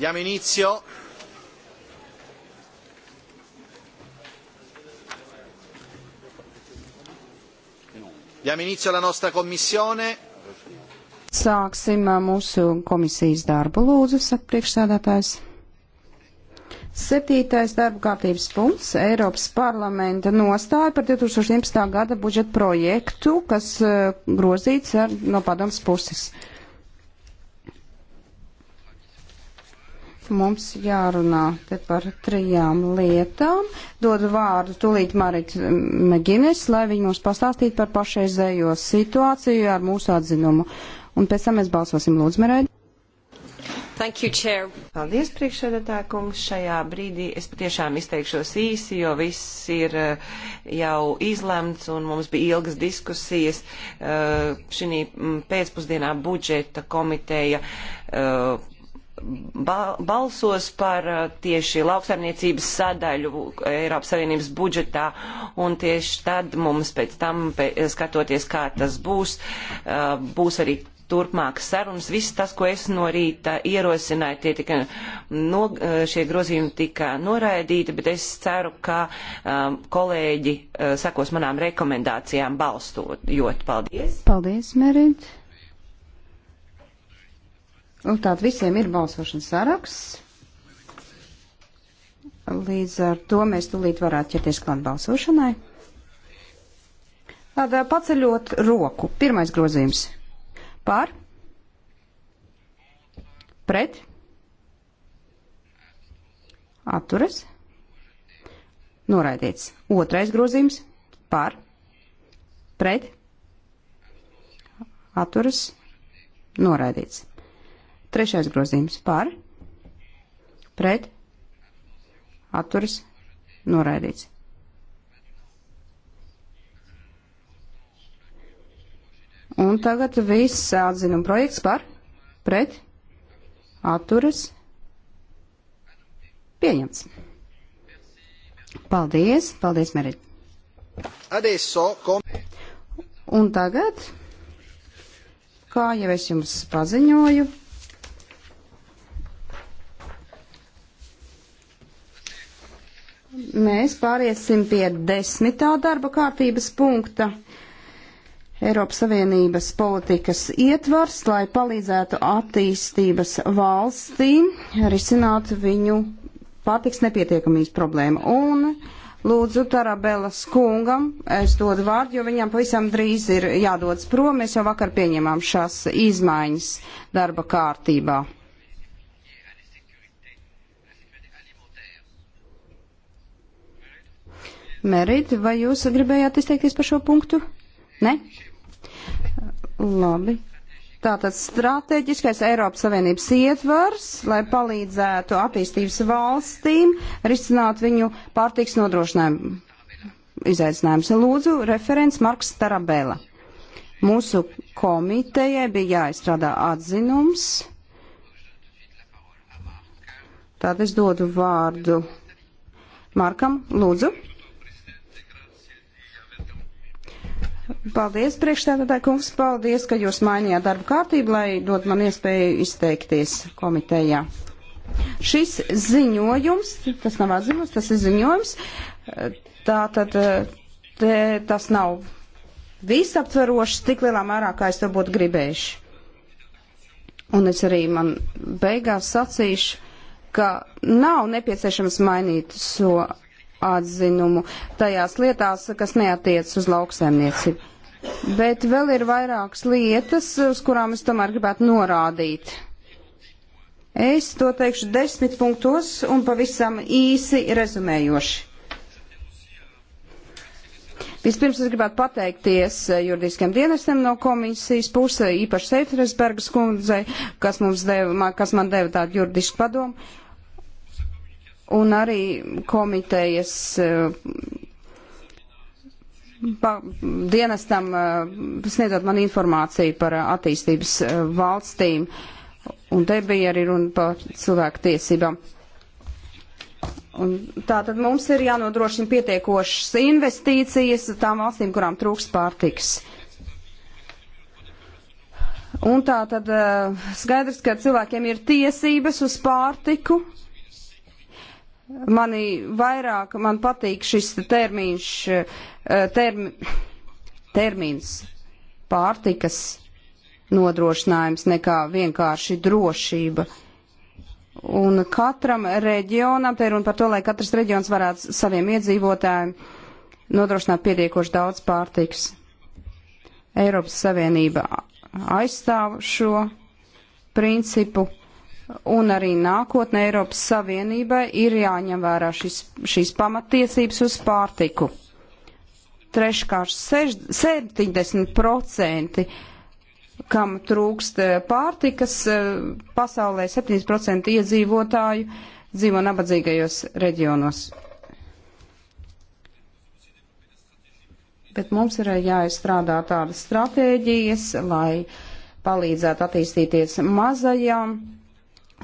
Diamo inizio. Diamo inizio alla nostra commissione. Sāksim mūsu komisijas darbu lūdzu, saka priekšsēdētājs. Septītais darba kārtības punkts - Eiropas parlamenta nostāja par 2011. gada budžeta projektu, kas grozīts ar, no padoms puses. Uh, mums jārunā te par trijām lietām. Dodu vārdu tulīt Marit Meginis, lai viņi mums pastāstītu par pašreizējo situāciju ar mūsu atzinumu. Un pēc tam mēs balsosim lūdzu, Merēdi. Thank you, Chair. Paldies, priekšsēdētāja kungs. Šajā brīdī es patiešām izteikšos īsi, jo viss ir eh, jau izlemts un mums bija ilgas diskusijas. Eh, šī pēcpusdienā budžeta komiteja eh, balsos par uh, tieši lauksaimniecības sadaļu Eiropas Savienības budžetā, un tieši tad mums pēc tam, skatoties, kā tas būs, uh, būs arī turpmākas sarunas. Viss tas, ko es no rīta ierosināju, tie tika no, uh, šie grozījumi tika noraidīti, bet es ceru, ka um, kolēģi uh, sakos manām rekomendācijām balstot. Jot, paldies! Paldies, Merit! Tātad visiem ir balsošanas saraksts. Līdz ar to mēs tulīt varētu ķerties klāt balsošanai. Tādā paceļot roku. Pirmais grozījums. Pār. Pret. Atturas. Noraidīts. Otrais grozījums. Pār. Pret. Atturas. Noraidīts. Trešais grozījums par, pret, atturas, noraidīts. Un tagad viss atzinuma projekts par, pret, atturas, pieņemts. Paldies, paldies, Merit. Un tagad, kā jau es jums paziņoju, Mēs pāriesim pie desmitā darba kārtības punkta. Eiropas Savienības politikas ietvars, lai palīdzētu attīstības valstīm risināt viņu pārtiks nepietiekamības problēmu. Un lūdzu Tarabelas kungam, es dodu vārdu, jo viņam pavisam drīz ir jādodas prom. Mēs jau vakar pieņemām šās izmaiņas darba kārtībā. Merit, vai jūs gribējāt izteikties par šo punktu? Ne? Labi. Tātad strateģiskais Eiropas Savienības ietvars, lai palīdzētu attīstības valstīm risināt viņu pārtiks nodrošinājumu izaicinājumus. Lūdzu, referents Marks Tarabela. Mūsu komitejai bija jāizstrādā atzinums. Tātad es dodu vārdu Markam, lūdzu. Paldies, priekšstādātāji kungs, paldies, ka jūs mainījāt darba kārtību, lai dod man iespēju izteikties komitejā. Šis ziņojums, tas nav atzinums, tas ir ziņojums, tā tad te, tas nav visaptverošs tik lielā mērā, kā es to būtu gribējuši. Un es arī man beigās sacīšu, ka nav nepieciešams mainīt šo so atzinumu tajās lietās, kas neatiec uz lauksēmniecību. Bet vēl ir vairākas lietas, uz kurām es tomēr gribētu norādīt. Es to teikšu desmit punktos un pavisam īsi rezumējoši. Vispirms es gribētu pateikties juridiskiem dienestiem no komisijas puse, īpaši Seitresbergas kundzei, kas, deva, kas man deva tādu juridisku padomu un arī komitejas eh, pa, dienestam eh, sniedzot man informāciju par eh, attīstības valstīm, un te bija arī runa par cilvēku tiesībām. Un tā tad mums ir jānodrošina pietiekošas investīcijas tām valstīm, kurām trūks pārtiks. Un tā tad skaidrs, ka cilvēkiem ir tiesības uz pārtiku, Manī vairāk man patīk šis termīns, eh, term, termīns pārtikas nodrošinājums nekā vienkārši drošība. Un katram reģionam, te ir un par to, lai katrs reģions varētu saviem iedzīvotājiem nodrošināt pietiekoši daudz pārtikas. Eiropas Savienība aizstāv šo principu un arī nākotnē Eiropas Savienībai ir jāņem vērā šis, šīs pamatiesības uz pārtiku. Treškārt, 70% kam trūkst eh, pārtikas, eh, pasaulē 70% iedzīvotāju dzīvo nabadzīgajos reģionos. Bet mums ir jāizstrādā tādas stratēģijas, lai palīdzētu attīstīties mazajām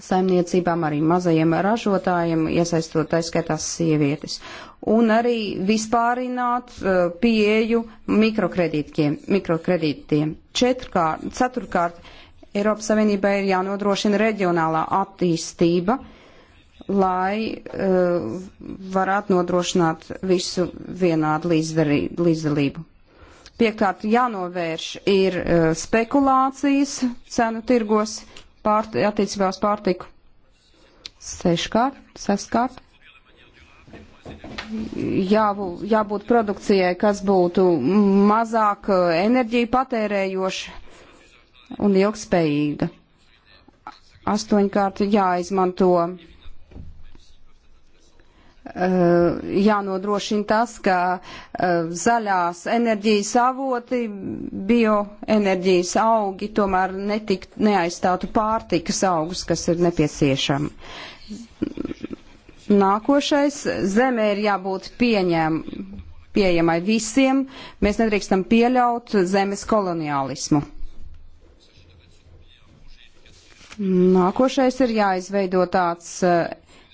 saimniecībām, arī mazajiem ražotājiem, iesaistot taiskaitās sievietes. Un arī vispārināt uh, pieeju mikrokredītiem. mikrokredītiem. Četrkārt, ceturkārt, Eiropas Savienībai ir jānodrošina reģionālā attīstība, lai uh, varētu nodrošināt visu vienādu līdzdalību. Piekārt, jānovērš ir uh, spekulācijas cenu tirgos, pārt, attiecībā uz pārtiku. Seškārt, seskārt. Jā, jābūt produkcijai, kas būtu mazāk uh, enerģiju patērējoša un ilgspējīga. Astoņkārt jāizmanto Eh, jānodrošina tas, ka eh, zaļās enerģijas avoti, bioenerģijas augi tomēr netikt, neaizstātu pārtikas augus, kas ir nepieciešami. Nākošais zemē ir jābūt pieņem, pieejamai visiem. Mēs nedrīkstam pieļaut zemes koloniālismu. Nākošais ir jāizveido tāds eh,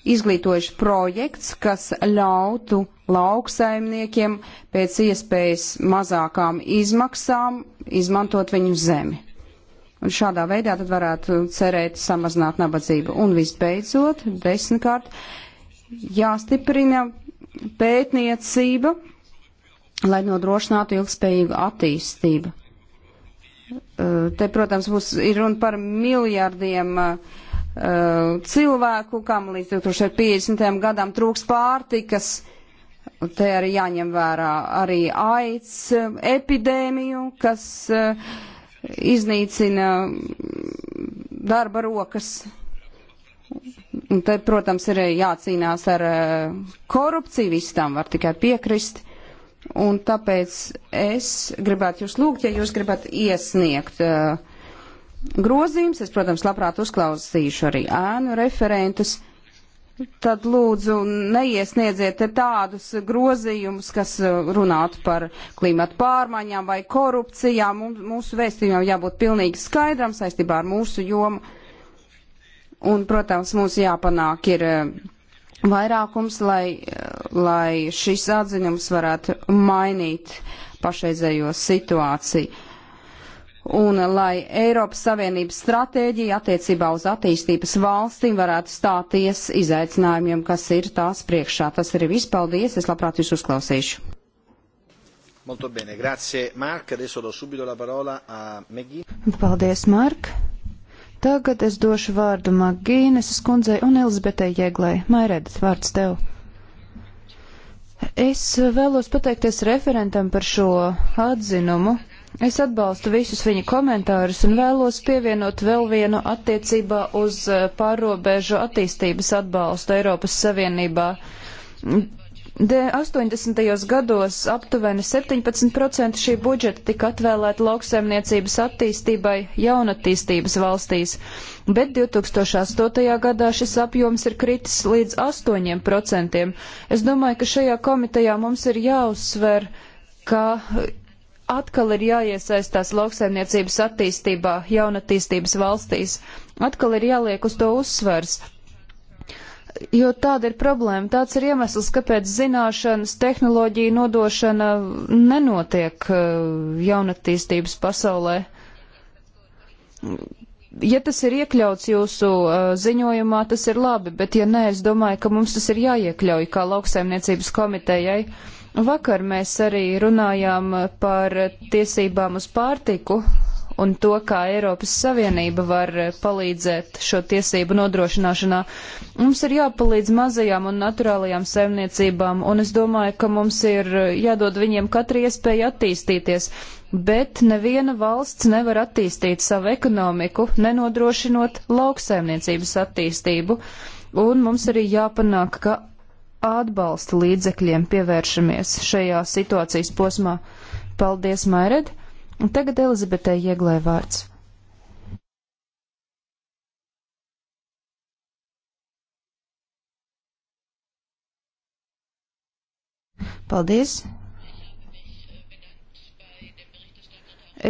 izglītojuši projekts, kas ļautu lauksaimniekiem pēc iespējas mazākām izmaksām izmantot viņu zemi. Un šādā veidā tad varētu cerēt samazināt nabadzību. Un visbeidzot, desmitkārt, jāstiprina pētniecība, lai nodrošinātu ilgspējīgu attīstību. Te, protams, būs runa par miljardiem uh, Uh, cilvēku, kam līdz 2050. gadam trūks pārtikas. Te arī jāņem vērā arī aids epidēmiju, kas uh, iznīcina darba rokas. Un te, protams, ir jācīnās ar uh, korupciju, viss tam var tikai piekrist. Un tāpēc es gribētu jūs lūgt, ja jūs gribat iesniegt uh, grozījums. Es, protams, labprāt uzklausīšu arī ēnu referentus. Tad lūdzu neiesniedziet tādus grozījumus, kas uh, runātu par klimatu pārmaiņām vai korupcijām. Mūsu vēstījumam jābūt pilnīgi skaidram saistībā ar mūsu jomu. Un, protams, mums jāpanāk ir uh, vairākums, lai, uh, lai šis atziņums varētu mainīt pašreizējo situāciju un lai Eiropas Savienības stratēģija attiecībā uz attīstības valstīm varētu stāties izaicinājumiem, kas ir tās priekšā. Tas arī viss. Paldies! Es labprāt jūs uzklausīšu. Molto bene, grazie Mark. Adesso do subito la parola a Megī. Paldies, Mark. Tagad es došu vārdu Magīnes skundzei un Elizabetei Jēglai. Mairēdat, vārds tev. Es vēlos pateikties referentam par šo atzinumu. Es atbalstu visus viņa komentārus un vēlos pievienot vēl vienu attiecībā uz eh, pārobežu attīstības atbalstu Eiropas Savienībā. De 80. gados aptuveni 17% šī budžeta tika atvēlēta lauksaimniecības attīstībai jaunatīstības valstīs, bet 2008. gadā šis apjoms ir kritis līdz 8%. Es domāju, ka šajā komitejā mums ir jāuzsver, ka atkal ir jāiesaistās lauksaimniecības attīstībā jaunatīstības valstīs. Atkal ir jāliek uz to uzsvers. Jo tāda ir problēma, tāds ir iemesls, kāpēc zināšanas, tehnoloģija nodošana nenotiek eh, jaunatīstības pasaulē. Ja tas ir iekļauts jūsu eh, ziņojumā, tas ir labi, bet ja nē, es domāju, ka mums tas ir jāiekļauj kā lauksaimniecības komitejai. Uh, Vakar mēs arī runājām par tiesībām uz pārtiku un to, kā Eiropas Savienība var palīdzēt šo tiesību nodrošināšanā. Mums ir jāpalīdz mazajām un naturālajām saimniecībām, un es domāju, ka mums ir jādod viņiem katru iespēju attīstīties, bet neviena valsts nevar attīstīt savu ekonomiku, nenodrošinot lauksaimniecības attīstību. Un mums arī jāpanāk, ka atbalsta līdzekļiem pievēršamies šajā situācijas posmā. Paldies, Maired! Un tagad Elizabetei ieglē vārds. Paldies!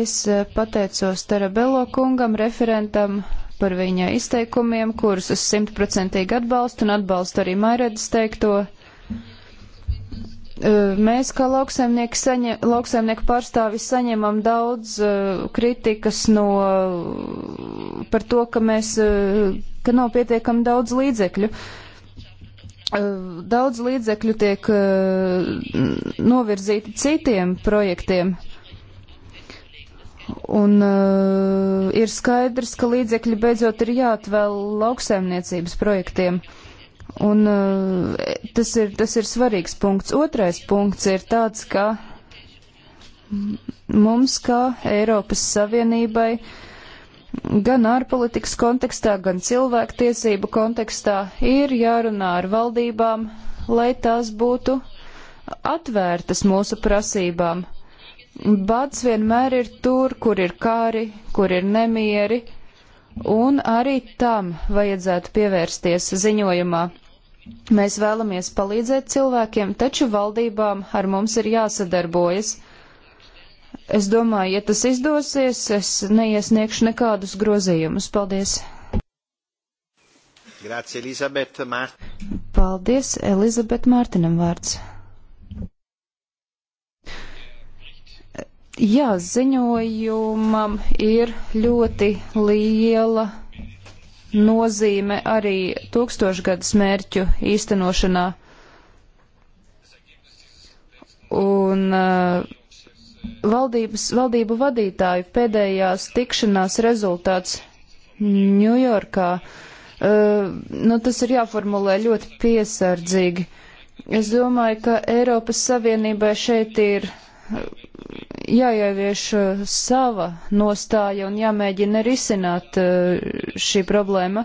Es eh, pateicos Terabello kungam, referentam, par viņa izteikumiem, kurus es simtprocentīgi atbalstu un atbalstu arī Mairedes teikto. Mēs, kā lauksaimnieki, saņem, lauksaimnieku pārstāvi, saņemam daudz uh, kritikas no, par to, ka mēs, uh, ka nav pietiekami daudz līdzekļu. Uh, daudz līdzekļu tiek novirzīti citiem projektiem. Un uh, ir skaidrs, ka līdzekļi beidzot ir jāatvēl lauksaimniecības projektiem. Un uh, tas, ir, tas ir svarīgs punkts. Otrais punkts ir tāds, ka mums kā Eiropas Savienībai gan ārpolitikas kontekstā, gan cilvēktiesību kontekstā ir jārunā ar valdībām, lai tās būtu atvērtas mūsu prasībām. Uh, Bads vienmēr ir tur, kur ir kāri, kur ir nemieri, un arī tam vajadzētu pievērsties ziņojumā. Mēs vēlamies palīdzēt cilvēkiem, taču valdībām ar mums ir jāsadarbojas. Es domāju, ja tas izdosies, es neiesniegšu nekādus grozījumus. Paldies! Grāci, Elizabet, Mārt... Paldies, Elizabet Mārtinam vārds. Jā, ziņojumam ir ļoti liela nozīme arī tūkstošgadus mērķu īstenošanā. Un uh, valdības, valdību vadītāju pēdējās tikšanās rezultāts Ņujorkā, uh, nu tas ir jāformulē ļoti piesardzīgi. Es domāju, ka Eiropas Savienībai šeit ir jāievieš uh, sava nostāja un jāmēģina risināt uh, šī problēma.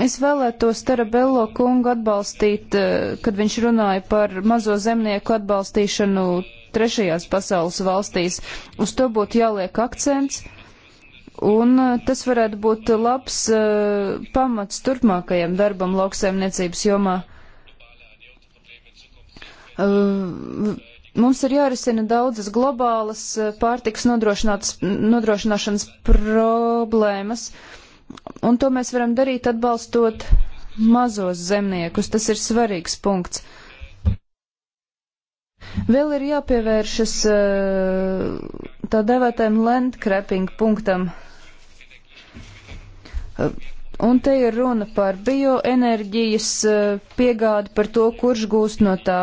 Es vēlētos Tarabello kungu atbalstīt, uh, kad viņš runāja par mazo zemnieku atbalstīšanu trešajās pasaules valstīs. Uz to būtu jāliek akcents, un tas varētu būt labs pamats turpmākajam darbam lauksaimniecības jomā. Uh, Mums ir jārisina daudzas globālas eh, pārtiks nodrošināšanas problēmas, un to mēs varam darīt atbalstot mazos zemniekus. Tas ir svarīgs punkts. Vēl ir jāpievēršas eh, tā devētājiem landcrapping punktam. Eh, un te ir runa par bioenerģijas piegādi, par to, kurš gūst no tā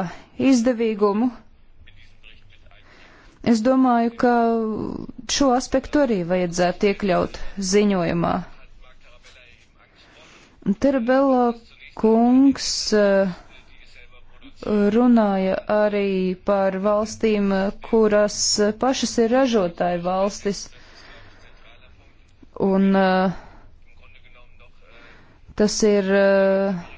izdevīgumu. Es domāju, ka šo aspektu arī vajadzētu iekļaut ziņojumā. Terabella kungs eh, runāja arī par valstīm, kuras pašas ir ražotāju valstis. Un eh, tas ir uh,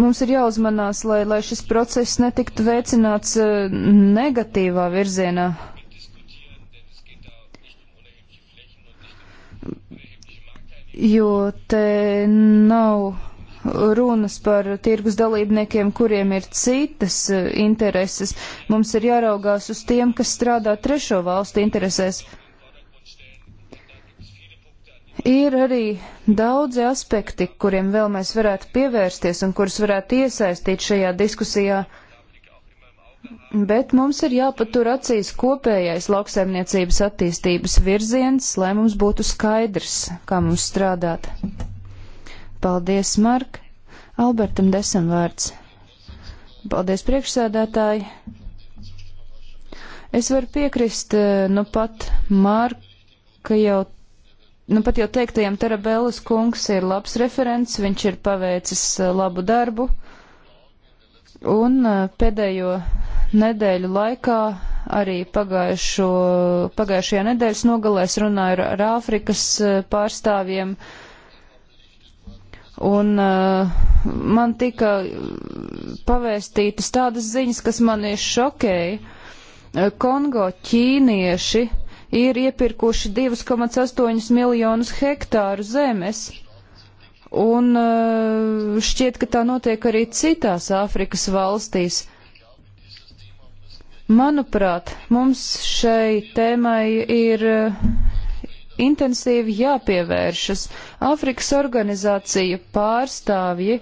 Mums ir jāuzmanās, lai, lai šis process netiktu veicināts eh, negatīvā virzienā. Jo te nav runas par tirgus dalībniekiem, kuriem ir citas eh, intereses. Mums ir jāraugās uz tiem, kas strādā trešo valstu interesēs. Ir arī daudzi aspekti, kuriem vēl mēs varētu pievērsties un kurus varētu iesaistīt šajā diskusijā, bet mums ir jāpatur acīs kopējais lauksaimniecības attīstības virziens, lai mums būtu skaidrs, kā mums strādāt. Paldies, Mark! Albertam desam vārds. Paldies, priekšsēdētāji! Es varu piekrist, eh, nu pat Marka jau nu pat jau teiktajam Terabēlas kungs ir labs referents, viņš ir paveicis eh, labu darbu. Un eh, pēdējo nedēļu laikā arī pagājušo, pagājušajā nedēļas nogalēs runāju ar, ar Āfrikas eh, pārstāvjiem. Un uh, man tika pavēstītas tādas ziņas, kas mani šokēja. Kongo ķīnieši uh, ir iepirkuši 2,8 miljonus hektāru zemes. Un eh, šķiet, ka tā notiek arī citās Āfrikas valstīs. Manuprāt, mums šai tēmai ir eh, intensīvi jāpievēršas. Āfrikas organizācija pārstāvji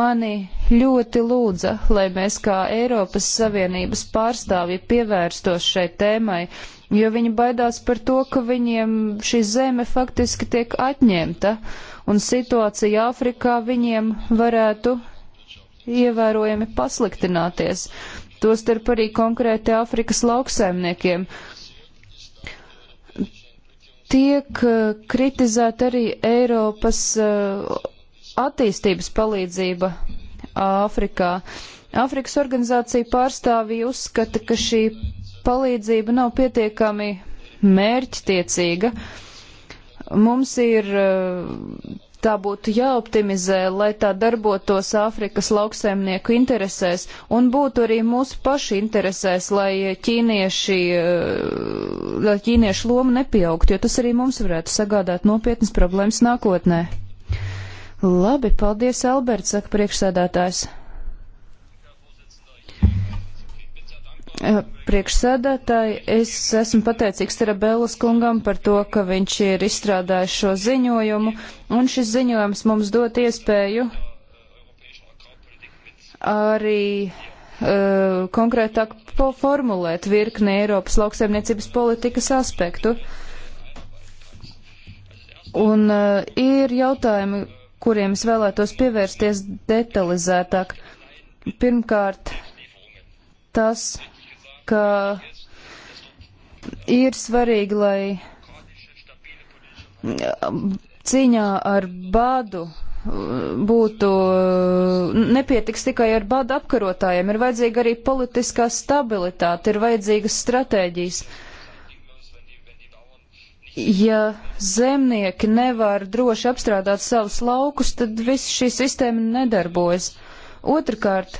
mani ļoti lūdza, lai mēs kā Eiropas Savienības pārstāvji pievērstos šai tēmai jo viņi baidās par to, ka viņiem šī zeme faktiski tiek atņemta, un situācija Āfrikā viņiem varētu ievērojami pasliktināties, tostarp arī konkrēti Āfrikas lauksaimniekiem. Tiek eh, kritizēta arī Eiropas eh, attīstības palīdzība Āfrikā. Āfrikas organizācija pārstāvīja uzskata, ka šī palīdzība nav pietiekami mērķtiecīga. Mums ir eh, tā būtu jāoptimizē, lai tā darbotos Āfrikas lauksaimnieku interesēs un būtu arī mūsu paši interesēs, lai ķīnieši, eh, lai ķīniešu loma nepieaugtu, jo tas arī mums varētu sagādāt nopietnas problēmas nākotnē. Labi, paldies, Alberts, saka priekšsēdētājs. Eh, priekšsēdētāji, es esmu pateicīgs Terabēlas kungam par to, ka viņš ir izstrādājis šo ziņojumu, un šis ziņojums mums dot iespēju arī uh, konkrētāk formulēt virkni Eiropas lauksaimniecības politikas aspektu. Un uh, ir jautājumi, kuriem es vēlētos pievērsties detalizētāk. Pirmkārt, tas, ka ir svarīgi, lai cīņā ar badu būtu nepietiks tikai ar bada apkarotājiem, ir vajadzīga arī politiskā stabilitāte, ir vajadzīgas stratēģijas. Ja zemnieki nevar droši apstrādāt savus laukus, tad viss šī sistēma nedarbojas. Otrakārt,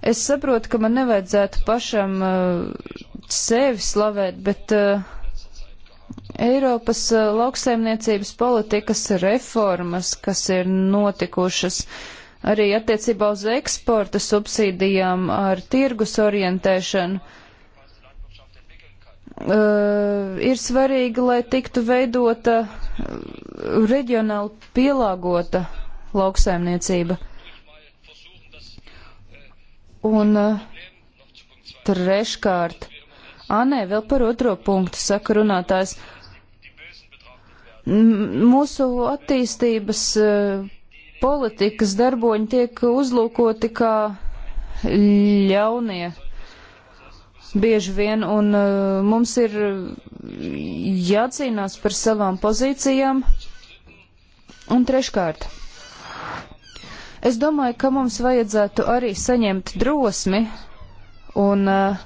Es saprotu, ka man nevajadzētu pašam uh, sevi slavēt, bet uh, Eiropas uh, lauksaimniecības politikas reformas, kas ir notikušas arī attiecībā uz eksporta subsīdijām ar tirgus orientēšanu, uh, ir svarīgi, lai tiktu veidota uh, reģionāli pielāgota lauksaimniecība. Uh, Un eh, treškārt, ā, nē, vēl par otro punktu saka runātājs. Mūsu attīstības eh, politikas darboņi tiek uzlūkoti kā ļaunie bieži vien, un eh, mums ir jācīnās par savām pozīcijām. Un treškārt. Es domāju, ka mums vajadzētu arī saņemt drosmi un uh,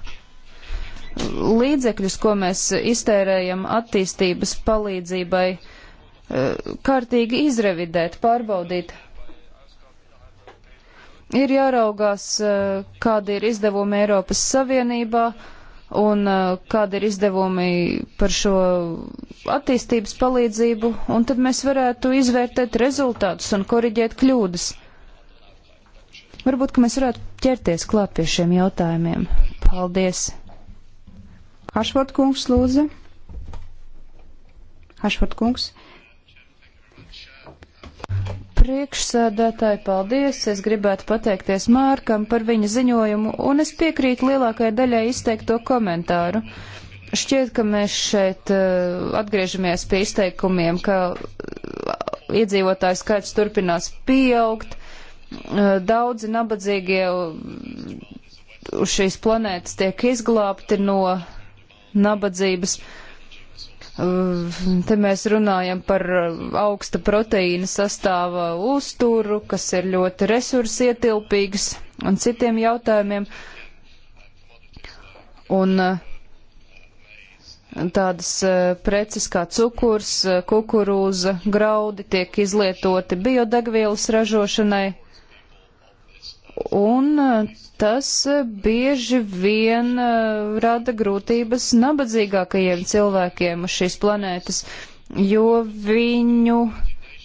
līdzekļus, ko mēs iztērējam attīstības palīdzībai, uh, kārtīgi izrevidēt, pārbaudīt. Ir jāraugās, uh, kādi ir izdevumi Eiropas Savienībā un uh, kādi ir izdevumi par šo attīstības palīdzību, un tad mēs varētu izvērtēt rezultātus un koriģēt kļūdas. Varbūt, ka mēs varētu ķerties klāt pie šiem jautājumiem. Paldies! Hašvart kungs lūdzu. Hašvart kungs. Priekšsēdētāji, paldies! Es gribētu pateikties Mārkam par viņa ziņojumu, un es piekrītu lielākajai daļai izteikto komentāru. Šķiet, ka mēs šeit uh, atgriežamies pie izteikumiem, ka eh, iedzīvotāju skaits turpinās pieaugt, daudzi nabadzīgie uz šīs planētas tiek izglābti no nabadzības. Te mēs runājam par augsta proteīna sastāva uzturu, kas ir ļoti resursi ietilpīgs un citiem jautājumiem. Un tādas e, preces kā cukurs, e, kukurūza, graudi tiek izlietoti biodegvielas ražošanai, un eh, tas eh, bieži vien eh, rada grūtības nabadzīgākajiem cilvēkiem uz šīs planētas, jo viņu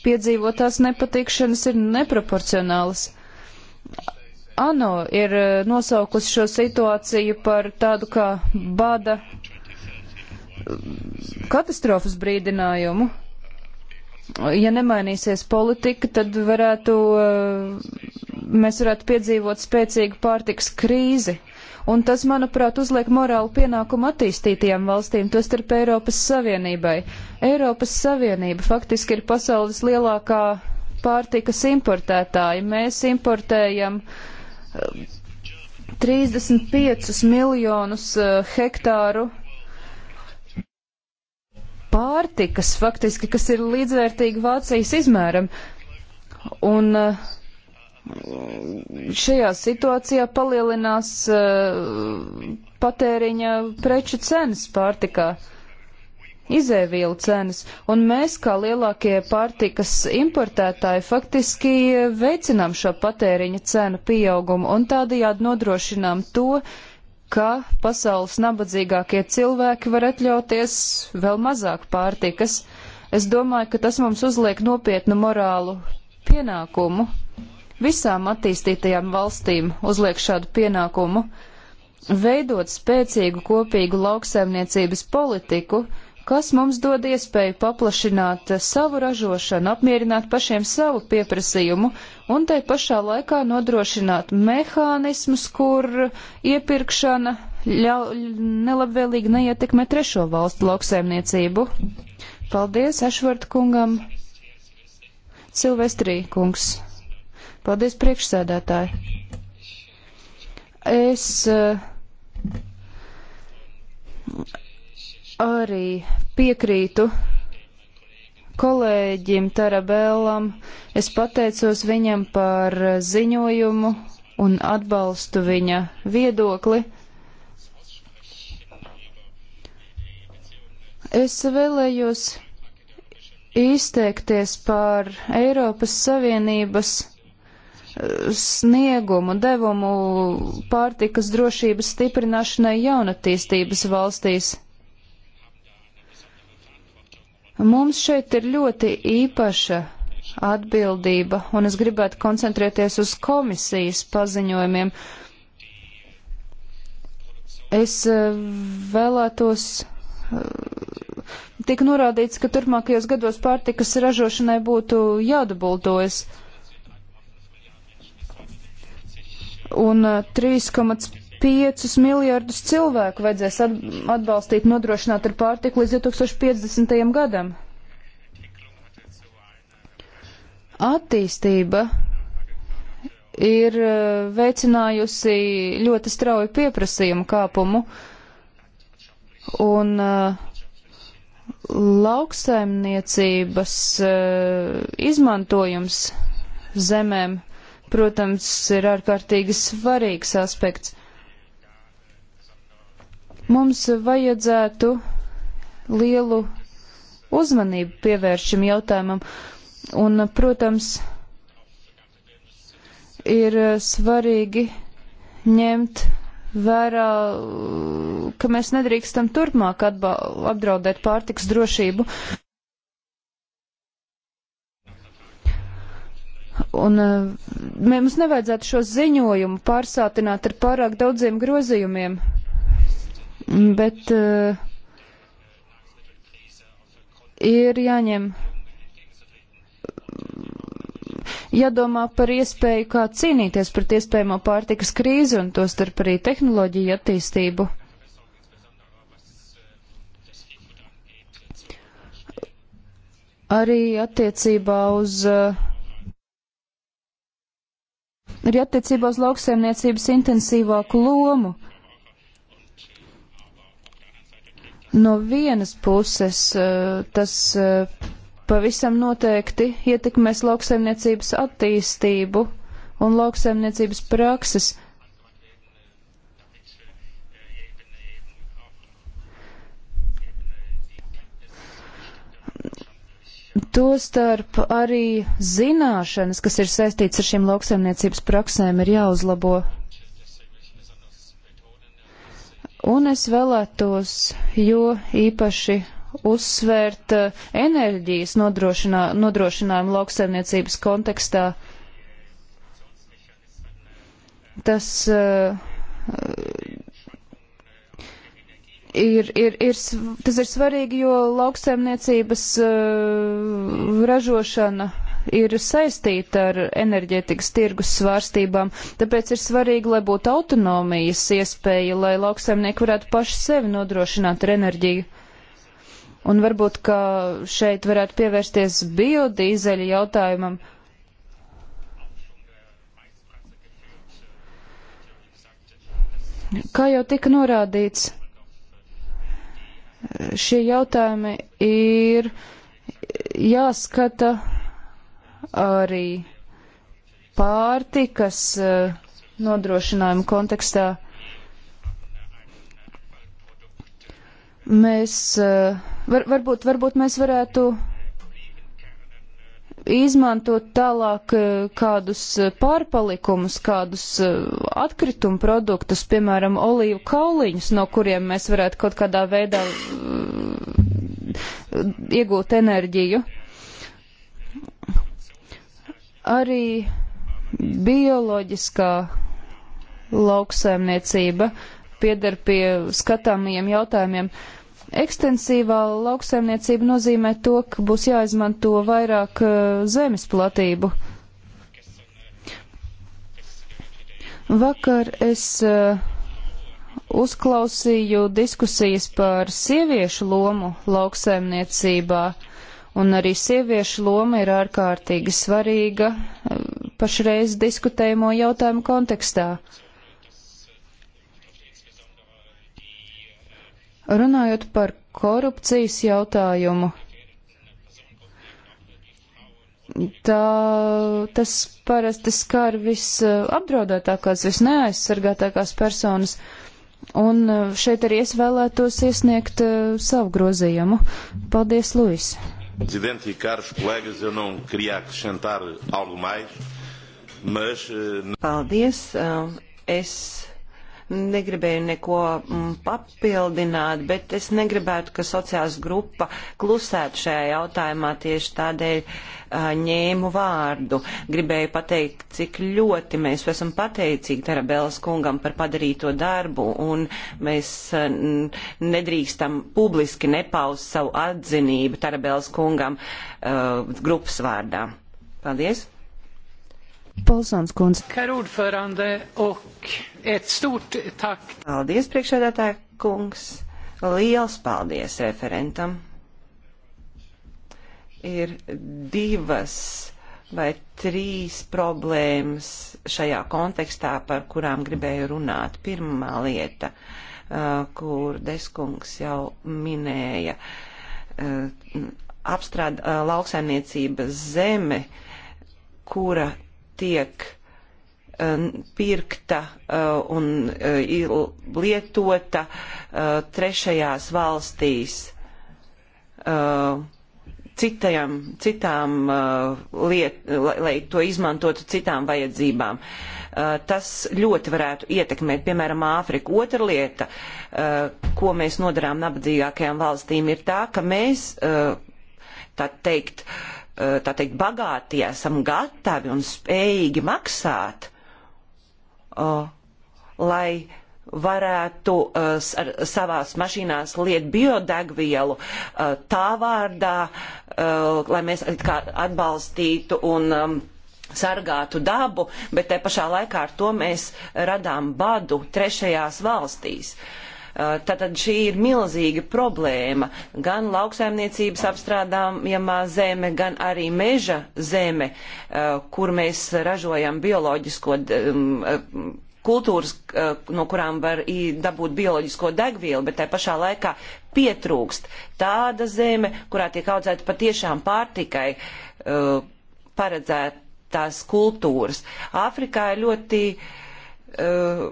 piedzīvotās nepatikšanas ir neproporcionālas. ANO ir nosaukusi šo situāciju par tādu kā bada katastrofas brīdinājumu ja nemainīsies politika, tad varētu, eh, mēs varētu piedzīvot spēcīgu pārtiks krīzi. Un tas, manuprāt, uzliek morālu pienākumu attīstītajām valstīm, tostarp Eiropas Savienībai. Eiropas Savienība faktiski ir pasaules lielākā pārtikas importētāja. Mēs importējam 35 eh, miljonus eh, hektāru uh, pārtikas, faktiski, kas ir līdzvērtīga Vācijas izmēram. Un eh, šajā situācijā palielinās eh, patēriņa preču cenas pārtikā, izēvielu cenas, un mēs, kā lielākie pārtikas importētāji, faktiski veicinām šo patēriņa cenu pieaugumu un tādajādi nodrošinām to, uh, ka pasaules nabadzīgākie cilvēki var atļauties vēl mazāk pārtikas. Es domāju, ka tas mums uzliek nopietnu morālu pienākumu. Visām attīstītajām valstīm uzliek šādu pienākumu veidot spēcīgu kopīgu lauksaimniecības politiku, kas mums dod iespēju paplašināt savu ražošanu, apmierināt pašiem savu pieprasījumu un tai pašā laikā nodrošināt mehānismus, kur iepirkšana ļau, nelabvēlīgi neietekmē trešo valstu lauksaimniecību. Paldies Ašvart kungam. Silvestrī kungs. Paldies priekšsēdētāji. Es. Uh, arī piekrītu kolēģim Tarabellam. Es pateicos viņam par ziņojumu un atbalstu viņa viedokli. Es vēlējos izteikties par Eiropas Savienības eh, sniegumu, devumu pārtikas drošības stiprināšanai jaunatīstības valstīs. Mums šeit ir ļoti īpaša atbildība, un es gribētu koncentrēties uz komisijas paziņojumiem. Es eh, vēlētos eh, tika norādīts, ka turpmākajos gados pārtikas ražošanai būtu jādubultojas. Un 3,5 eh, 5 miljardus cilvēku vajadzēs atbalstīt, nodrošināt ar pārtiku līdz 2050. gadam. Attīstība ir eh, veicinājusi ļoti strauju pieprasījumu kāpumu, un eh, lauksaimniecības eh, izmantojums zemēm, protams, ir ārkārtīgi svarīgs aspekts. Mums vajadzētu lielu uzmanību pievērst šim jautājumam, un, protams, ir svarīgi ņemt vērā, ka mēs nedrīkstam turpmāk apdraudēt pārtiks drošību. Un mums nevajadzētu šo ziņojumu pārsātināt ar pārāk daudziem grozījumiem. Bet uh, ir jāņem jādomā par iespēju, kā cīnīties pret iespējamo pārtikas krīzi un to starp arī tehnoloģiju attīstību. Arī attiecībā uz. Eh, arī attiecībā uz lauksaimniecības intensīvāku lomu. Uh, No vienas puses eh, tas eh, pavisam noteikti ietekmēs lauksaimniecības attīstību un lauksaimniecības prakses. Tostarp arī zināšanas, kas ir saistīts ar šīm lauksaimniecības praksēm, ir jāuzlabo. Un es vēlētos, jo īpaši uzsvērt eh, enerģijas nodrošinā, nodrošinājumu lauksaimniecības kontekstā. Tas uh, ir, ir, ir, tas ir svarīgi, jo lauksaimniecības uh, ražošana ir saistīta ar enerģētikas tirgus svārstībām, tāpēc ir svarīgi, lai būtu autonomijas iespēja, lai lauksaimnieki varētu paši sevi nodrošināt ar enerģiju. Un varbūt, ka šeit varētu pievērsties biodīzeļa jautājumam. Kā jau tika norādīts, šie jautājumi ir jāskata arī pārtikas eh, nodrošinājumu kontekstā. Mēs, eh, var, varbūt, varbūt mēs varētu izmantot tālāk eh, kādus pārpalikumus, kādus atkritumu produktus, piemēram, olīvu kauliņus, no kuriem mēs varētu kaut kādā veidā iegūt enerģiju. Uh, arī bioloģiskā lauksaimniecība pieder pie skatāmajiem jautājumiem. Ekstensīvā lauksaimniecība nozīmē to, ka būs jāizmanto vairāk uh, zemes platību. Vakar es uh, uzklausīju diskusijas par sieviešu lomu lauksaimniecībā. Uh, un arī sieviešu loma ir ārkārtīgi svarīga eh, pašreiz diskutējamo jautājumu kontekstā. Runājot par korupcijas jautājumu, tā, tas parasti skar visapdraudētākās, visneaizsargātākās personas. Un eh, šeit arī es vēlētos iesniegt eh, savu grozījumu. Paldies, Luis! Presidente e caros colegas, eu não queria acrescentar algo mais, mas... Eh, Paldies, eh, es negribēju neko mm, papildināt, bet es negribētu, ka sociāls grupa klusētu šajā jautājumā tieši tādēļ ņēmu vārdu. Gribēju pateikt, cik ļoti mēs esam pateicīgi Tarabēlas kungam par padarīto darbu, un mēs nedrīkstam publiski nepaust savu atzinību Tarabēlas kungam uh, grupas vārdā. Paldies! Polsons kundze. Paldies, priekšsēdētāja kungs. Liels paldies referentam. Ir divas vai trīs problēmas šajā kontekstā, par kurām gribēju runāt. Pirmā lieta, kur Deskungs jau minēja, apstrāda lauksaimniecības zeme, kura tiek eh, pirkta eh, un eh, lietota trešajās valstīs citajam, citām liet, lai, lai to izmantotu citām vajadzībām. Tas ļoti varētu ietekmēt, piemēram, Āfriku. Otra lieta, ko mēs nodarām nabadzīgākajām valstīm, ir tā, ka mēs, tā teikt, uh, tā teikt, bagātie esam gatavi un spējīgi maksāt, lai varētu ar savās mašīnās liet biodegvielu tā vārdā, lai mēs atbalstītu un um, sargātu dabu, bet te pašā laikā ar to mēs radām badu trešajās valstīs. Uh, Eh, tātad šī ir milzīga problēma gan lauksaimniecības apstrādājamā zeme, gan arī meža zeme, eh, kur mēs ražojam bioloģisko mm, eh, kultūras, no kurām var dabūt bioloģisko degvielu, bet tai pašā laikā pietrūkst tāda zeme, kurā tiek audzēta patiešām pārtikai uh, paredzētās kultūras. Āfrikā ir ļoti uh,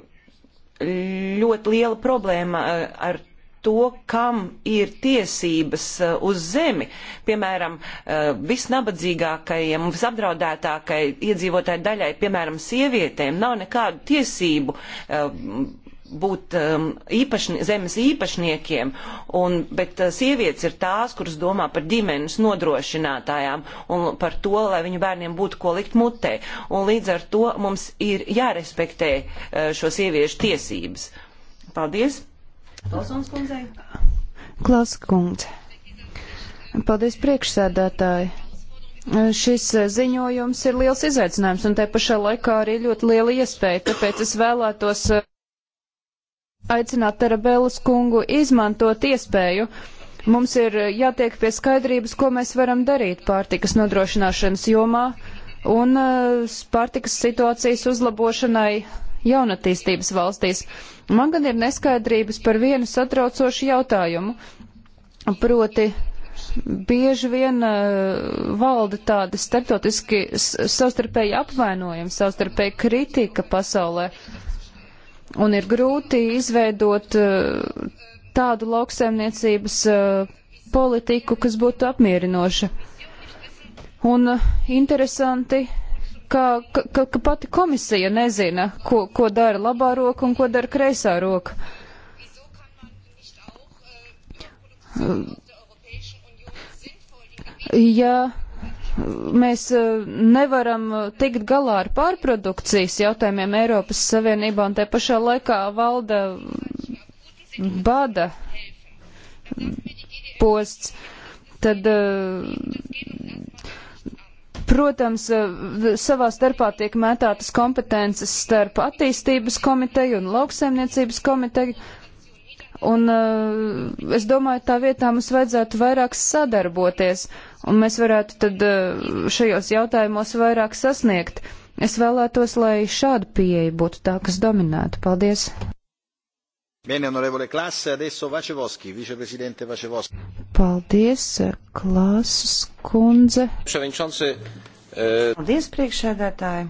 ļoti liela problēma eh, ar to, kam ir tiesības eh, uz zemi. Piemēram, eh, visnabadzīgākajiem, visapdraudētākai iedzīvotāju daļai, piemēram, sievietēm, nav nekādu tiesību būt um, īpašni, zemes īpašniekiem, un, bet uh, sievietes ir tās, kuras domā par ģimenes nodrošinātājām un par to, lai viņu bērniem būtu ko likt mutē. Un līdz ar to mums ir jārespektē uh, šo sieviešu tiesības. Paldies! Klausons kundzei! Klaus kundze! Paldies priekšsēdētāji! Uh, šis uh, ziņojums ir liels izaicinājums un te pašā laikā arī ļoti liela iespēja, tāpēc es vēlētos. Uh, aicināt Tarabēlas kungu izmantot iespēju. Mums ir jātiek pie skaidrības, ko mēs varam darīt pārtikas nodrošināšanas jomā un eh, pārtikas situācijas uzlabošanai jaunatīstības valstīs. Man gan ir neskaidrības par vienu satraucošu jautājumu. Proti, bieži vien uh, valda tāda starptautiski savstarpēji apvainojuma, savstarpēji kritika pasaulē. Uh, un ir grūti izveidot eh, tādu lauksaimniecības eh, politiku, kas būtu apmierinoša. Un eh, interesanti, ka, ka, ka pati komisija nezina, ko, ko dara labā roka un ko dara kreisā roka. Ja mēs e, nevaram e, tikt galā ar pārprodukcijas jautājumiem Eiropas Savienībā un te pašā laikā valda bada posts, tad, e, protams, savā starpā tiek mētātas kompetences starp attīstības komiteju un lauksaimniecības komiteju Un uh, es domāju, tā vietā mums vajadzētu vairāk sadarboties, un mēs varētu tad uh, šajos jautājumos vairāk sasniegt. Es vēlētos, lai šāda pieeja būtu tā, kas dominētu. Paldies! Bene, onorevole Klas, adesso Vacevoski, viceprezidente Vacevoski. Paldies, Klasas kundze. E, Paldies, priekšsēdētāji.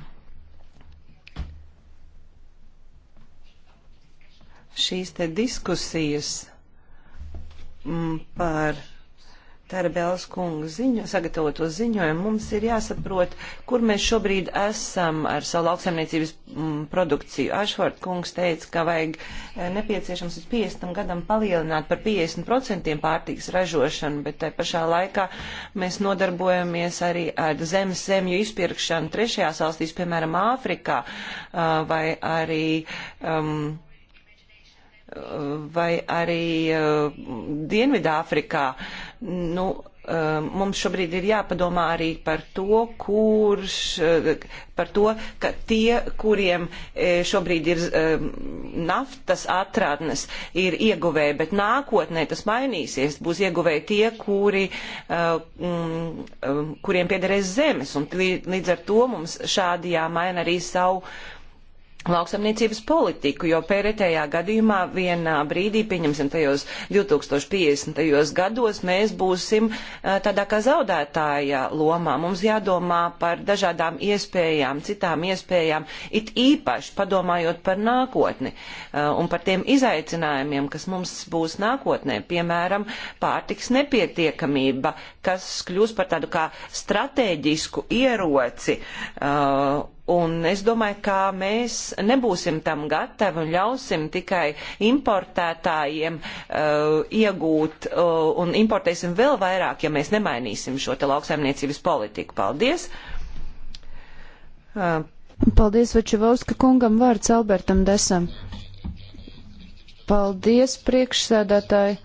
šīs te diskusijas mm, par Tarabēlas kunga ziņo, sagatavoto ziņojumu, mums ir jāsaprot, kur mēs šobrīd esam ar savu lauksaimniecības mm, produkciju. Ašvārds kungs teica, ka vajag eh, nepieciešams uz 50 gadam palielināt par 50% pārtīks ražošanu, bet tai pašā laikā mēs nodarbojamies arī ar zemes zemju izpirkšanu trešajās valstīs, piemēram, Āfrikā eh, vai arī. Um, vai arī e, Dienvidāfrikā. Nu, e, mums šobrīd ir jāpadomā arī par to, kurš, e, par to, ka tie, kuriem šobrīd ir naftas atradnes, ir ieguvēji, bet nākotnē tas mainīsies. Būs ieguvēji tie, kuri, mm, kuriem piederēs zemes, un līdz ar to mums šādi jāmaina arī savu lauksamniecības politiku, jo pēretējā gadījumā vienā brīdī, pieņemsim tajos 2050. gados, mēs būsim tādā kā zaudētāja lomā. Mums jādomā par dažādām iespējām, citām iespējām, it īpaši padomājot par nākotni un par tiem izaicinājumiem, kas mums būs nākotnē, piemēram, pārtiks nepietiekamība, kas kļūs par tādu kā stratēģisku ieroci Un es domāju, ka mēs nebūsim tam gatavi un ļausim tikai importētājiem uh, iegūt uh, un importēsim vēl vairāk, ja mēs nemainīsim šo te lauksaimniecības politiku. Paldies! Uh. Paldies Večevauska kungam vārds Albertam Desam. Paldies priekšsēdētāji.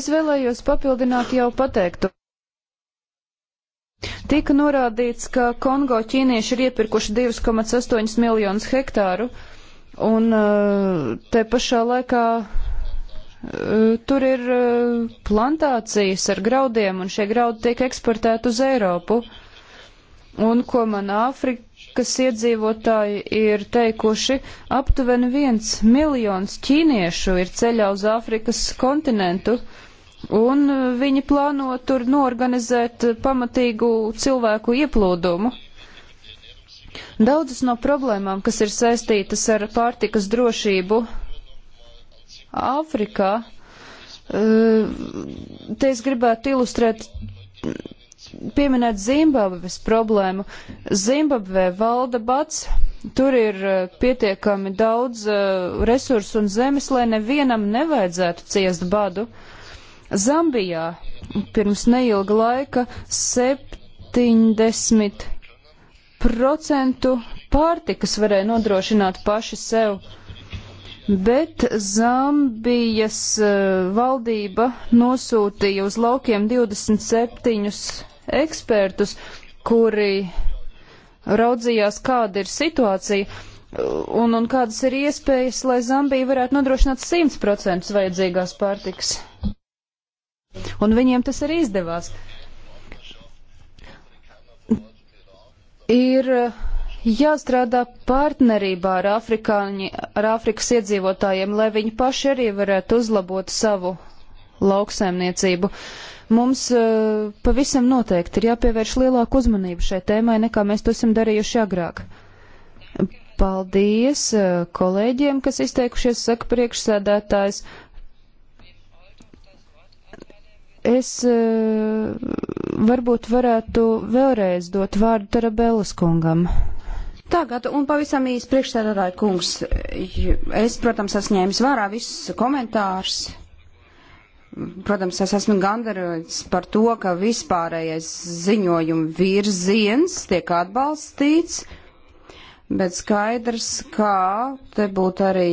Es vēlējos papildināt jau pateiktu. Tika norādīts, ka Kongo ķīnieši ir iepirkuši 2,8 miljonus hektāru, un eh, te pašā laikā eh, tur ir eh, plantācijas ar graudiem, un šie graudi tiek eksportēti uz Eiropu. Un ko man Āfrikas iedzīvotāji ir teikuši, aptuveni viens miljons ķīniešu ir ceļā uz Āfrikas kontinentu, uh, un eh, viņi plāno tur norganizēt eh, pamatīgu cilvēku ieplūdumu. Daudzas no problēmām, kas ir saistītas ar pārtikas drošību Āfrikā, eh, te es gribētu ilustrēt, pieminēt Zimbabves problēmu. Zimbabvē valda bats, tur ir pietiekami daudz resursu un zemes, lai nevienam nevajadzētu ciest badu. Uh, Zambijā pirms neilga laika 70% pārtikas varēja nodrošināt paši sev, bet Zambijas eh, valdība nosūtīja uz laukiem 27 ekspertus, kuri raudzījās, kāda ir situācija un, un kādas ir iespējas, lai Zambija varētu nodrošināt 100% vajadzīgās pārtikas. Un viņiem tas arī izdevās. Ir eh, jāstrādā partnerībā ar, Afrikāņi, ar Afrikas iedzīvotājiem, lai viņi paši arī varētu uzlabot savu lauksaimniecību. Mums uh, pavisam noteikti ir jāpievērš lielāku uzmanību šai tēmai, nekā mēs to esam darījuši agrāk. Paldies uh, kolēģiem, kas izteikušies, saka priekšsēdētājs. Es eh, varbūt varētu vēlreiz dot vārdu Tarabellas kungam. Tagad, un pavisam īsi priekšstādātāji kungs, es, protams, esmu ņēmis vērā visus komentārus. Protams, es esmu gandarīts par to, ka vispārējais ziņojuma virziens tiek atbalstīts. Uh, bet skaidrs, ka te būtu arī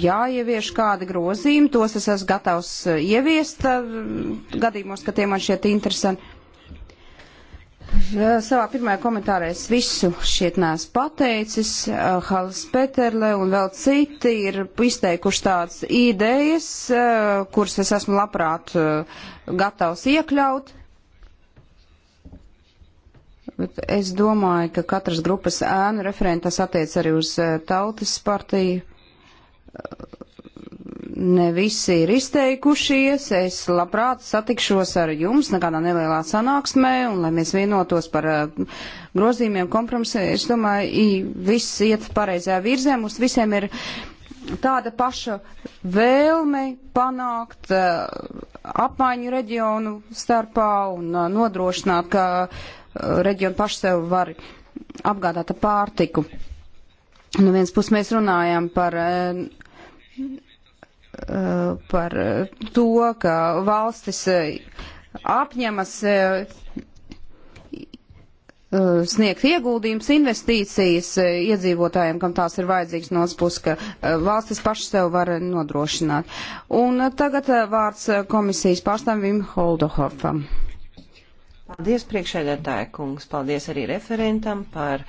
jāievieš kādi grozījumi, tos es esmu gatavs ieviest gadījumos, ka tie man šķiet interesanti. Savā pirmajā komentārā es visu šiet nēs pateicis, eh, Halis Peterle un vēl citi ir izteikuši tādas idejas, eh, kuras es esmu labprāt eh, gatavs iekļaut. Bet es domāju, ka katras grupas ēnu referenta tas attiec arī uz eh, tautas partiju. Eh, ne visi ir izteikušies. Es labprāt satikšos ar jums nekādā nelielā sanāksmē, un lai mēs vienotos par eh, grozījumiem kompromisē, es domāju, viss iet pareizajā virzē. Mums visiem ir tāda paša vēlme panākt uh, apmaiņu reģionu starpā un uh, nodrošināt, ka reģioni paši sev var apgādāt ar pārtiku. No nu, vienas puses mēs runājam par, eh, par to, ka valstis eh, apņemas eh, sniegt ieguldījums, investīcijas iedzīvotājiem, kam tās ir vajadzīgas no puses, ka valstis paši sev var nodrošināt. Un tagad vārds komisijas pārstāvim Holdohofam. Paldies priekšēdētāja kungs, paldies arī referentam par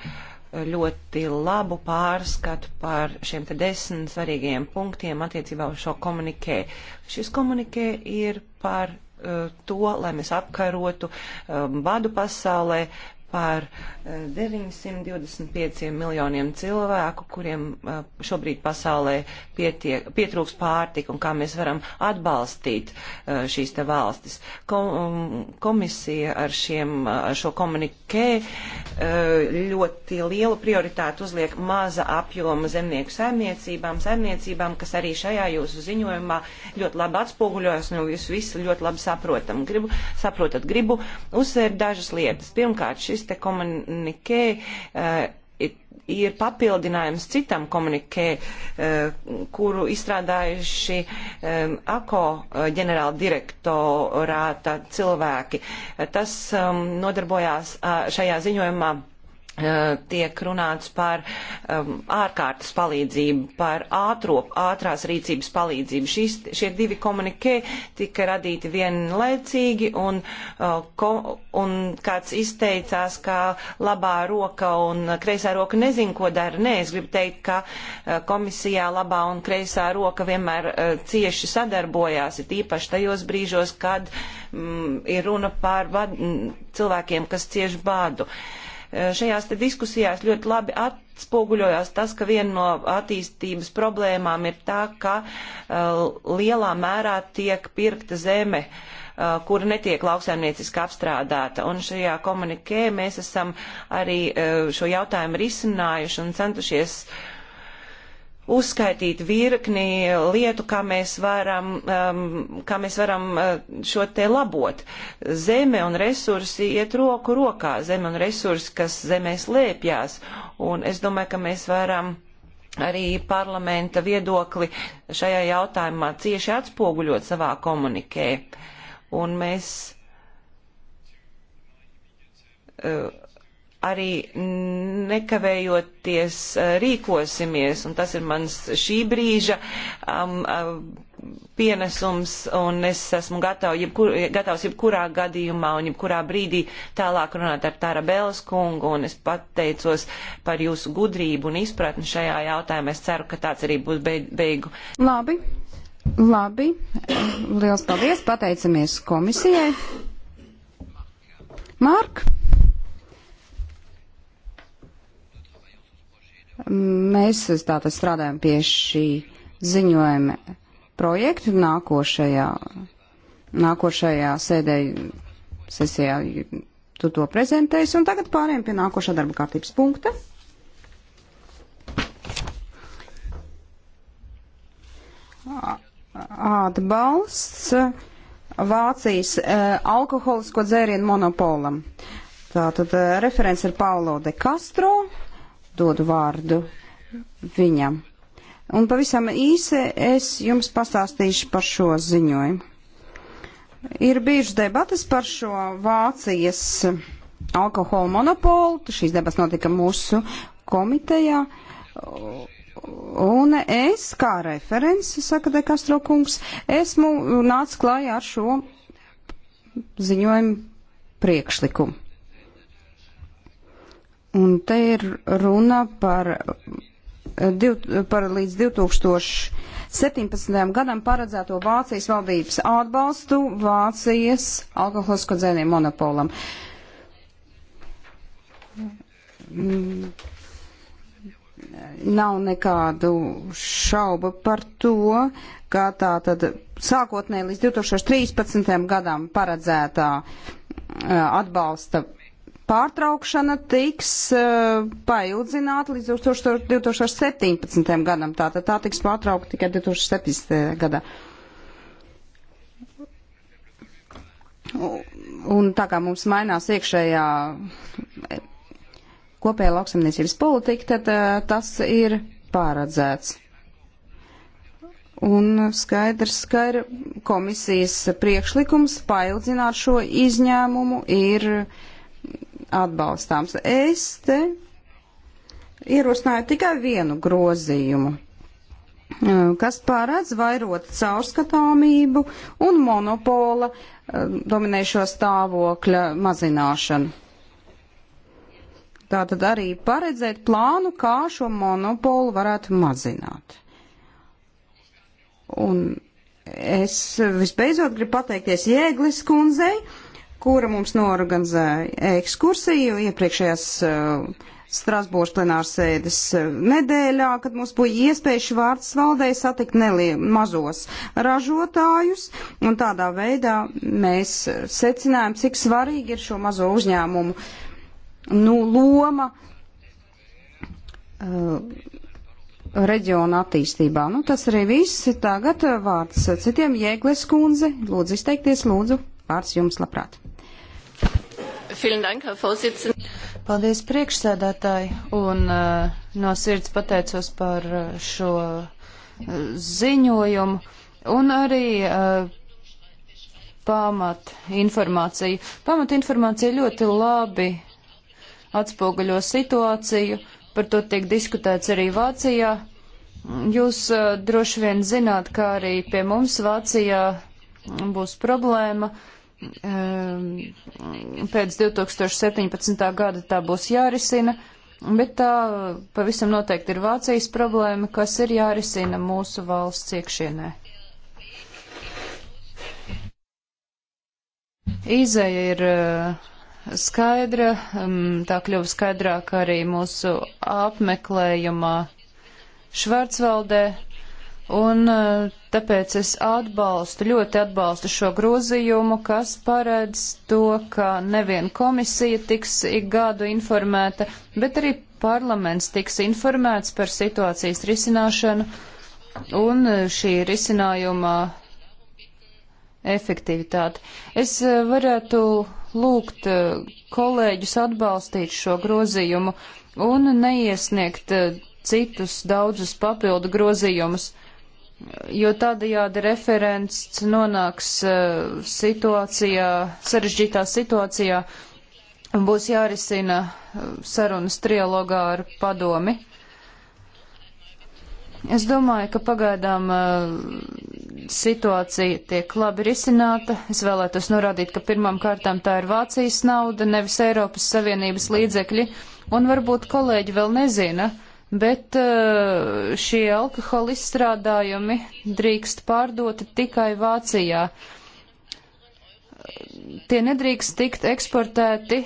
ļoti labu pārskatu par šiem te desmit svarīgajiem punktiem attiecībā uz šo komunikē. Šis komunikē ir par uh, to, lai mēs apkarotu um, eh, badu pasaulē, par 925 eh, miljoniem cilvēku, kuriem eh, šobrīd pasaulē pietiek, pietrūks pārtika un kā mēs varam atbalstīt eh, šīs te valstis. Um, komisija ar, šiem, ar šo komunikē ļoti lielu prioritātu uzliek maza apjoma zemnieku saimniecībām, saimniecībām, kas arī šajā jūsu ziņojumā ļoti labi atspoguļojas un nu, jūs visi ļoti labi saprotam. Gribu, saprotat, gribu uzsvērt dažas lietas. Pirmkārt, šis šis te komunikē eh, ir papildinājums citam komunikē, eh, kuru izstrādājuši eh, AKO ģenerāla direktorāta cilvēki. Tas nodarbojās šajā ziņojumā Eh, tiek runāts par um, ārkārtas palīdzību, par ātro, ātrās rīcības palīdzību. Šis, šie divi komunikē tika radīti vienlaicīgi un, uh, ko, un kāds izteicās, ka labā roka un kreisā roka nezin, ko dara. Nē, es gribu teikt, ka uh, komisijā labā un kreisā roka vienmēr uh, cieši sadarbojās, ir tīpaši tajos brīžos, kad mm, ir runa par bad, mm, cilvēkiem, kas cieši bādu. Uh, Eh, šajās diskusijās ļoti labi atspoguļojās tas, ka viena no attīstības problēmām ir tā, ka eh, lielā mērā tiek pirkta zeme eh, kura netiek lauksaimnieciski apstrādāta. Un šajā komunikē mēs esam arī šo jautājumu risinājuši un centušies uh, uzskaitīt virkni lietu, kā mēs varam, um, kā mēs varam uh, šo te labot. Zeme un resursi iet roku rokā, zeme un resursi, kas zemē slēpjās. Un es domāju, ka mēs varam arī parlamenta viedokli šajā jautājumā cieši atspoguļot savā komunikē. Un mēs. Uh, arī nekavējoties eh, rīkosimies, un tas ir mans šī brīža um, eh, pienesums, un es esmu gatav, jebkur, gatavs jebkurā gadījumā un jebkurā brīdī tālāk runāt ar Tāra Bēles kungu, un es pateicos par jūsu gudrību un izpratni šajā jautājumā. Es ceru, ka tāds arī būs beigu. Labi, labi. Liels paldies, pateicamies komisijai. Mark? Mēs tātad strādājam pie šī ziņojuma projekta nākošajā, nākošajā sēdē sesijā. Tu to prezentēsi un tagad pāriem pie nākošā darba kārtības punkta. Atbalsts Vācijas eh, alkoholisko dzērienu monopolam. Tātad eh, referents ir Paulo de Castro dodu vārdu viņam. Un pavisam īsi es jums pastāstīšu par šo ziņojumu. Ir bijušas debatas par šo Vācijas alkohola monopolu. Šīs debats notika mūsu komitejā. Un es, kā referents, saka De Castro kungs, esmu nācis klājā ar šo ziņojumu priekšlikumu. Un te ir runa par, eh, div, par līdz 2017. gadam paredzēto Vācijas valdības atbalstu Vācijas alkoholisko dzērienu monopolam. Mm. Nav nekādu šaubu par to, ka tā tad sākotnēji līdz 2013. gadam paredzētā eh, atbalsta pārtraukšana tiks uh, paildzināta līdz 2017. gadam. Tātad tā tiks pārtraukta tikai 2017. gadā. Un tā kā mums mainās iekšējā eh, kopējā lauksamniecības politika, tad uh, tas ir pārredzēts. Un skaidrs, ka ir komisijas priekšlikums paildzināt šo izņēmumu ir uh, atbalstāms. Es te ierosināju tikai vienu grozījumu, eh, kas pārēdz vairot caurskatāmību un monopola eh, dominējošo stāvokļa mazināšanu. Tātad arī paredzēt plānu, kā šo monopolu varētu mazināt. Un es visbeidzot gribu pateikties Jēglis kundzei kura mums norganizēja ekskursiju iepriekšējās uh, Strasbūras plenārsēdes eh, nedēļā, kad mums bija iespēja Švārds valdē satikt nelielu mazos ražotājus, un tādā veidā mēs eh, secinājām, cik svarīgi ir šo mazo uzņēmumu nu, loma uh, reģiona attīstībā. Nu, tas arī viss. Tagad vārds citiem. Jēgles kundze, lūdzu izteikties, lūdzu, vārds jums labprāt. Paldies priekšsēdētāji un eh, no sirds pateicos par eh, šo eh, ziņojumu un arī pamat informāciju. Pamat informācija ļoti labi atspoguļo situāciju, par to tiek diskutēts arī Vācijā. Jūs droši vien zināt, kā arī pie mums Vācijā būs problēma. Uh, Ehm, pēc 2017. gada tā būs jārisina, bet tā pavisam noteikti ir Vācijas problēma, kas ir jārisina mūsu valsts iekšienē. Izeja ir eh, skaidra, ehm, tā kļuva skaidrāk arī mūsu apmeklējumā Švarcvaldē, un eh, Tāpēc es atbalstu, ļoti atbalstu šo grozījumu, kas paredz to, ka nevien komisija tiks ik gadu informēta, bet arī parlaments tiks informēts par situācijas risināšanu un šī risinājuma efektivitāti. Es eh, varētu lūgt eh, kolēģus atbalstīt šo grozījumu un neiesniegt eh, citus daudzus papildu grozījumus jo tādajādi referents nonāks eh, situācijā, sarežģītā situācijā un būs jārisina eh, sarunas trialogā ar padomi. Es domāju, ka pagaidām eh, situācija tiek labi risināta. Es vēlētos norādīt, ka pirmām kārtām tā ir Vācijas nauda, nevis Eiropas Savienības līdzekļi, un varbūt kolēģi vēl nezina, uh, bet eh, šie alkohola izstrādājumi drīkst pārdoti tikai Vācijā. Tie nedrīkst tikt eksportēti,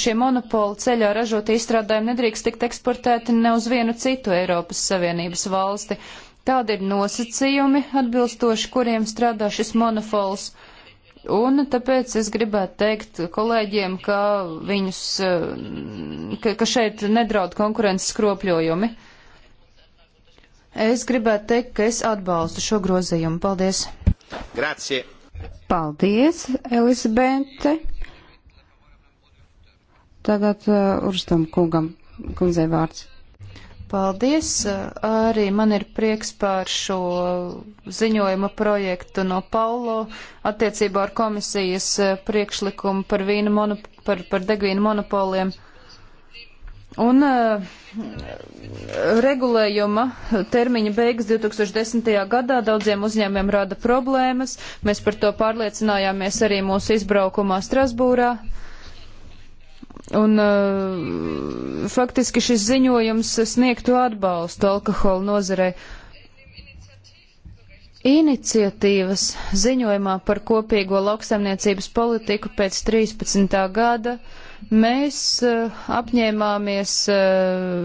šie monopolu ceļā ražotie izstrādājumi nedrīkst tikt eksportēti ne uz vienu citu Eiropas Savienības valsti. Tādi ir nosacījumi, atbilstoši kuriem strādā šis monopols. Uh, Un tāpēc es gribētu teikt kolēģiem, ka viņus, ka, ka šeit nedraud konkurences skropļojumi. Es gribētu teikt, ka es atbalstu šo grozījumu. Paldies! Grazie! Paldies, Elizabete! Tagad uh, Urstam kungam, kundzei vārds. Paldies! Arī man ir prieks par šo ziņojuma projektu no Paulo attiecībā ar komisijas priekšlikumu par, vīna monop par, par degvīnu monopoliem. Un uh, regulējuma termiņa beigas 2010. gadā daudziem uzņēmiem rada problēmas. Mēs par to pārliecinājāmies arī mūsu izbraukumā Strasbūrā. Uh, Un uh, faktiski šis ziņojums sniegtu atbalstu alkohola nozarei. Iniciatīvas ziņojumā par kopīgo lauksaimniecības politiku pēc 13. gada mēs uh, apņēmāmies uh,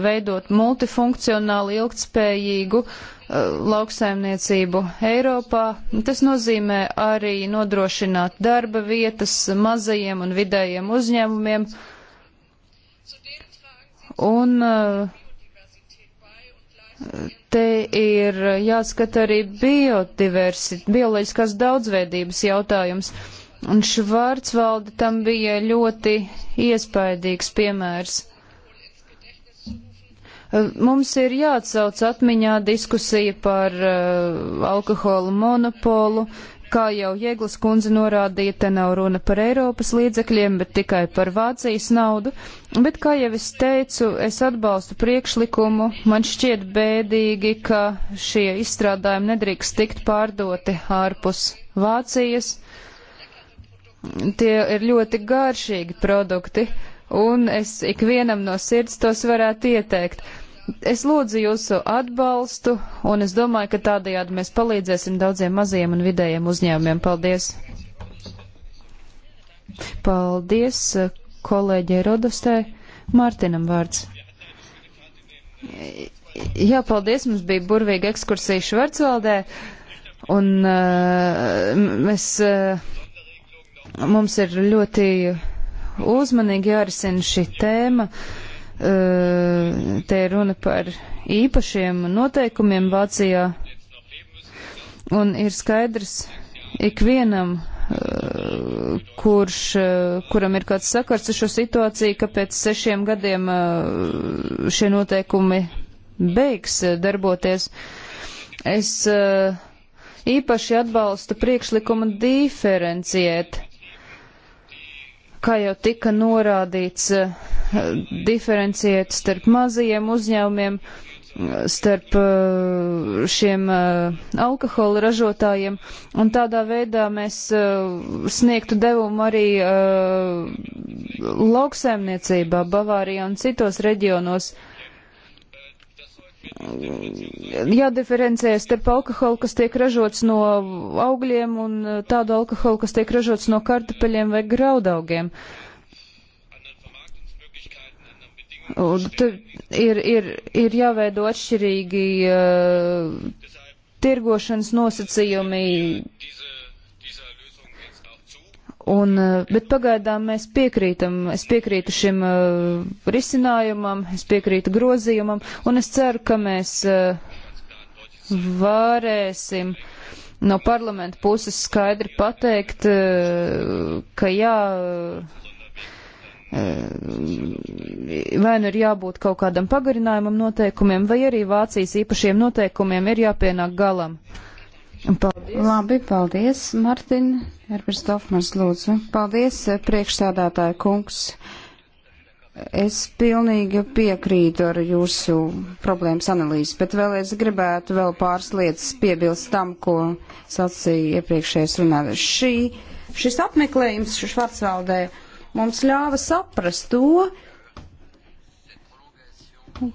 veidot multifunkcionāli ilgtspējīgu uh, lauksaimniecību Eiropā. Tas nozīmē arī nodrošināt darba vietas mazajiem un vidējiem uzņēmumiem. Uh, Un eh, te ir jāskata arī bioloģiskās daudzveidības jautājums. Un Švārdsvalde tam bija ļoti iespaidīgs piemērs. Eh, mums ir jāatsauc atmiņā diskusija par uh, alkohola monopolu, uh, Kā jau Jēglas kundze norādīja, te nav runa par Eiropas līdzekļiem, bet tikai par Vācijas naudu. Bet, kā jau es teicu, es atbalstu priekšlikumu. Man šķiet bēdīgi, ka šie izstrādājumi nedrīkst tikt pārdoti ārpus Vācijas. Tie ir ļoti garšīgi produkti, un es ikvienam no sirds tos varētu ieteikt. Es lūdzu jūsu atbalstu, un es domāju, ka tādējādi mēs palīdzēsim daudziem mazajiem un vidējiem uzņēmumiem. Paldies! Paldies kolēģei Rodostē. Mārtinam vārds. Jā, paldies, mums bija burvīga ekskursija Švarcvaldē, un uh, mēs, uh, mums ir ļoti uzmanīgi jārisina šī tēma. Uh, Eh, te ir runa par īpašiem noteikumiem Vācijā, un ir skaidrs ikvienam, eh, kurš, eh, kuram ir kāds sakars ar šo situāciju, ka pēc sešiem gadiem šie noteikumi beigs darboties. Es īpaši atbalstu priekšlikumu diferenciēt kā jau tika norādīts, eh, diferenciēt starp mazajiem uzņēmumiem, starp eh, šiem eh, alkohola ražotājiem, un tādā veidā mēs sniegtu devumu arī lauksēmniecībā, Bavārijā un citos reģionos jādiferencē starp alkoholu, kas tiek ražots no augļiem, un eh, tādu alkoholu, kas tiek ražots no kartupeļiem vai graudaugiem. Ir, ir, ir jāveido atšķirīgi uh, tirgošanas nosacījumi Un, eh, bet pagaidām mēs piekrītam, es piekrītu šim uh, risinājumam, es piekrītu grozījumam, un es ceru, ka mēs uh, varēsim no parlamenta puses skaidri pateikt, uh, ka jā, vai nu ir jābūt kaut kādam pagarinājumam noteikumiem, vai arī Vācijas īpašiem noteikumiem ir jāpienāk galam. Uh, Paldies. Labi, paldies, Martin. Herberts Dofmars, lūdzu. Paldies, eh, priekšstādātāja kungs. Es pilnīgi piekrītu ar jūsu problēmas analīzi, bet vēl es gribētu vēl pāris lietas piebilst tam, ko sacīja iepriekšējais runātājs. Šī, šis apmeklējums Švarcvaldē mums ļāva saprast to,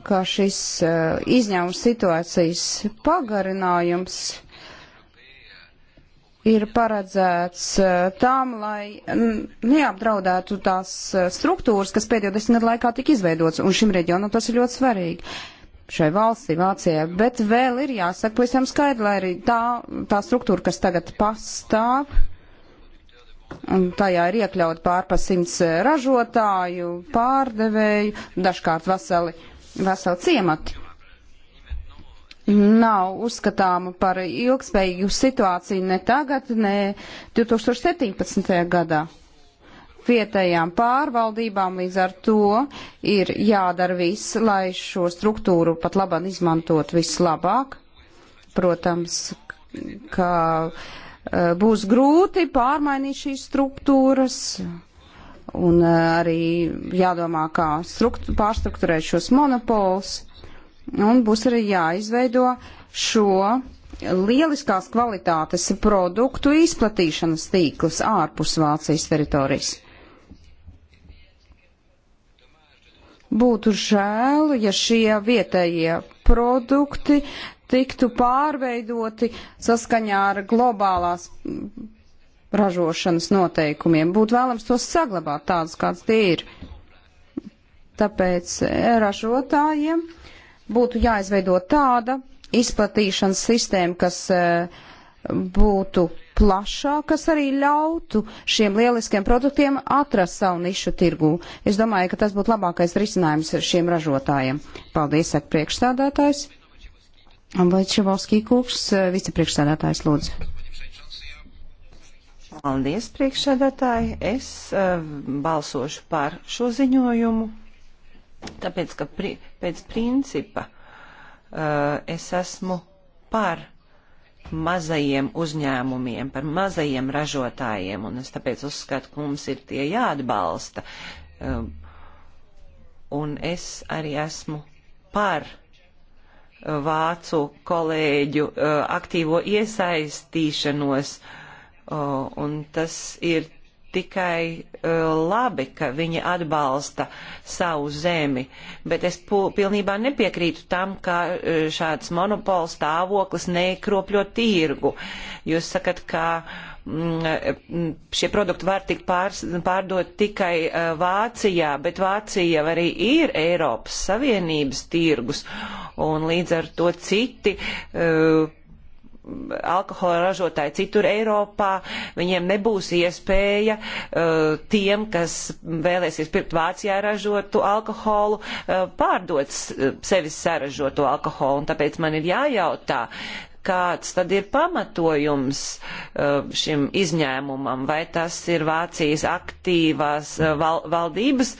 ka šis uh, izņēmums situācijas pagarinājums ir paredzēts eh, tām, lai neapdraudētu tās eh, struktūras, kas pēdējo desmit gadu laikā tika izveidotas, un šim reģionam tas ir ļoti svarīgi. Šai valstī, Vācijai, bet vēl ir jāsaka pavisam skaidri, lai arī tā, tā struktūra, kas tagad pastāv, un tajā ir iekļaut pārpa simts eh, ražotāju, pārdevēju, dažkārt veseli, veseli ciemati nav uzskatāma par ilgspējīgu situāciju ne tagad, ne 2017. gadā. Vietējām pārvaldībām līdz ar to ir jādara viss, lai šo struktūru pat labāk izmantot vislabāk. Protams, ka e, būs grūti pārmainīt šīs struktūras, un e, arī jādomā, kā struktūr, pārstruktūrēt šos monopols. Un būs arī jāizveido šo lieliskās kvalitātes produktu izplatīšanas tīklus ārpus Vācijas teritorijas. Būtu žēl, ja šie vietējie produkti tiktu pārveidoti saskaņā ar globālās ražošanas noteikumiem. Būtu vēlams tos saglabāt tādus, kāds tie ir. Tāpēc ražotājiem būtu jāizveido tāda izplatīšanas sistēma, kas e, būtu plašāk, kas arī ļautu šiem lieliskiem produktiem atrast savu nišu tirgū. Es domāju, ka tas būtu labākais risinājums šiem ražotājiem. Paldies, saka priekšstādātājs. Vaļčevovskī kungs, e, vicepriekšstādātājs, lūdzu. Paldies, priekšsēdētāji. Es uh, balsošu par šo ziņojumu. Tāpēc, ka pri, pēc principa uh, es esmu par mazajiem uzņēmumiem, par mazajiem ražotājiem, un es tāpēc uzskatu, ka mums ir tie jāatbalsta. Um, un es arī esmu par uh, vācu kolēģu uh, aktīvo iesaistīšanos, uh, un tas ir tikai e, labi, ka viņi atbalsta savu zemi, bet es pilnībā nepiekrītu tam, ka e, šāds monopola stāvoklis nekropļo tirgu. Jūs sakat, ka mm, e, šie produkti var tikt pārdot tikai Vācijā, bet Vācija arī ir Eiropas Savienības tirgus, un līdz ar to citi uh, alkohola ražotāji citur Eiropā, viņiem nebūs iespēja uh, tiem, kas vēlēsies pirkt Vācijā ražotu alkoholu, uh, pārdot uh, sevis saražoto alkoholu. Un tāpēc man ir jājautā, kāds tad ir pamatojums uh, šim izņēmumam, vai tas ir Vācijas aktīvās uh, val valdības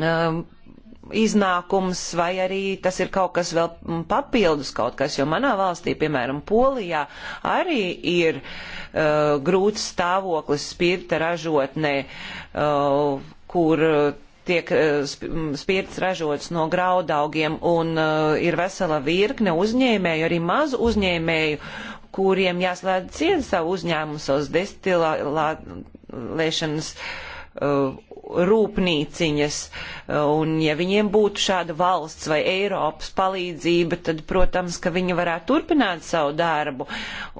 um, iznākums, vai arī tas ir kaut kas vēl papildus kaut kas, jo manā valstī, piemēram, Polijā, arī ir uh, grūts stāvoklis spirta ražotnē, uh, kur uh, tiek uh, spirts ražots no graudaugiem un uh, ir vesela virkne uzņēmēju, arī mazu uzņēmēju, kuriem jāslēdz cienu savu uzņēmumu savas destilēšanas. Uh, Uh, rūpnīciņas, uh, un ja viņiem būtu šāda valsts vai Eiropas palīdzība, tad, protams, ka viņi varētu turpināt savu darbu.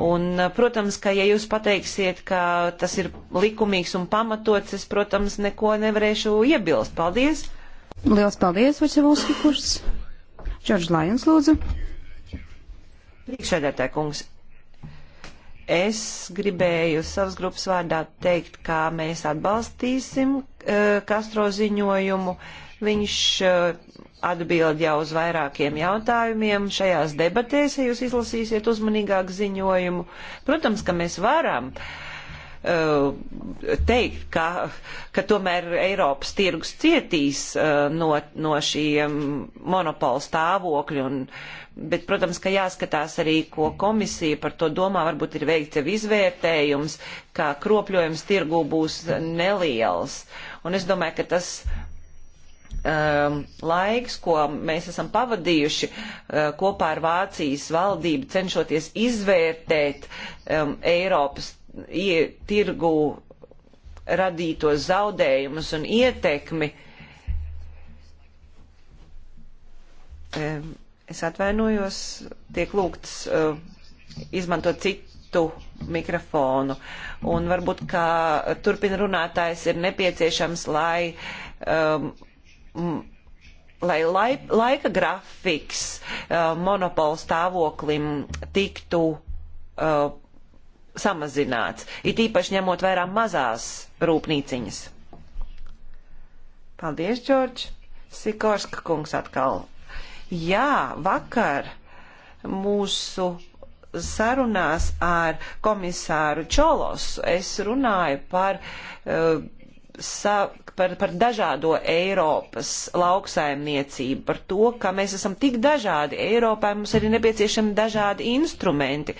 Un, uh, protams, ka ja jūs pateiksiet, ka tas ir likumīgs un pamatots, es, protams, neko nevarēšu iebilst. Paldies! Liels paldies, Vačevovski kurs! Čorž Lajons, lūdzu! Priekšēdētāj kungs, es gribēju savas grupas vārdā teikt, kā mēs atbalstīsim Kastro eh, ziņojumu. Viņš eh, atbild jau uz vairākiem jautājumiem šajās debatēs, ja jūs izlasīsiet uzmanīgāk ziņojumu. Protams, ka mēs varam eh, teikt, ka, ka tomēr Eiropas tirgus cietīs no, no šī monopola stāvokļa un uh, Bet, protams, ka jāskatās arī, ko komisija par to domā. Varbūt ir veikts jau izvērtējums, ka kropļojums tirgū būs neliels. Un es domāju, ka tas um, laiks, ko mēs esam pavadījuši uh, kopā ar Vācijas valdību, cenšoties izvērtēt um, Eiropas tirgu radītos zaudējumus un ietekmi. Um, Es atvainojos, tiek lūgts uh, izmantot citu mikrofonu. Un varbūt, ka turpina runātājs ir nepieciešams, lai, um, lai laip, laika grafiks uh, monopolu stāvoklim tiktu uh, samazināts. It īpaši ņemot vairāk mazās rūpnīciņas. Paldies, Džordž! Sikorska kungs atkal Jā, vakar mūsu sarunās ar komisāru Čolos es runāju par uh, sa, par, par dažādo Eiropas lauksaimniecību, par to, ka mēs esam tik dažādi Eiropā, mums arī nepieciešami dažādi instrumenti.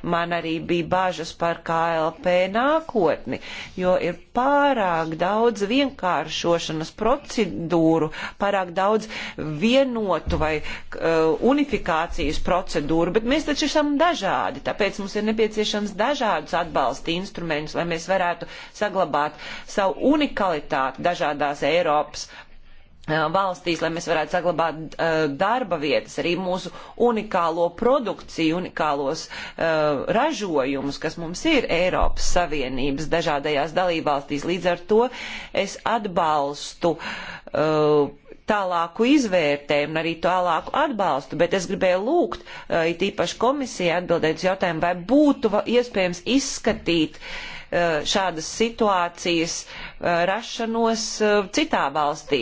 Man arī bija bažas par KLP nākotni, jo ir pārāk daudz vienkāršošanas procedūru, pārāk daudz vienotu vai uh, unifikācijas procedūru, bet mēs taču esam dažādi, tāpēc mums ir nepieciešams dažādus atbalsta instrumentus, lai mēs varētu saglabāt savu unifikāciju unikalitāti dažādās Eiropas valstīs, lai mēs varētu saglabāt uh, darba vietas, arī mūsu unikālo produkciju, unikālos uh, ražojumus, kas mums ir Eiropas Savienības dažādajās dalībvalstīs. Līdz ar to es atbalstu uh, tālāku izvērtējumu un arī tālāku atbalstu, bet es gribēju lūgt, it īpaši komisija atbildēt uz jautājumu, vai būtu iespējams izskatīt šādas situācijas uh, Eh, rašanos eh, citā valstī.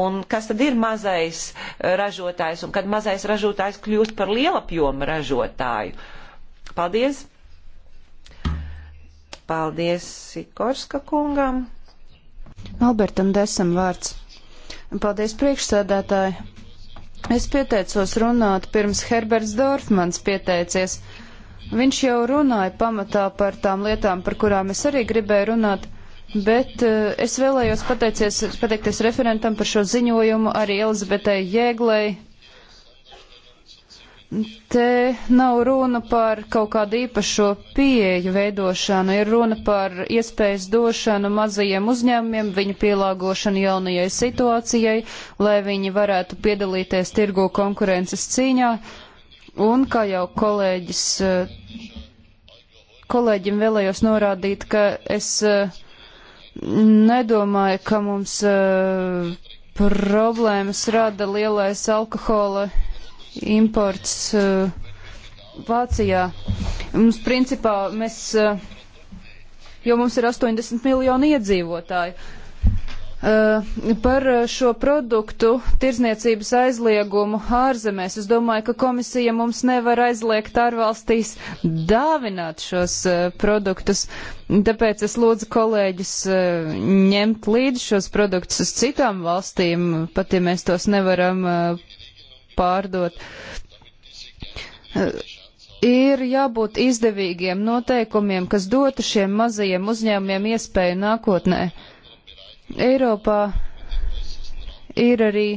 Un kas tad ir mazais eh, ražotājs un kad mazais ražotājs kļūst par lielapjomu ražotāju? Paldies! Paldies Sikorska kungam! Albertam Desam vārds. Paldies priekšsēdētāji! Es pieteicos runāt pirms Herberts Dorfmans pieteicies. Viņš jau runāja pamatā par tām lietām, par kurām es arī gribēju runāt bet uh, es vēlējos pateikties referentam par šo ziņojumu arī Elizabetei Jēglei. Te nav runa par kaut kādu īpašo pieeju veidošanu, ir runa par iespējas došanu mazajiem uzņēmumiem, viņu pielāgošanu jaunajai situācijai, lai viņi varētu piedalīties tirgu konkurences cīņā. Un, kā jau kolēģis, eh, kolēģim vēlējos norādīt, ka es uh, nedomāju, ka mums uh, problēmas rada lielais alkohola imports uh, Vācijā. Mums principā mēs, uh, jo mums ir 80 miljoni iedzīvotāji, Eh, par šo produktu tirzniecības aizliegumu ārzemēs. Es domāju, ka komisija mums nevar aizliegt ārvalstīs dāvināt šos eh, produktus. Tāpēc es lūdzu kolēģis eh, ņemt līdzi šos produktus uz citām valstīm, pat ja mēs tos nevaram pārdot ir jābūt izdevīgiem noteikumiem, kas dotu šiem mazajiem uzņēmumiem iespēju nākotnē. Eiropā ir arī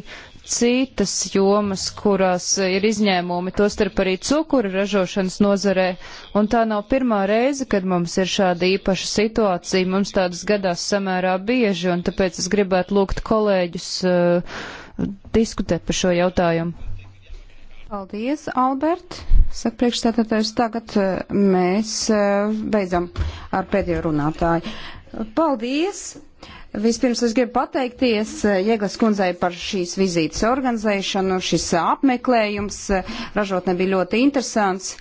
citas jomas, kurās ir izņēmumi, tostarp arī cukura ražošanas nozarē, un tā nav pirmā reize, kad mums ir šāda īpaša situācija, mums tādas gadās samērā bieži, un tāpēc es gribētu lūgt kolēģus uh, diskutēt par šo jautājumu. Paldies, Albert. Saka priekšstādātājs, tagad uh, mēs uh, beidzam ar pēdējo runātāju. Paldies! Vispirms es gribu pateikties eh, Jēglas kundzei par šīs vizītes organizēšanu. Šis eh, apmeklējums eh, ražotnē bija ļoti interesants.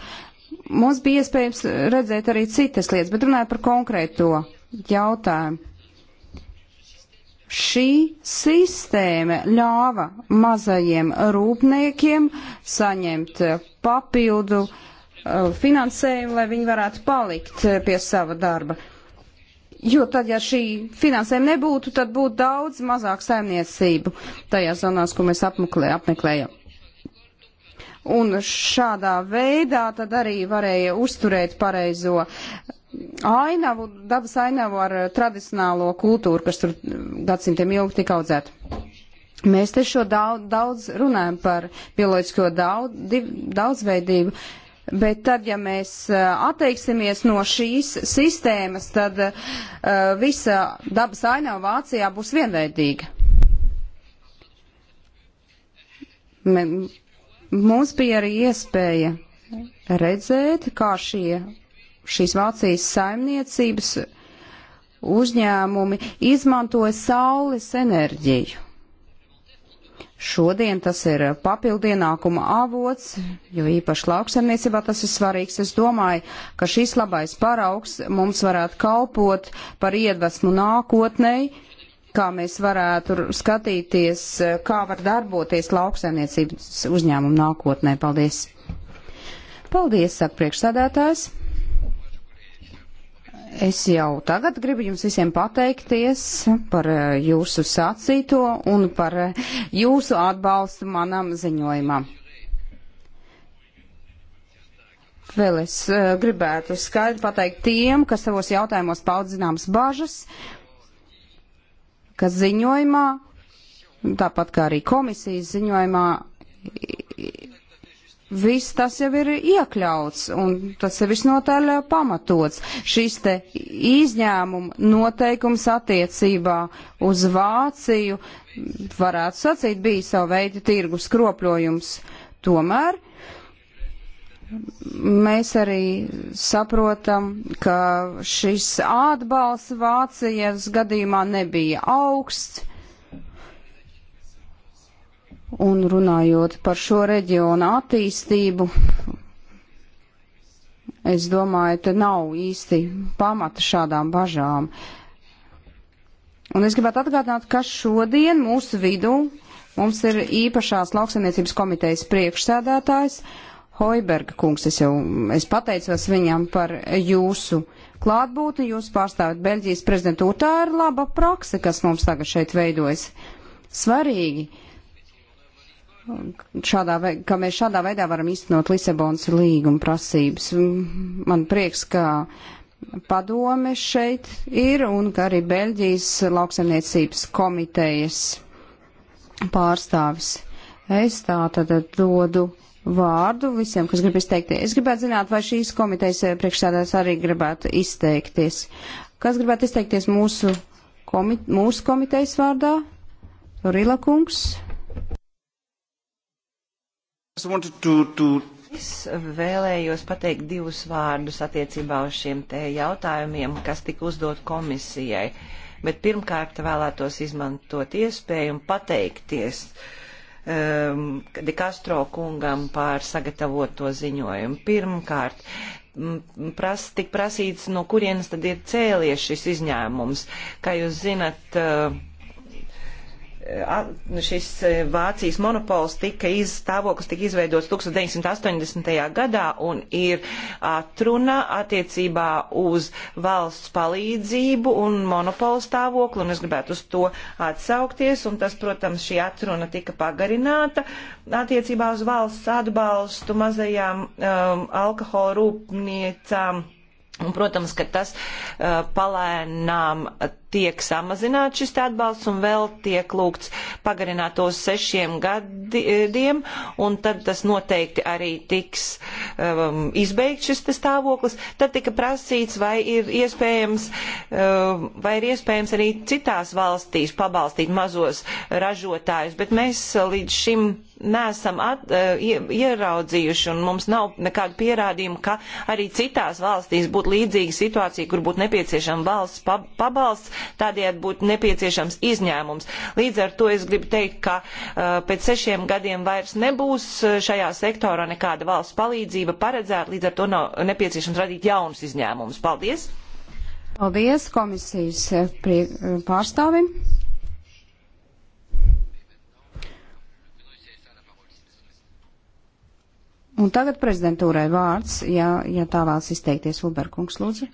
Mums bija iespējams redzēt arī citas lietas, bet runāju par konkrēto jautājumu šī sistēma ļāva mazajiem rūpniekiem saņemt papildu finansējumu, lai viņi varētu palikt pie sava darba. Jo tad, ja šī finansējuma nebūtu, tad būtu daudz mazāk saimniecību tajās zonās, ko mēs apmeklē, apmeklējam. Un šādā veidā tad arī varēja uzturēt pareizo ainavu, dabas ainavu ar tradicionālo kultūru, kas tur gadsimtiem ilgi tika audzēta. Mēs te šo daudz, daudz runājam par bioloģisko daudz, div, daudzveidību. Uh, Bet tad, ja mēs eh, atteiksimies no šīs sistēmas, tad uh, visa dabas ainava Vācijā būs vienveidīga. Mums bija arī iespēja redzēt, kā šie, šīs Vācijas saimniecības uzņēmumi izmantoja saules enerģiju Šodien tas ir papildienākuma avots, jo īpaši lauksaimniecībā tas ir svarīgs. Es domāju, ka šis labais paraugs mums varētu kalpot par iedvesmu nākotnei, kā mēs varētu skatīties, kā var darboties lauksaimniecības uzņēmumu nākotnē. Paldies! Paldies, saka priekšsādātājs! Es jau tagad gribu jums visiem pateikties par eh, jūsu sacīto un par eh, jūsu atbalstu manam ziņojumam. Vēl es eh, gribētu skaidri pateikt tiem, kas savos jautājumos paudzināms bažas, ka ziņojumā, tāpat kā arī komisijas ziņojumā, viss tas jau ir iekļauts un tas ir visnotaļ eh, pamatots. Šis te izņēmuma noteikums attiecībā uz Vāciju varētu sacīt bija savu veidu tirgus kropļojums. Tomēr mēs arī saprotam, ka šis atbalsts Vācijas gadījumā nebija augsts Un runājot par šo reģionu attīstību, es domāju, te nav īsti pamata šādām bažām. Un es gribētu atgādināt, ka šodien mūsu vidū mums ir īpašās lauksaimniecības komitejas priekšsēdētājs Hoiberga kungs. Es jau es pateicos viņam par jūsu klātbūtni, jūs pārstāvat Beļģijas prezidentūru. Tā ir laba prakse, kas mums tagad šeit veidojas. Svarīgi šādā, ka mēs šādā veidā varam īstenot Lisabonas līguma prasības. Man prieks, ka padome šeit ir un ka arī Beļģijas lauksaimniecības komitejas pārstāvis. Es tā tad dodu vārdu visiem, kas grib izteikties. Es gribētu zināt, vai šīs komitejas priekšsēdās arī gribētu izteikties. Kas gribētu izteikties mūsu, komite, mūsu komitejas vārdā? Rila kungs. To, to... Es vēlējos pateikt divus vārdus attiecībā uz šiem te jautājumiem, kas tika uzdot komisijai. Bet pirmkārt vēlētos izmantot iespēju un pateikties um, De Castro kungam par sagatavoto ziņojumu. Pirmkārt, pras, tik prasīts, no kurienes tad ir cēlies šis izņēmums. Kā jūs zinat, uh, Nu, šis e, Vācijas monopols tika iz, stāvoklis tika izveidots 1980. gadā un ir atruna attiecībā uz valsts palīdzību un monopola stāvokli, un es gribētu uz to atsaukties, un tas, protams, šī atruna tika pagarināta attiecībā uz valsts atbalstu mazajām um, alkohola rūpniecām. Um, Un, protams, ka tas uh, palēnām tiek samazināts šis atbalsts un vēl tiek lūgts pagarināt tos sešiem gadiem, un tad tas noteikti arī tiks um, izbeigts šis stāvoklis. Tad tika prasīts, vai ir iespējams, um, vai ir iespējams arī citās valstīs pabalstīt mazos ražotājus, bet mēs līdz šim neesam at, eh, ieraudzījuši un mums nav nekādu pierādījumu, ka arī citās valstīs būtu līdzīga situācija, kur būtu nepieciešama valsts pabalsts, tādējādi būtu nepieciešams izņēmums. Līdz ar to es gribu teikt, ka uh, pēc sešiem gadiem vairs nebūs eh, šajā sektorā nekāda valsts palīdzība paredzēta, līdz ar to nav nepieciešams radīt jaunus izņēmumus. Paldies! Paldies komisijas pārstāvim! Un tagad prezidentūrai vārds, ja, ja tā vēlas izteikties, Ulberkungs, lūdzu.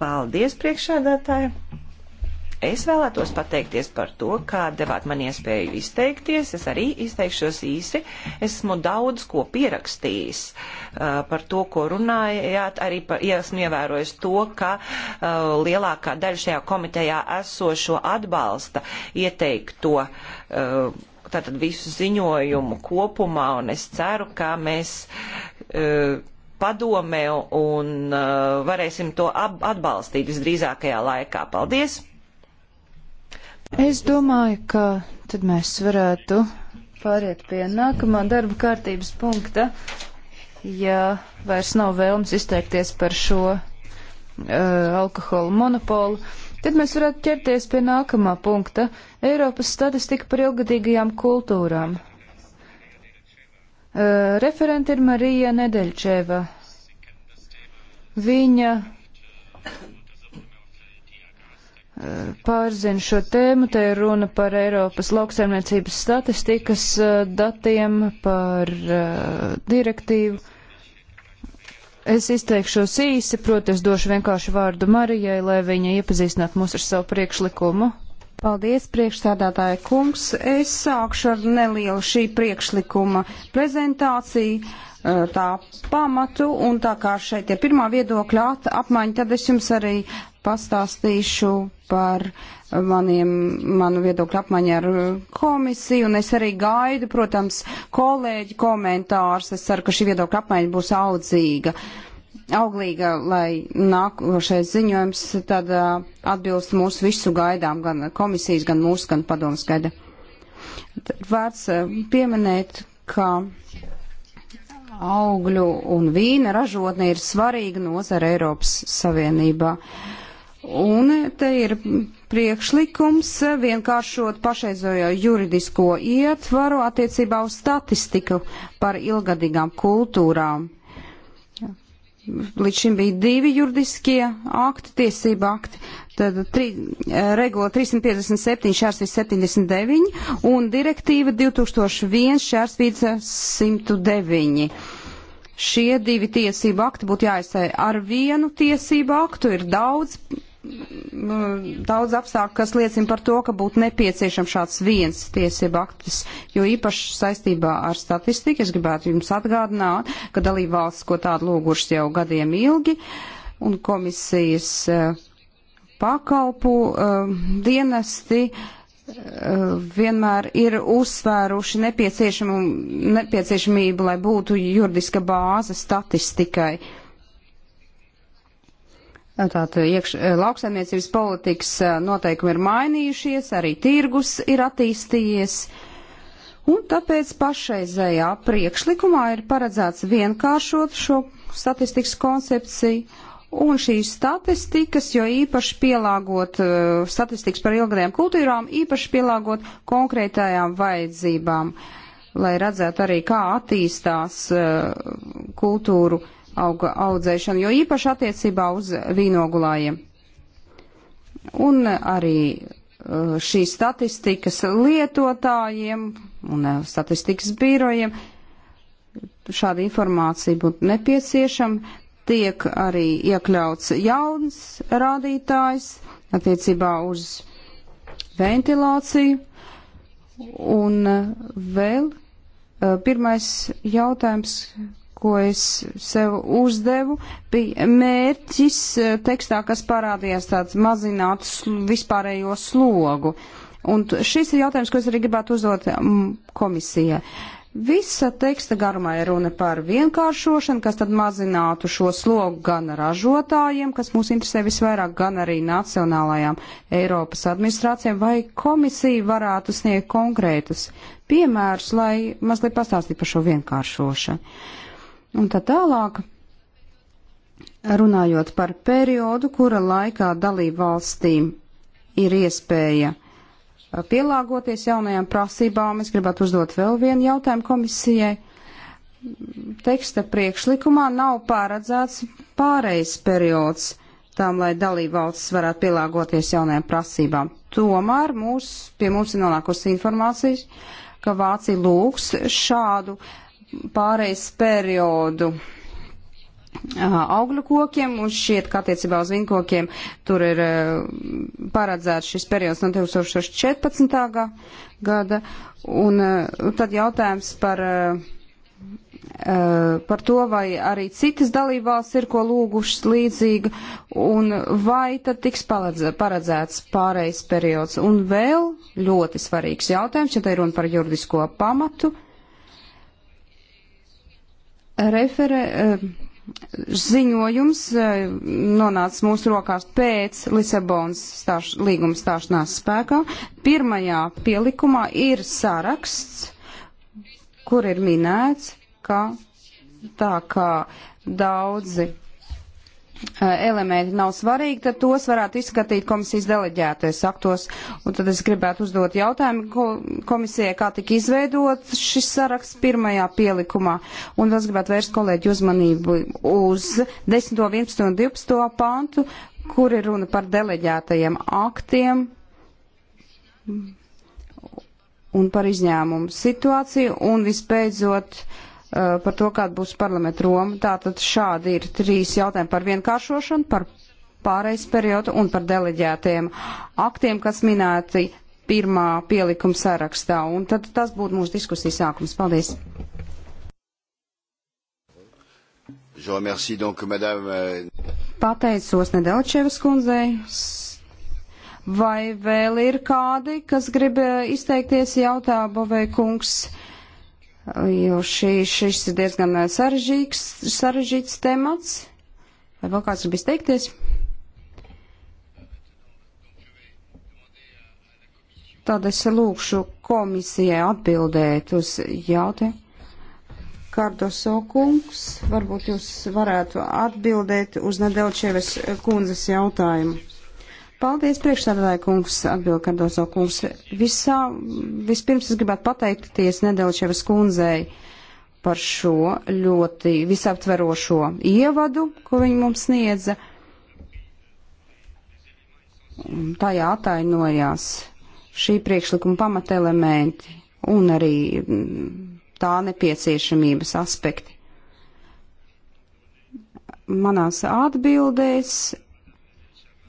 Paldies, priekšādātāji! Es vēlētos pateikties par to, kā devāt man iespēju izteikties. Es arī izteikšos īsi. Esmu daudz ko pierakstījis uh, par to, ko runājāt. Arī par, ja esmu ievērojis to, ka uh, lielākā daļa šajā komitejā esošo atbalsta ieteikto. Uh, tātad visu ziņojumu kopumā, un es ceru, ka mēs uh, e, padomē un uh, varēsim to atbalstīt visdrīzākajā laikā. Paldies! Es domāju, ka tad mēs varētu pāriet pie nākamā darba kārtības punkta. Ja vairs nav vēlms izteikties par šo uh, alkohola monopolu, uh, Tad mēs varētu ķerties pie nākamā punkta - Eiropas statistika par ilgadīgajām kultūrām. Uh, referenti ir Marija Nedeļčēva. Viņa pārzina šo tēmu. Te ir runa par Eiropas lauksaimniecības statistikas datiem, par direktīvu. Es izteikšos īsi, proti es došu vienkārši vārdu Marijai, lai viņa iepazīstinātu mūs ar savu priekšlikumu. Paldies, priekšsādātāja kungs. Es sākšu ar nelielu šī priekšlikuma prezentāciju, eh, tā pamatu, un tā kā šeit ir pirmā viedokļa apmaiņa, tad es jums arī pastāstīšu par maniem, manu viedokļu apmaiņu ar uh, komisiju, un es arī gaidu, protams, kolēģi komentārs. Es ceru, ka šī viedokļa apmaiņa būs audzīga, auglīga, lai nākošais ziņojums tad uh, atbilst mūsu visu gaidām, gan komisijas, gan mūsu, gan padomas gaida. Vērts uh, pieminēt, ka augļu un vīna ražotne ir svarīga nozara Eiropas Savienībā. Un te ir priekšlikums eh, vienkāršot pašreizojo juridisko ietvaru attiecībā uz statistiku par ilgadīgām kultūrām. Līdz šim bija divi juridiskie akti, tiesība akti, tad tri, eh, regula 357 šērsvīts 79 un direktīva 2001 šērsvīts 109 šie divi tiesību akti būtu jāizsēja ar vienu tiesību aktu, ir daudz Nu, daudz apstākļu, kas liecina par to, ka būtu nepieciešams šāds viens tiesība aktis, jo īpaši saistībā ar statistiku es gribētu jums atgādināt, ka dalība valsts, ko tādu lūgušas jau gadiem ilgi, un komisijas eh, pakalpu eh, dienesti eh, vienmēr ir uzsvēruši nepieciešamību, lai būtu juridiska bāze statistikai Tātad iekš, eh, lauksaimniecības politikas eh, noteikumi ir mainījušies, arī tirgus ir attīstījies, un tāpēc pašreizējā priekšlikumā ir paredzēts vienkāršot šo statistikas koncepciju, un šīs statistikas, jo īpaši pielāgot eh, statistikas par ilgadējām kultūrām, īpaši pielāgot konkrētajām vajadzībām, lai redzētu arī, kā attīstās kultūru auga audzēšanu, jo īpaši attiecībā uz vīnogulājiem. Un arī uh, šīs statistikas lietotājiem un uh, statistikas birojiem šāda informācija būtu nepieciešama. Tiek arī iekļauts jauns rādītājs attiecībā uz ventilāciju. Un uh, vēl pirmais jautājums, ko es sev uzdevu, bija mērķis eh, tekstā, kas parādījās tāds mazināt vispārējo slogu. Un šis ir jautājums, ko es arī gribētu uzdot mm, komisijai. Visa teksta garumā ir runa par vienkāršošanu, kas tad mazinātu šo slogu gan ražotājiem, kas mūs interesē visvairāk, gan arī nacionālajām Eiropas administrācijām, vai komisija varētu sniegt konkrētus piemērus, lai mazliet pastāstītu par šo vienkāršošanu. Un tad tālāk, runājot par periodu, kura laikā dalību valstīm ir iespēja pielāgoties jaunajām prasībām, es gribētu uzdot vēl vienu jautājumu komisijai. Teksta priekšlikumā nav paredzēts pārejas periods tām, lai dalībvalstis varētu pielāgoties jaunajām prasībām. Tomēr mūs, pie mums ir nonākusi informācijas, ka Vācija lūgs šādu uh, pārejas periodu augļu kokiem, un šķiet, ka attiecībā uz vinkokiem tur ir paredzēts šis periods no 2014. gada, un tad jautājums par, par to, vai arī citas dalībvalsts ir ko lūgušas līdzīga, un vai tad tiks paredzēts pārējais periods. Un vēl ļoti svarīgs jautājums, ja te ir runa par juridisko pamatu, Referē, eh, ziņojums eh, nonāca mūsu rokās pēc Lisabonas stāš, līguma stāšanās spēkā. Pirmajā pielikumā ir saraksts, kur ir minēts, ka tā kā daudzi Eh, elementi nav svarīgi, tad tos varētu izskatīt komisijas deleģētais aktos. Un tad es gribētu uzdot jautājumu komisijai, kā tika izveidot šis saraksts pirmajā pielikumā. Un es gribētu vērst kolēģi uzmanību uz 10, 11 un 12 pāntu, kur ir runa par deleģētajiem aktiem un par izņēmumu situāciju. Un vispēdzot, uh, Eh, par to, kāda būs parlamenta Roma. Tātad šādi ir trīs jautājumi par vienkāršošanu, par pārejas periodu un par deleģētiem aktiem, kas minēti pirmā pielikuma sarakstā. Un tad tas būtu mūsu diskusijas sākums. Paldies! Euh, Pateicos Nedelčevas kundzei. Vai vēl ir kādi, kas grib eh, izteikties, jautā Bovei kungs? jo šī, šis ir diezgan eh, sarežģīts, sarežģīts temats. Vai vēl kāds grib izteikties? Tad es lūkšu komisijai atbildēt uz jautājumu. Kardoso kungs, varbūt jūs varētu atbildēt uz Nedelčevas kundzes jautājumu. Paldies, priekšstādātāja kungs, atbild Kardozo kungs. Visā, vispirms es gribētu pateikties Nedelčevas kundzei par šo ļoti visaptverošo ievadu, ko viņa mums sniedza. Tajā atainojās šī priekšlikuma pamatelementi un arī mm, tā nepieciešamības aspekti. Manās atbildēs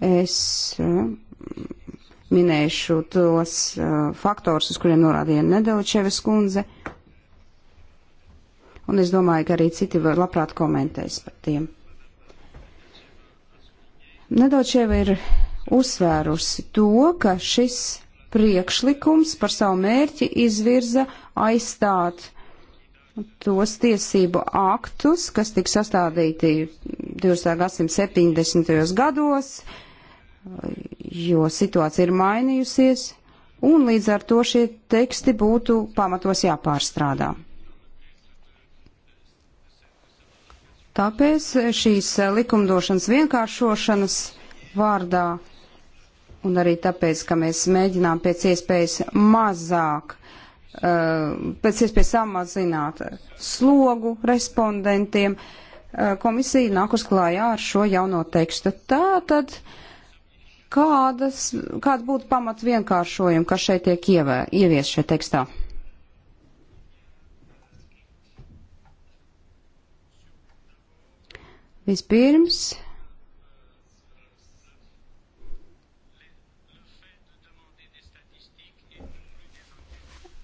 Es uh, minēšu tos uh, faktors, uz kuriem norādīja Nedelčevas kundze, un es domāju, ka arī citi labprāt komentēs par tiem. Nedelčeva ir uzsvērusi to, ka šis priekšlikums par savu mērķi izvirza aizstāt tos tiesību aktus, kas tika sastādīti 2070. gados, jo situācija ir mainījusies, un līdz ar to šie teksti būtu pamatos jāpārstrādā. Tāpēc šīs likumdošanas vienkāršošanas vārdā, un arī tāpēc, ka mēs mēģinām pēc iespējas mazāk Eh, pēc iespējas samazināt slogu respondentiem. Eh, komisija nāk uz klājā ar šo jauno tekstu. Tā tad kādas, kāda būtu pamat vienkāršojuma, kas šeit tiek ievē, ievies šajā tekstā? Vispirms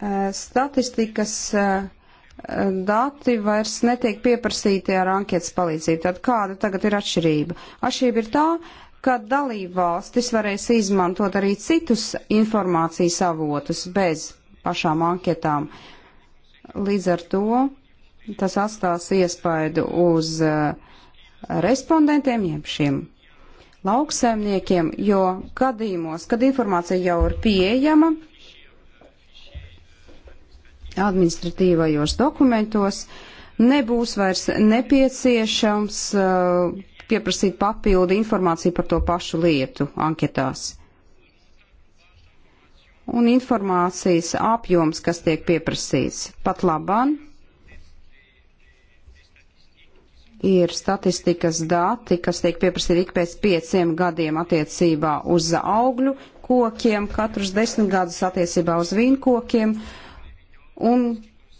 Eh, statistikas eh, dati vairs netiek pieprasīti ar anketas palīdzību. Tad kāda tagad ir atšķirība? Atšķirība ir tā, ka dalībvalstis varēs izmantot arī citus informācijas avotus bez pašām anketām. Līdz ar to tas atstās iespaidu uz eh, respondentiem, jeb šiem lauksaimniekiem, jo gadījumos, kad informācija jau ir pieejama, administratīvajos dokumentos nebūs vairs nepieciešams uh, pieprasīt papildu informāciju par to pašu lietu anketās. Un informācijas apjoms, kas tiek pieprasīts, pat labāk ir statistikas dati, kas tiek pieprasīti ik pēc pieciem gadiem attiecībā uz augļu kokiem, katrus desmit gadus attiecībā uz vīnkokiem, un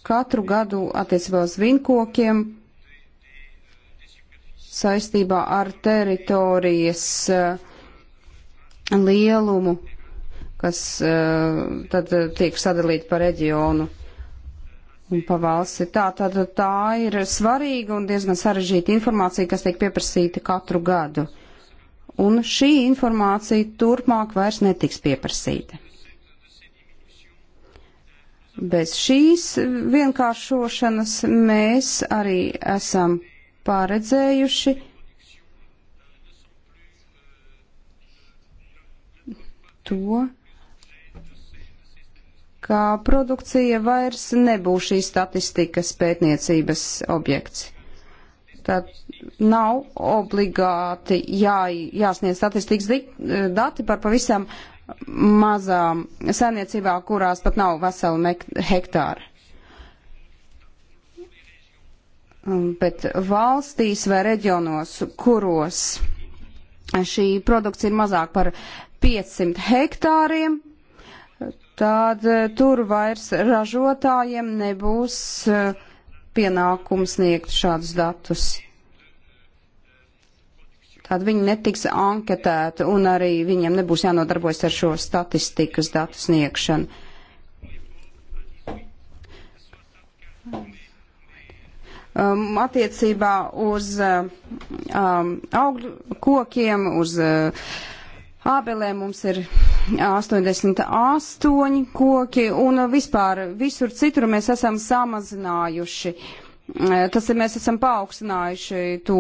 katru gadu attiecībā uz vinkokiem saistībā ar teritorijas eh, lielumu, kas eh, tad eh, tiek sadalīta pa reģionu un pa valsti. Tā, tā, tā ir svarīga un diezgan sarežģīta informācija, kas tiek pieprasīta katru gadu. Un šī informācija turpmāk vairs netiks pieprasīta. Bez šīs vienkāršošanas mēs arī esam paredzējuši to, ka produkcija vairs nebūs šīs statistikas pētniecības objekts. Tad nav obligāti jā, jāsniedz statistikas dati par pavisam mazām saimniecībā, kurās pat nav veseli hektāri. Um, bet valstīs vai reģionos, kuros šī produkcija ir mazāk par 500 hektāriem, tad eh, tur vairs ražotājiem nebūs eh, pienākums sniegt šādus datus. Tad viņi netiks anketēti un arī viņiem nebūs jānodarbojas ar šo statistikas datu sniegšanu. Um, attiecībā uz um, augļu kokiem, uz uh, ābelēm mums ir 88 koki un vispār visur citur mēs esam samazinājuši. Uh, tas ir mēs esam paaugstinājuši to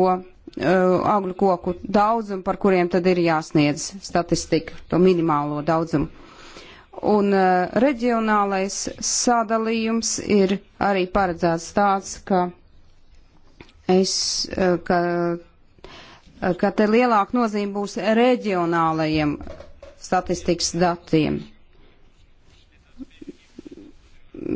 Uh, augļu koku daudzumu, par kuriem tad ir jāsniedz statistika, to minimālo daudzumu. Un uh, reģionālais sadalījums ir arī paredzēts tāds, ka, es, uh, ka, uh, ka te lielāka nozīme būs reģionālajiem statistikas datiem.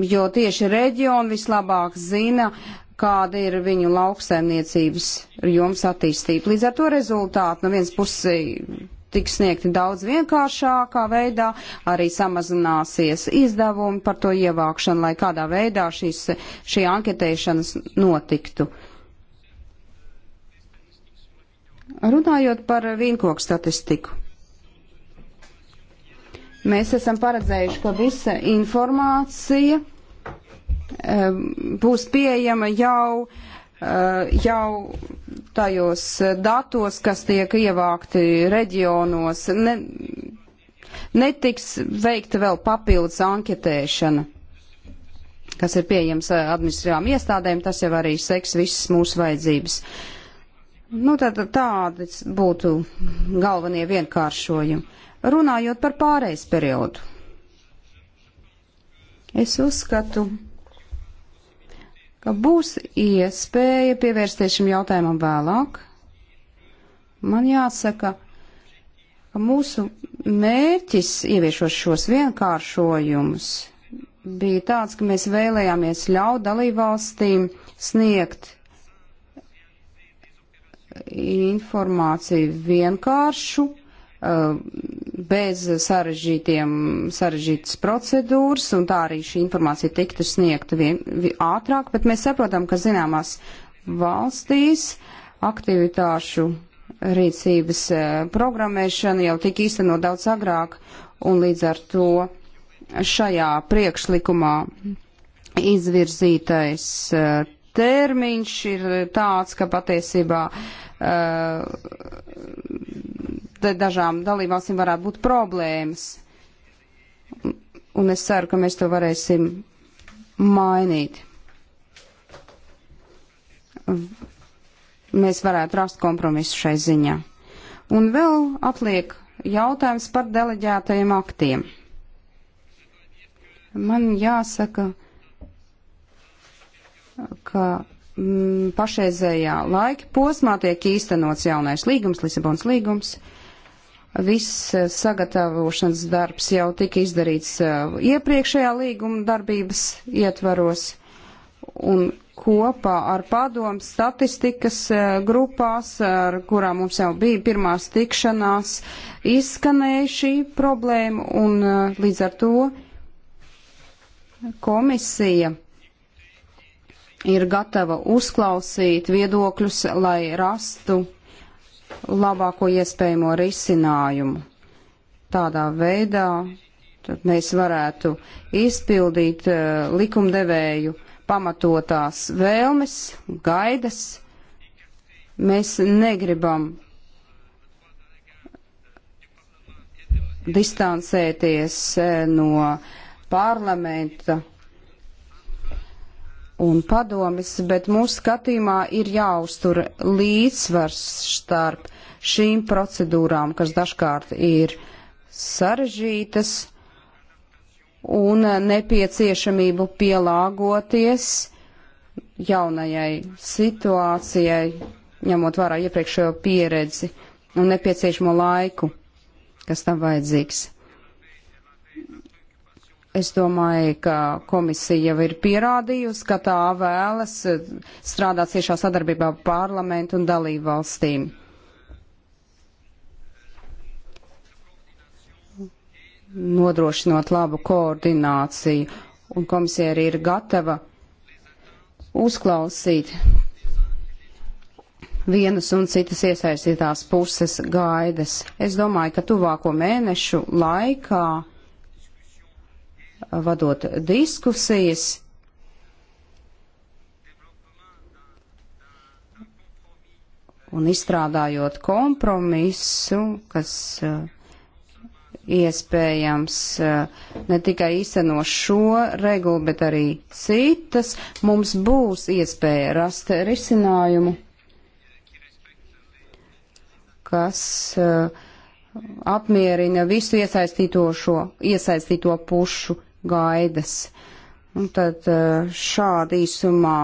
Jo tieši reģioni vislabāk zina, uh, kāda ir viņu lauksaimniecības joms attīstība. Līdz ar to rezultāti no vienas puses tiks sniegti daudz vienkāršākā veidā, arī samazināsies izdevumi par to ievākšanu, lai kādā veidā šīs, šī anketēšanas notiktu. Runājot par vīnkoku statistiku. Mēs esam paredzējuši, ka visa informācija būs pieejama jau, eh, jau tajos datos, kas tiek ievākti reģionos. Ne, netiks veikta vēl papildus anketēšana kas ir pieejams eh, administrīvām iestādēm, tas jau arī seks visas mūsu vajadzības. Nu, tad tādi būtu galvenie vienkāršojumi. Runājot par pārejas periodu, es uzskatu, ka būs iespēja pievērsties šim jautājumam vēlāk. Man jāsaka, ka mūsu mērķis ieviešot šos vienkāršojumus bija tāds, ka mēs vēlējāmies ļaut dalībvalstīm sniegt informāciju vienkāršu Uh, bez sarežģītiem, sarežģītas procedūras, un tā arī šī informācija tiktu sniegta vien, vien, ātrāk, bet mēs saprotam, ka zināmās valstīs aktivitāšu rīcības uh, programmēšana jau tika īstenot daudz agrāk, un līdz ar to šajā priekšlikumā izvirzītais uh, termiņš ir tāds, ka patiesībā uh, dažām dalībvalstīm varētu būt problēmas. Un es ceru, ka mēs to varēsim mainīt. Mēs varētu rast kompromisu šai ziņā. Un vēl atliek jautājums par deleģētajiem aktiem. Man jāsaka, ka mm, pašreizējā laika posmā tiek īstenots jaunais līgums, Lisabons līgums. Uh, Viss eh, sagatavošanas darbs jau tika izdarīts eh, iepriekšējā līguma darbības ietvaros un kopā ar padomu statistikas eh, grupās, ar kurām mums jau bija pirmās tikšanās, izskanēja šī problēma un līdz ar to komisija ir gatava uzklausīt viedokļus, lai rastu labāko iespējamo risinājumu. Tādā veidā tad mēs varētu izpildīt uh, likumdevēju pamatotās vēlmes, gaidas. Mēs negribam distancēties eh, no parlamenta un padomis, bet mūsu skatījumā ir jāuztur līdzsvars starp šīm procedūrām, kas dažkārt ir sarežģītas un nepieciešamību pielāgoties jaunajai situācijai, ņemot vērā iepriekšējo pieredzi un nepieciešamo laiku, kas tam vajadzīgs. Es domāju, ka komisija jau ir pierādījusi, ka tā vēlas strādāt ciešā sadarbībā parlamentu un dalību valstīm. nodrošinot labu koordināciju, un komisija arī ir gatava uzklausīt vienas un citas iesaistītās puses gaidas. Es domāju, ka tuvāko mēnešu laikā, vadot diskusijas, un izstrādājot kompromisu, kas uh, iespējams eh, ne tikai īsteno šo regulu, bet arī citas, mums būs iespēja rast risinājumu, kas eh, apmierina visu iesaistīto, šo, iesaistīto pušu gaidas. Un tad eh, šādi īsumā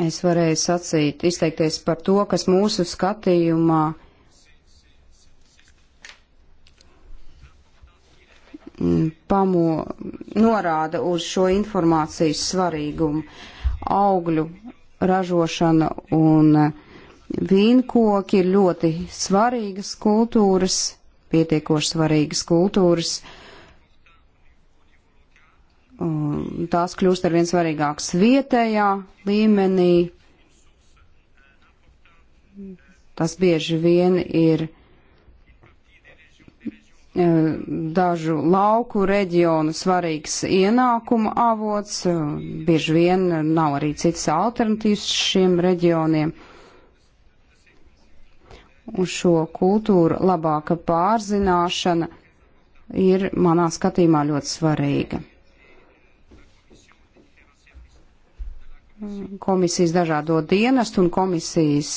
es varēju sacīt, izteikties par to, kas mūsu skatījumā Mm, pamo, norāda uz šo informācijas svarīgumu. Augļu ražošana un eh, vīnkoki ir ļoti svarīgas kultūras, pietiekoši svarīgas kultūras. Tās kļūst ar vien svarīgākas vietējā līmenī. Tas bieži vien ir dažu lauku reģionu svarīgs ienākuma avots, bieži vien nav arī citas alternatīvas šiem reģioniem. Un šo kultūru labāka pārzināšana ir manā skatījumā ļoti svarīga. Komisijas dažādo dienestu un komisijas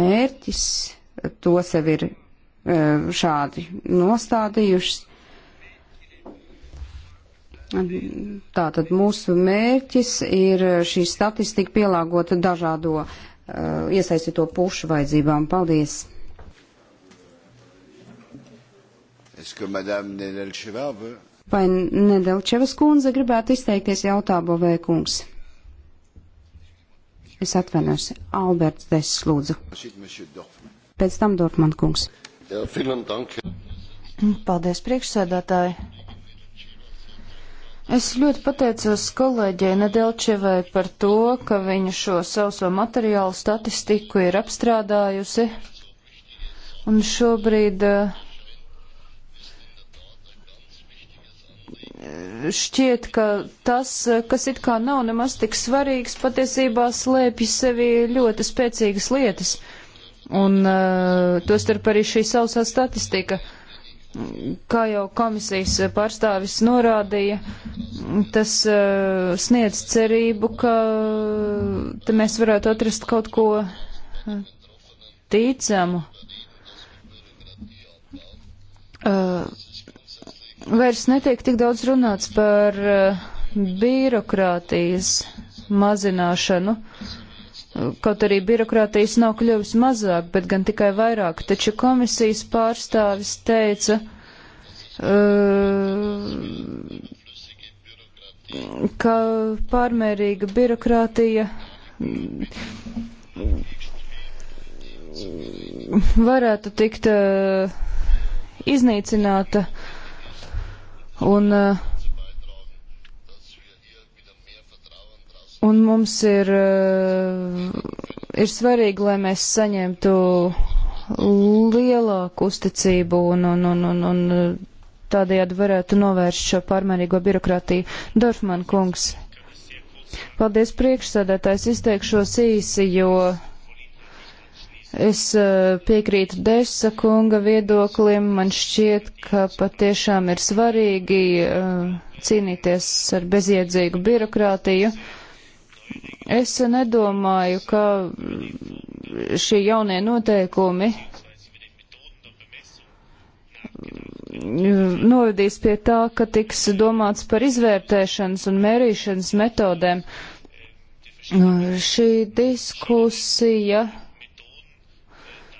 mērķis to sev ir E, šādi nostādījušas. Tātad mūsu mērķis ir šī statistika pielāgota dažādo uh, iesaistīto pušu vajadzībām. Paldies! Vai Nedelčevas kundze gribētu izteikties jautā Bovē kungs? Es atvainojos. Alberts Desis lūdzu. Pēc tam Dorfman kungs. Jā, vielen dank. Paldies, priekšsēdētāji. Es ļoti pateicos kolēģei Nedelčevai par to, ka viņa šo sauso materiālu statistiku ir apstrādājusi. Un šobrīd eh, šķiet, ka tas, kas it kā nav nemaz tik svarīgs, patiesībā slēpj sevi ļoti spēcīgas lietas. Uh, un uh, tostarp arī šī sausā statistika. Kā jau komisijas pārstāvis norādīja, tas uh, sniedz cerību, ka te mēs varētu atrast kaut ko eh, ticamu. Uh, vairs netiek tik daudz runāts par uh, birokrātijas mazināšanu. Uh, Kaut arī birokrātijas nav kļuvis mazāk, bet gan tikai vairāk. Taču komisijas pārstāvis teica, ka pārmērīga birokrātija varētu tikt iznīcināta un uh, Un mums ir, eh, ir svarīgi, lai mēs saņemtu lielāku uzticību un, un, un, un, un tādējādi varētu novērst šo pārmērīgo birokrātiju. Dorfman kungs. Paldies priekšsēdētājs, izteikšos īsi, jo es eh, piekrītu Desa kunga viedoklim. Man šķiet, ka patiešām ir svarīgi eh, cīnīties ar bezjēdzīgu birokrātiju. Uh, Es nedomāju, ka šie jaunie noteikumi novedīs pie tā, ka tiks domāts par izvērtēšanas un mērīšanas metodēm. Šī diskusija, eh,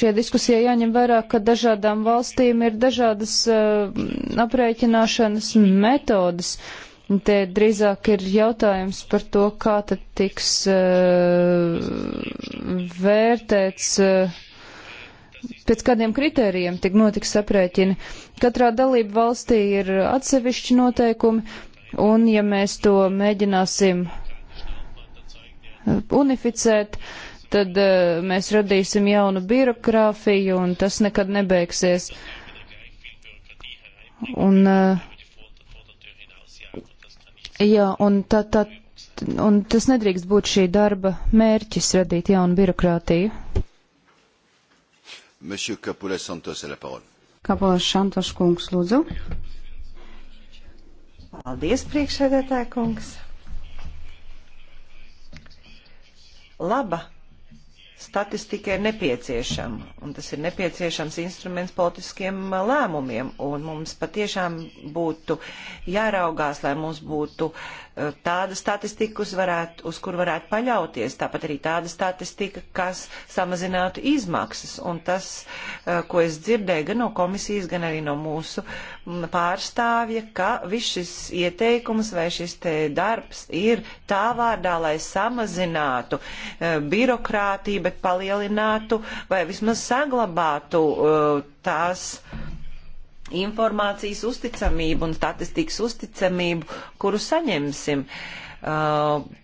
šie diskusija jāņem vērā, ka dažādām valstīm ir dažādas eh, aprēķināšanas metodas. Mm Te drīzāk ir jautājums par to, kā tad tiks uh, vērtēts, uh, pēc kādiem kritērijiem tik notiks aprēķini. Katrā dalība valstī ir atsevišķi noteikumi, un ja mēs to mēģināsim eh, unificēt, tad uh, mēs radīsim jaunu birokrāfiju, un tas nekad nebeigsies. Un, uh, Jā, un, tā, tā, un tas nedrīkst būt šī darba mērķis radīt jaunu birokrātiju. Monsieur Kapula Santos, la parole. Kapula Santos kungs, lūdzu. Paldies, priekšsēdētāja kungs. Laba statistika ir nepieciešama, un tas ir nepieciešams instruments politiskiem uh, lēmumiem, un mums patiešām būtu jāraugās, lai mums būtu uh, Eh, tāda statistika, varētu, uz kur varētu paļauties, tāpat arī tāda statistika, kas samazinātu izmaksas. Un tas, eh, ko es dzirdēju gan no komisijas, gan arī no mūsu mm, pārstāvja, ka viss šis ieteikums vai šis te darbs ir tā vārdā, lai samazinātu eh, birokrātiju, bet palielinātu vai vismaz saglabātu tās informācijas uzticamību un statistikas uzticamību, kuru saņemsim. Uh,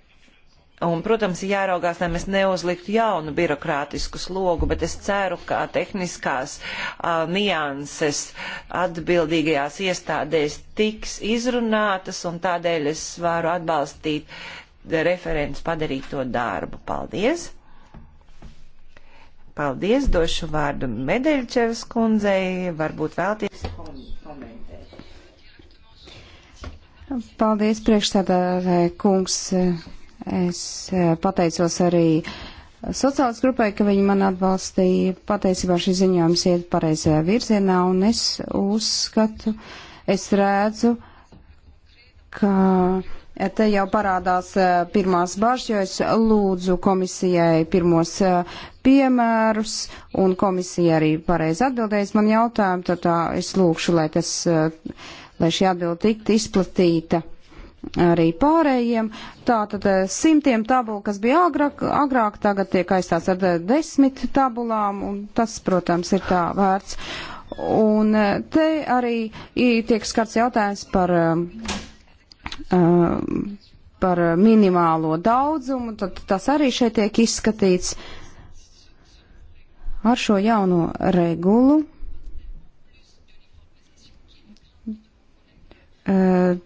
Un, protams, ir jāraugās, lai mēs neuzliktu jaunu birokrātisku slogu, bet es ceru, ka tehniskās uh, nianses atbildīgajās iestādēs tiks izrunātas, un tādēļ es varu atbalstīt referents padarīto darbu. Paldies! Paldies, došu vārdu Medeļčevs kundzei, varbūt vēlties komentēt. Paldies, priekšstādātāji kungs. Es eh, pateicos arī sociālas grupai, ka viņi man atbalstīja. Pateicībā šī ziņojums iet pareizajā virzienā, un es uzskatu, es redzu, ka Te jau parādās eh, pirmās bažas, jo es lūdzu komisijai pirmos eh, piemērus, un komisija arī pareizi atbildējas man jautājumu, tad tā es lūkšu, lai, tas, eh, lai šī atbilde tiktu izplatīta arī pārējiem. Tātad simtiem tabulu, kas bija agrāk, agrāk tagad tiek aizstāts ar desmit tabulām, un tas, protams, ir tā vērts. Un te arī tiek skarts jautājums par Uh, par minimālo daudzumu, tad tas arī šeit tiek izskatīts ar šo jauno regulu. Uh,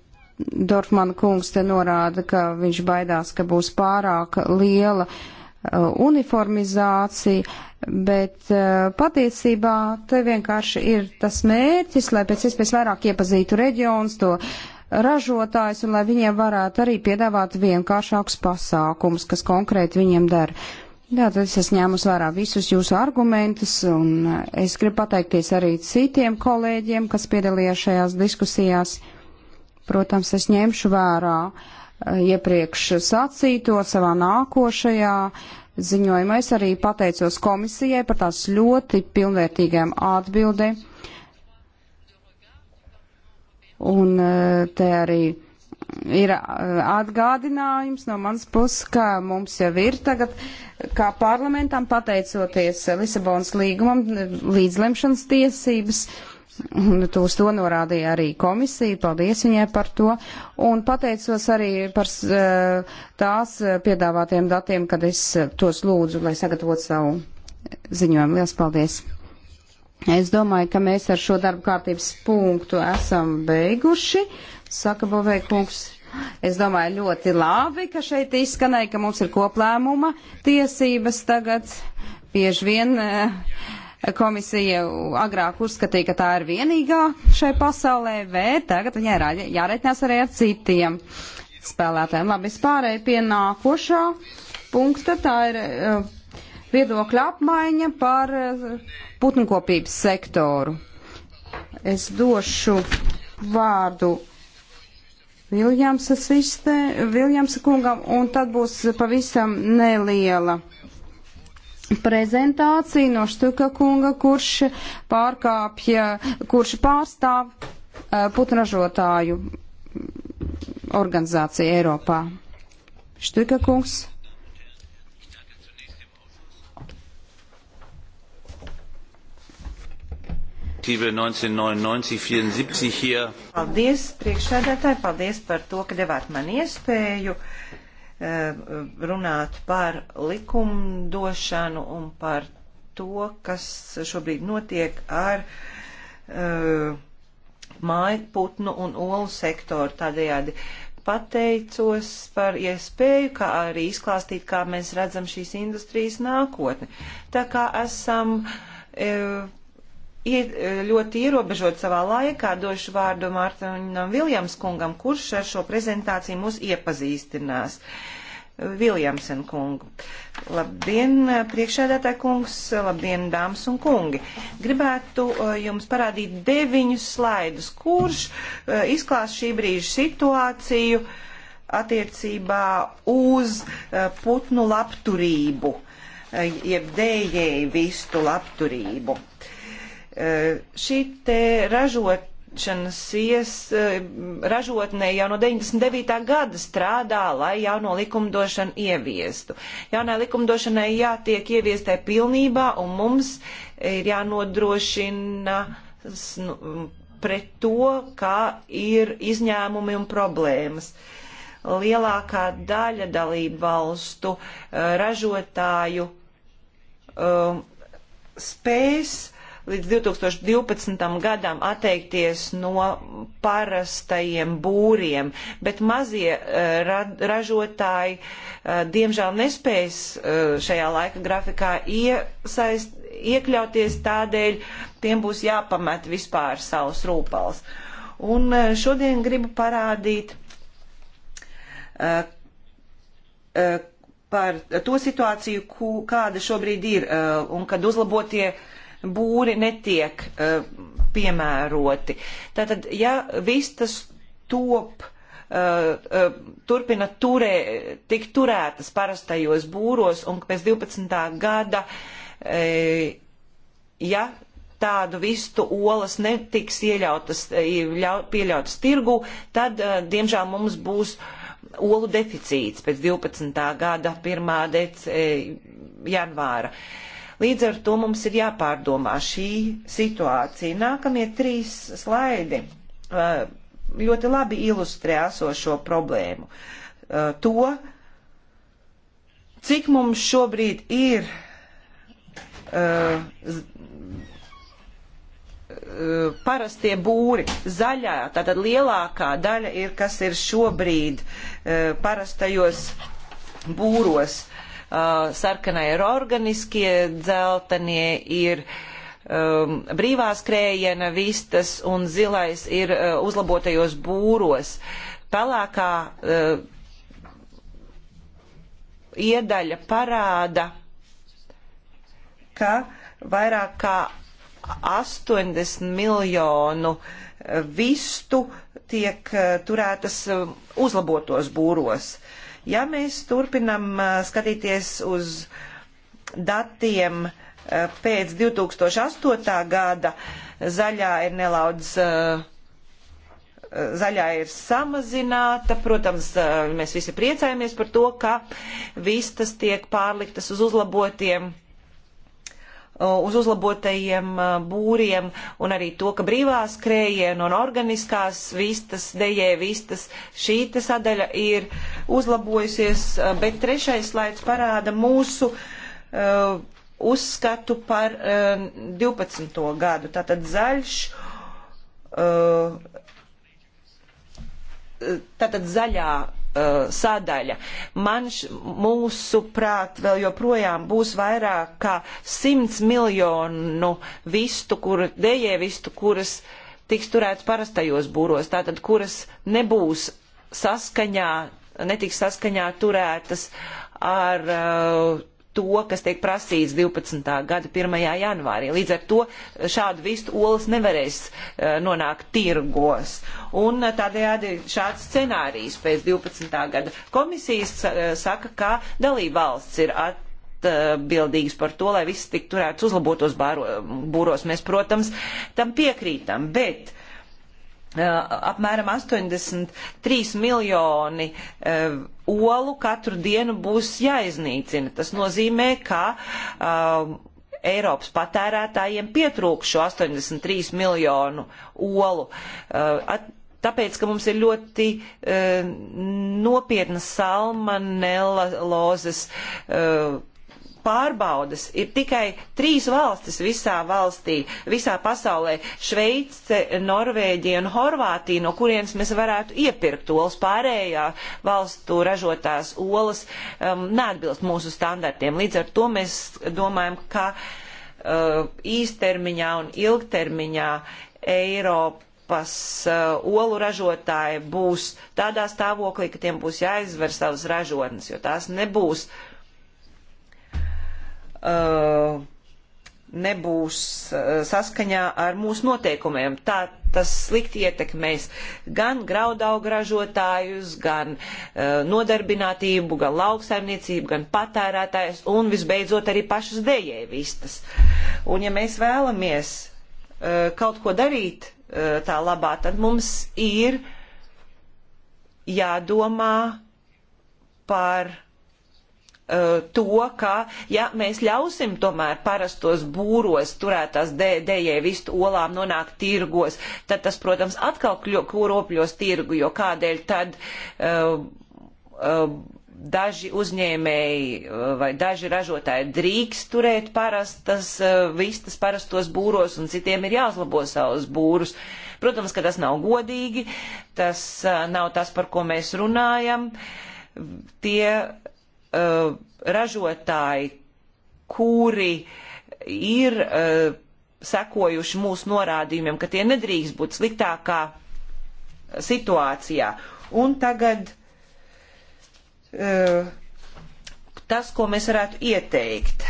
Dorfmana kungs te norāda, ka viņš baidās, ka būs pārāk liela uh, uniformizācija, bet patiesībā te vienkārši ir tas mērķis, lai pēc iespējas vairāk iepazītu reģionus, to uh, ražotājs un lai viņiem varētu arī piedāvāt vienkāršākus pasākumus, kas konkrēti viņiem dara. Jā, tad es esmu ņēmus vērā visus jūsu argumentus, un eh, es gribu pateikties arī citiem kolēģiem, kas piedalījās šajās diskusijās. Protams, es ņemšu vērā eh, iepriekš sacīto savā nākošajā ziņojumā. Es arī pateicos komisijai par tās ļoti pilnvērtīgām atbildēm Un eh, te arī ir eh, atgādinājums no manas puses, ka mums jau ir tagad, kā parlamentam, pateicoties Lisabonas līgumam, līdzlemšanas tiesības. Un uz to norādīja arī komisija, paldies viņai par to. Un pateicos arī par eh, tās piedāvātiem datiem, kad es tos lūdzu, lai sagatavotu savu ziņojumu. Lielas paldies! Es domāju, ka mēs ar šo darba kārtības punktu esam beiguši. Saka Bovēja kungs. Es domāju, ļoti labi, ka šeit izskanēja, ka mums ir koplēmuma tiesības tagad. Bieži vien eh, komisija agrāk uzskatīja, ka tā ir vienīgā šai pasaulē, bet tagad viņai ir jāreitinās arī ar citiem spēlētājiem. Labi, es pārēju pie nākošā punkta. Tā ir eh, viedokļa apmaiņa par eh, putnukopības sektoru. Es došu vārdu Viljamsa, sistē, Viljamsa kungam, un tad būs pavisam neliela prezentācija no Štuka kunga, kurš pārkāpja, kurš pārstāv eh, putnražotāju organizāciju Eiropā. Štuka kungs. Paldies, priekšsēdētāji, paldies par to, ka devāt man iespēju eh, runāt par likumdošanu un par to, kas šobrīd notiek ar uh, eh, māju, putnu un olu sektoru. Tādējādi pateicos par iespēju, kā arī izklāstīt, kā mēs redzam šīs industrijas nākotni. Tā kā esam uh, ir e, ļoti ierobežot savā laikā. Došu vārdu Mārtiņam Viljams kungam, kurš ar šo prezentāciju mūs iepazīstinās. Viljamsen kungu. Labdien, priekšēdētāji kungs, labdien, dāmas un kungi. Gribētu e, jums parādīt deviņus slaidus, kurš e, izklās šī brīža situāciju attiecībā uz putnu labturību, jeb dējēju vistu labturību. Eh, šī te ražošanas ies, eh, ražotne jau no 99. gada strādā, lai jauno likumdošanu ieviestu. Jaunai likumdošanai jātiek ieviestai pilnībā un mums ir jānodrošina nu, pret to, kā ir izņēmumi un problēmas. Lielākā daļa dalību valstu eh, ražotāju um, spējas līdz 2012. gadam atteikties no parastajiem būriem, bet mazie eh, ra ražotāji eh, diemžēl nespējas eh, šajā laika grafikā iesaist, iekļauties tādēļ, tiem būs jāpamet vispār savus rūpals. Un šodien gribu parādīt par to situāciju, kāda šobrīd ir un kad uzlabotie uh, būri netiek uh, piemēroti. Tātad, ja vistas top, uh, uh, turpina turē, tik turētas parastajos būros un pēc 12. gada, ja tādu vistu olas netiks iejautas, ļau, pieļautas tirgu, tad, diemžēl, mums būs olu deficīts pēc 12. gada 1. Dec, janvāra. Uh, Līdz ar to mums ir jāpārdomā šī situācija. Nākamie trīs slaidi eh, ļoti labi ilustrē esošo problēmu. Eh, to, cik mums šobrīd ir eh, parastie būri zaļā, tātad lielākā daļa ir, kas ir šobrīd parastajos būros. Uh, sarkanai ir organiskie, dzeltenie ir um, brīvā skrējiena vistas un zilais ir uh, uzlabotajos būros. Pelēkā uh, iedaļa parāda, ka vairāk kā 80 miljonu uh, vistu tiek uh, turētas um, uzlabotos būros. Uh, Ja mēs turpinam skatīties uz datiem pēc 2008. gada, zaļā ir nelaudz zaļā ir samazināta. Protams, mēs visi priecājamies par to, ka vistas tiek pārliktas uz uzlabotiem uz uzlabotajiem būriem un arī to, ka brīvās krējiena un organiskās vistas, dejē vistas, šī te sadaļa ir uzlabojusies, bet trešais slaids parāda mūsu uh, uzskatu par uh, 12. gadu. Tātad zaļš. Uh, tātad zaļā Uh, sadaļa. Man mūsu prāt vēl joprojām būs vairāk kā simts miljonu vistu, kur, dejēvistu, kuras tiks turētas parastajos būros, tātad kuras nebūs saskaņā, netiks saskaņā turētas ar uh, to, kas tiek prasīts 12. gada 1. janvārī. Līdz ar to šādu vistu olas nevarēs uh, nonākt tirgos. Un uh, tādējādi šāds scenārijs pēc 12. gada komisijas uh, saka, ka dalība valsts ir at atbildīgs par to, lai viss tik turēts uzlabotos bāro, būros. Mēs, protams, tam piekrītam, bet Eh, apmēram 83 miljoni uh, olu katru dienu būs jāiznīcina. Tas nozīmē, ka uh, Eiropas patērētājiem pietrūk šo 83 miljonu olu. Uh, at, tāpēc, ka mums ir ļoti nopietna salmonellozes. Uh, pārbaudas ir tikai trīs valstis visā valstī, visā pasaulē - Šveice, Norvēģija un Horvātija, no kurienes mēs varētu iepirkt olas. Pārējā valstu ražotās olas um, neatbilst mūsu standartiem. Līdz ar to mēs domājam, ka uh, īstermiņā un ilgtermiņā Eiropa Eiropas uh, olu ražotāji būs tādā stāvoklī, ka tiem būs jāizver savas ražotnes, jo tās nebūs uh, uh, nebūs uh, saskaņā ar mūsu noteikumiem. Tā tas slikti ietekmēs gan graudaugu ražotājus, gan uh, nodarbinātību, gan lauksaimniecību, gan patērētājus un visbeidzot arī pašas dejēvistas. Un ja mēs vēlamies uh, kaut ko darīt uh, tā labā, tad mums ir jādomā par Eh, to, ka ja mēs ļausim tomēr parastos būros turētās dējai vistu olām nonākt tirgos, tad tas, protams, atkal kropļos tirgu, jo kādēļ tad uh, uh, daži uzņēmēji vai daži ražotāji drīkst turēt parastas uh, vistas parastos būros un citiem ir jāuzlabo savus būrus. Protams, ka tas nav godīgi, tas nav tas, par ko mēs runājam. Tie uh, ražotāji, kuri ir uh, sekojuši mūsu norādījumiem, ka tie nedrīkst būt sliktākā situācijā. Un tagad uh, tas, ko mēs varētu ieteikt.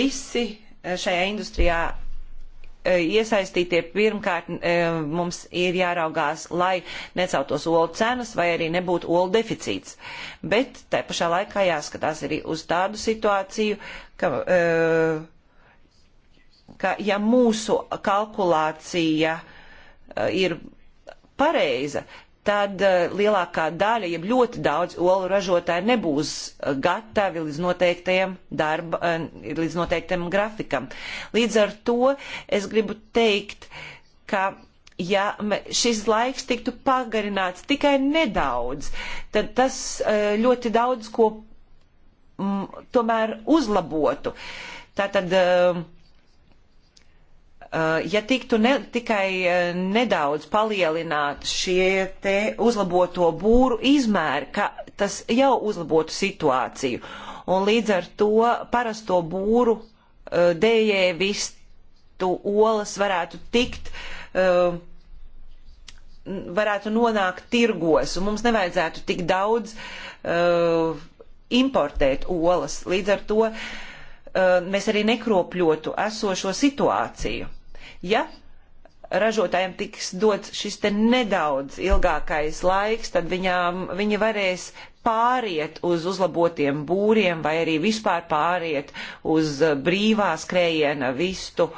Visi šajā industrijā E, iesaistītie pirmkārt e, mums ir jāraugās, lai neceltos olu cenas vai arī nebūtu olu deficīts. Bet te pašā laikā jāskatās arī uz tādu situāciju, ka, e, ka ja mūsu kalkulācija ir pareiza, tad eh, lielākā daļa, jeb ļoti daudz olu ražotāji nebūs eh, gatavi līdz noteiktajam, darba, eh, līdz noteiktajam grafikam. Līdz ar to es gribu teikt, ka ja šis laiks tiktu pagarināts tikai nedaudz, tad tas ļoti daudz ko m, mm, tomēr uzlabotu. Tātad uh, Eh, ja tiktu ne, tikai eh, nedaudz palielināt šie te uzlaboto būru izmēri, ka tas jau uzlabotu situāciju. Un līdz ar to parasto būru eh, dējēvistu olas varētu tikt, varētu nonākt tirgos, un mums nevajadzētu tik daudz importēt olas. Līdz ar to mēs arī nekropļotu esošo situāciju Ja ražotājiem tiks dots šis te nedaudz ilgākais laiks, tad viņām, viņi varēs pāriet uz uzlabotiem būriem vai arī vispār pāriet uz brīvā skrējiena vistu,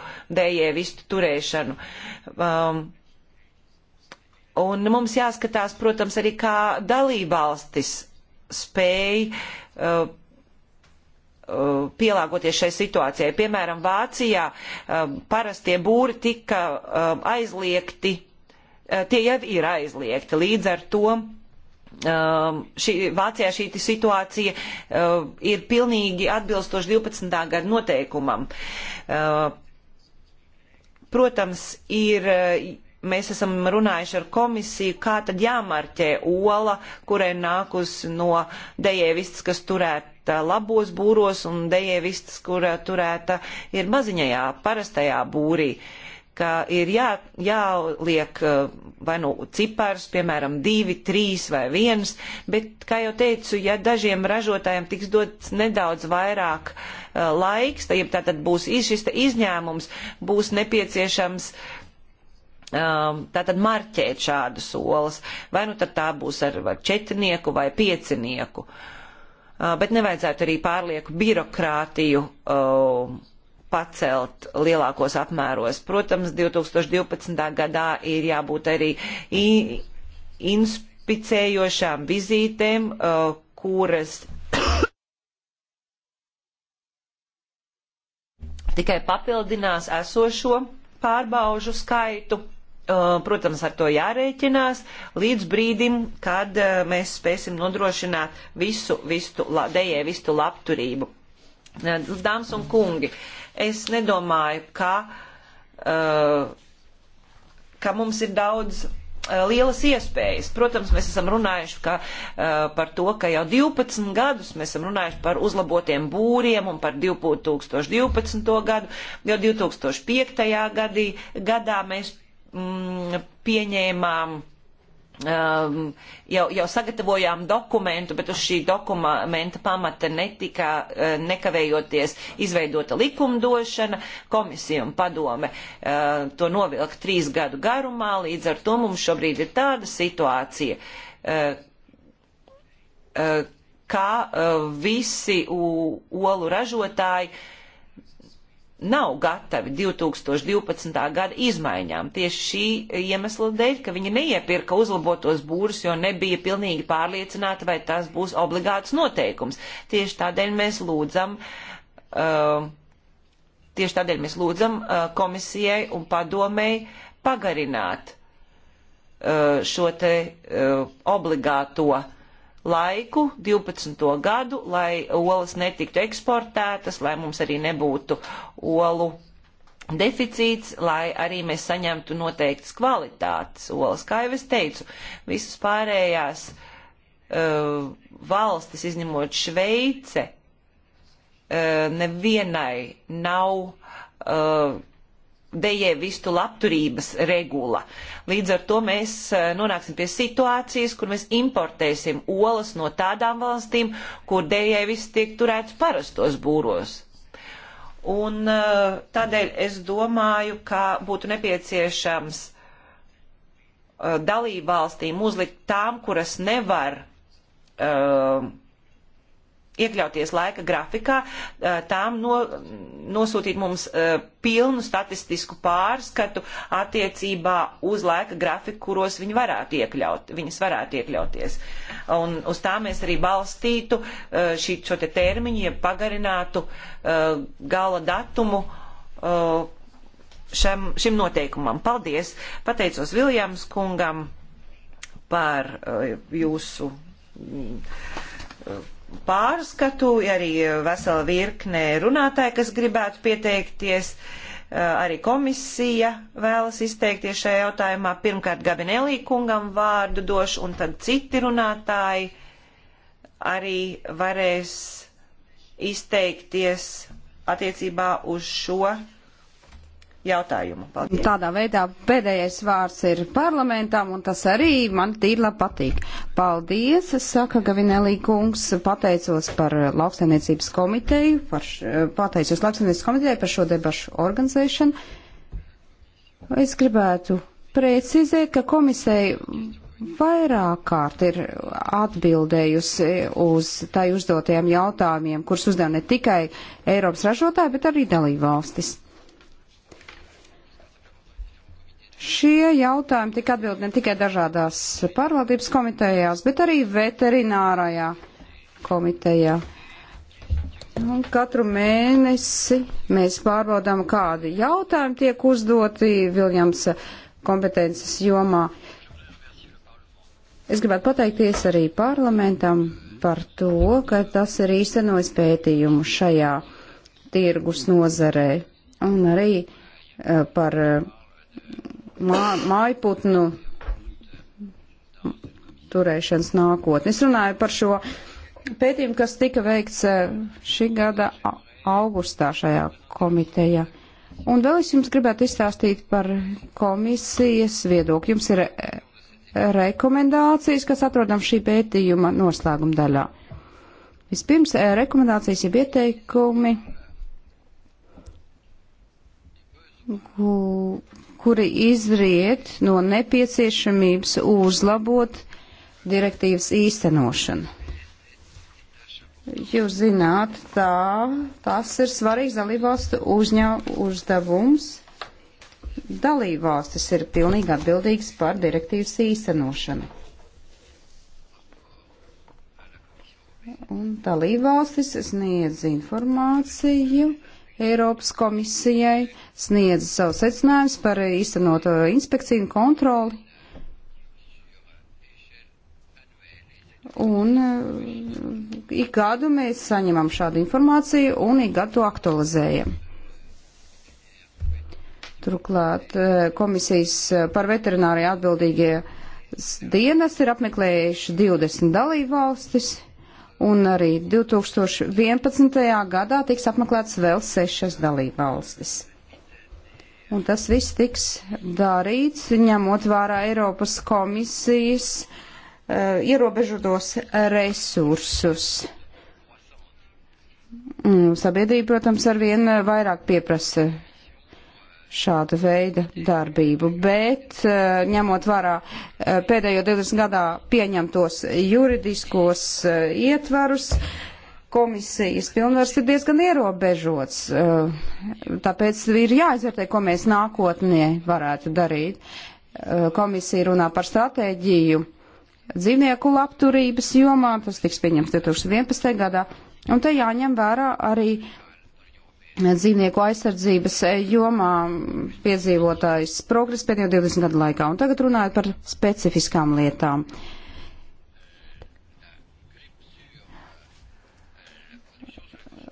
dējē vistu turēšanu. Um, un mums jāskatās, protams, arī kā dalībvalstis spēj uh, Uh, pielāgoties šai situācijai. Piemēram, Vācijā uh, parastie būri tika uh, aizliegti, tie jau ir aizliegti. Līdz ar to um, šī, Vācijā šī situācija ir pilnīgi atbilstoši 12. gada noteikumam. Protams, ir mēs esam runājuši ar komisiju, kā tad jāmarķē ola, kurai nākus no dejevistas, kas turēt turēt labos būros un dejevistas, kur turēta ir maziņajā, parastajā būrī ka ir jā, jāliek vai nu cipars, piemēram, divi, trīs vai viens, bet, kā jau teicu, ja dažiem ražotājiem tiks dots nedaudz vairāk uh, laiks, tad, tā tad būs šis izņēmums, būs nepieciešams um, tātad marķēt šādas olas, vai nu tad tā būs ar, ar četrnieku vai piecinieku. Uh, Uh, bet nevajadzētu arī pārlieku birokrātiju uh, pacelt lielākos apmēros. Protams, 2012. gadā ir jābūt arī inspicējošām vizītēm, uh, kuras tikai papildinās esošo pārbaužu skaitu. Eh, protams, ar to jārēķinās līdz brīdim, kad eh, mēs spēsim nodrošināt visu, vistu, dejē vistu labturību. Eh, dāmas un kungi, es nedomāju, ka, ka mums ir daudz lielas iespējas. Protams, mēs esam runājuši ka, uh, par to, ka jau 12 gadus mēs esam runājuši par uzlabotiem būriem un par 2012. gadu. Jau 2005. Gadī, gadā mēs mm, pieņēmām um, jau, jau sagatavojām dokumentu, bet uz šī dokumenta pamata netika uh, nekavējoties izveidota likumdošana, komisija un padome uh, to novilka trīs gadu garumā, līdz ar to mums šobrīd ir tāda situācija, uh, uh, kā uh, visi u, olu ražotāji uh, nav gatavi 2012. gada izmaiņām. Tieši šī iemesla dēļ, ka viņi neiepirka uzlabotos būrus, jo nebija pilnīgi pārliecināti, vai tas būs obligāts noteikums. Tieši tādēļ mēs lūdzam. Uh, Tieši tādēļ mēs lūdzam uh, komisijai un padomēji pagarināt uh, šo te uh, obligāto uh, laiku, 12. gadu, lai olas netiktu eksportētas, lai mums arī nebūtu olu deficīts, lai arī mēs saņemtu noteiktas kvalitātes olas. Kā jau es teicu, visas pārējās uh, valstis, izņemot Šveice, uh, nevienai nav uh, dejevistu labturības regula. Līdz ar to mēs eh, nonāksim pie situācijas, kur mēs importēsim olas no tādām valstīm, kur dejevisti tiek turēts parastos būros. Un eh, tādēļ es domāju, ka būtu nepieciešams eh, dalībvalstīm uzlikt tām, kuras nevar uh, iekļauties laika grafikā, eh, tām no, nosūtīt mums eh, pilnu statistisku pārskatu attiecībā uz laika grafiku, kuros viņi varētu iekļaut, viņas varētu iekļauties. Un uz tā mēs arī balstītu eh, šī, šo te termiņu, ja pagarinātu gala datumu šam, šim noteikumam. Paldies! Pateicos Viljams kungam par jūsu mm, pārskatu, arī vesela virkne runātāji, kas gribētu pieteikties. Eh, arī komisija vēlas izteikties šajā jautājumā. Pirmkārt, Gabinelī kungam vārdu došu, un tad citi runātāji arī varēs izteikties attiecībā uz šo jautājumu. Paldies. Tādā veidā pēdējais vārds ir parlamentam, un tas arī man tīrla patīk. Paldies, saka Gavinelī kungs, pateicos par lauksainiecības komiteju, par, pateicos lauksainiecības komiteju par šo debašu organizēšanu. Es gribētu precizēt, ka komisija vairāk kārt ir atbildējusi uz tai uzdotajiem jautājumiem, kurus uzdev ne tikai Eiropas ražotāji, bet arī dalībvalstis. Šie jautājumi tika atbild ne tikai dažādās pārvaldības komitejās, bet arī veterinārajā komitejā. Un nu, katru mēnesi mēs pārbaudām, kādi jautājumi tiek uzdoti Viljamsa kompetences jomā. Es gribētu pateikties arī parlamentam par to, ka tas ir īstenojis pētījumu šajā tirgus nozarē un arī eh, par eh, mā, mājputnu turēšanas nākotni. Es runāju par šo pētījumu, kas tika veikts eh, šī gada augustā šajā komitejā. Un vēl es jums gribētu izstāstīt par komisijas viedokli. Jums ir eh, rekomendācijas, kas atrodam šī pētījuma noslēguma daļā. Vispirms eh, rekomendācijas ir ieteikumi kuri izriet no nepieciešamības uzlabot direktīvas īstenošanu. Jūs zināt, tā, tas ir svarīgs dalībvalstu uzņēmu uzdevums. Dalībvalstis ir pilnīgi atbildīgs par direktīvas īstenošanu. Un dalībvalstis sniedz informāciju Eiropas komisijai sniedz savu secinājumus par īstenoto inspekciju un kontroli. Un eh, ik gadu mēs saņemam šādu informāciju un ik gadu to aktualizējam. Turklāt eh, komisijas eh, par veterināriju atbildīgie dienas ir apmeklējuši 20 dalībvalstis. valstis un arī 2011. gadā tiks apmeklēts vēl sešas dalībvalstis. Un tas viss tiks darīts, ņemot vērā Eiropas komisijas uh, ierobežotos resursus. Mm, sabiedrība, protams, arvien vairāk pieprasa šāda veida darbību, bet eh, ņemot vērā eh, pēdējo 20 gadā pieņemtos juridiskos eh, ietvarus, komisijas pilnvars ir diezgan ierobežots, tāpēc ir jāizvērtē, ko mēs nākotnē varētu darīt. Komisija runā par stratēģiju dzīvnieku labturības jomā, tas tiks pieņemts 2011. gadā, un te jāņem vērā arī uh, dzīvnieku aizsardzības eh, jomā piedzīvotājs progress pēdējo 20 gadu laikā. Un tagad runājot par specifiskām lietām.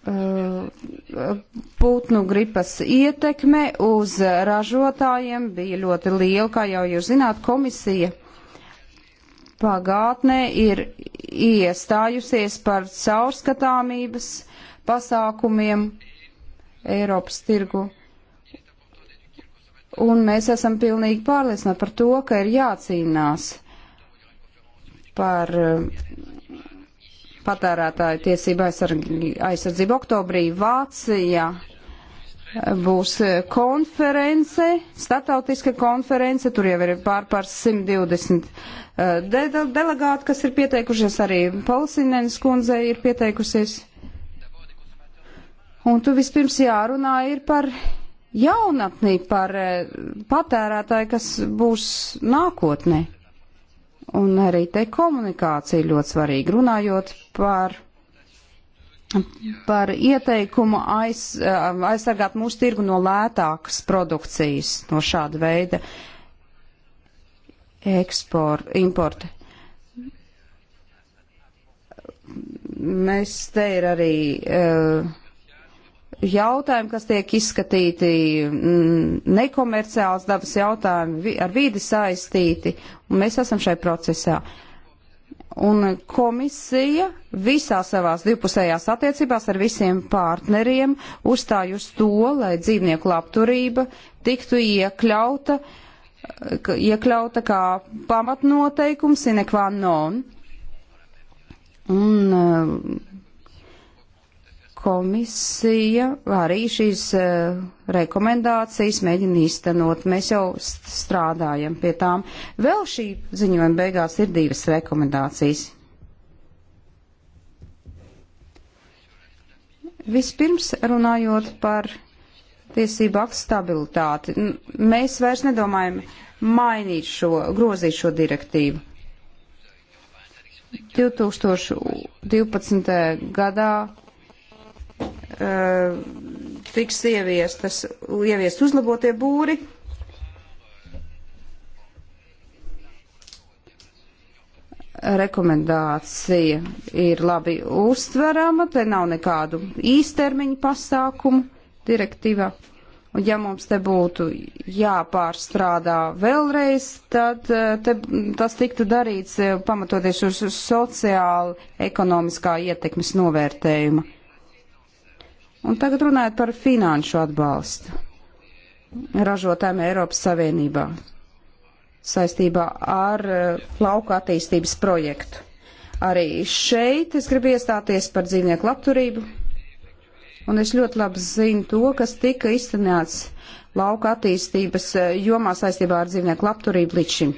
Eh, putnu gripas ietekme uz ražotājiem bija ļoti liela, kā jau jūs zināt, komisija pagātnē ir iestājusies par caurskatāmības pasākumiem Eiropas tirgu. Un mēs esam pilnīgi pārliecināti par to, ka ir jācīnās par eh, patērētāju tiesību aizsardzību. Oktobrī Vācijā eh, būs eh, konference, statautiska konference, tur jau ir pār par 120 de delegāti, kas ir pieteikušies, arī Palsinēnas kundze ir pieteikusies. Un tu vispirms jārunā ir par jaunatnī, par eh, patērētāju, kas būs nākotnē. Un arī te komunikācija ļoti svarīga, runājot par, par ieteikumu aiz, eh, aizsargāt mūsu tirgu no lētākas produkcijas, no šāda veida eksporta, importa mēs te ir arī uh, jautājumi, kas tiek izskatīti mm, nekomerciāls dabas jautājumi, ar vīdi saistīti, un mēs esam šai procesā. Un komisija visā savās divpusējās attiecībās ar visiem partneriem uzstāj uz to, lai dzīvnieku labturība tiktu iekļauta, iekļauta kā pamatnoteikums sine qua non. Un, komisija arī šīs eh, rekomendācijas mēģina īstenot. Mēs jau strādājam pie tām. Vēl šī ziņojuma beigās ir divas rekomendācijas. Vispirms runājot par tiesību aktu stabilitāti, mēs vairs nedomājam mainīt šo, grozīt šo direktīvu. 2012. gadā Uh, tiks ieviestas, ieviest uzlabotie būri. Rekomendācija ir labi uztverama, te nav nekādu īstermiņu pasākumu direktīvā. Un ja mums te būtu jāpārstrādā vēlreiz, tad eh, te, tas tiktu darīts eh, pamatoties uz sociāli ekonomiskā ietekmes novērtējuma. Un tagad runājot par finanšu atbalstu ražotājiem Eiropas Savienībā saistībā ar uh, lauka attīstības projektu. Arī šeit es gribu iestāties par dzīvnieku labturību, un es ļoti labi zinu to, kas tika iztenēts lauka attīstības eh, jomā saistībā ar dzīvnieku labturību līdz šim.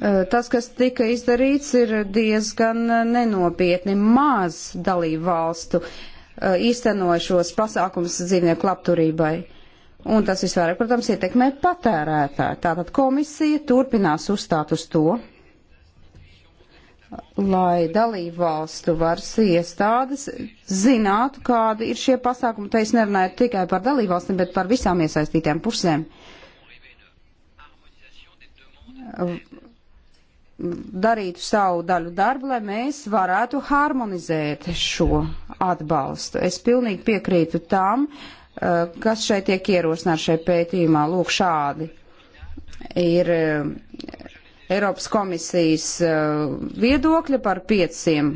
Eh, tas, kas tika izdarīts, ir diezgan eh, nenopietni maz dalību valstu eh, īstenošos pasākums dzīvnieku labturībai. Un tas visvairāk, protams, ietekmē patērētāju. Tātad komisija turpinās uzstāt uz to, lai dalību valstu varas iestādes zinātu, kādi ir šie pasākumi. Te es nerunāju tikai par dalību valstīm, bet par visām iesaistītām pusēm darītu savu daļu darbu, lai mēs varētu harmonizēt šo atbalstu. Es pilnīgi piekrītu tam, eh, kas šeit tiek ierosināts šajā pētījumā. Lūk, šādi ir eh, Eiropas komisijas eh, viedokļa par pieciem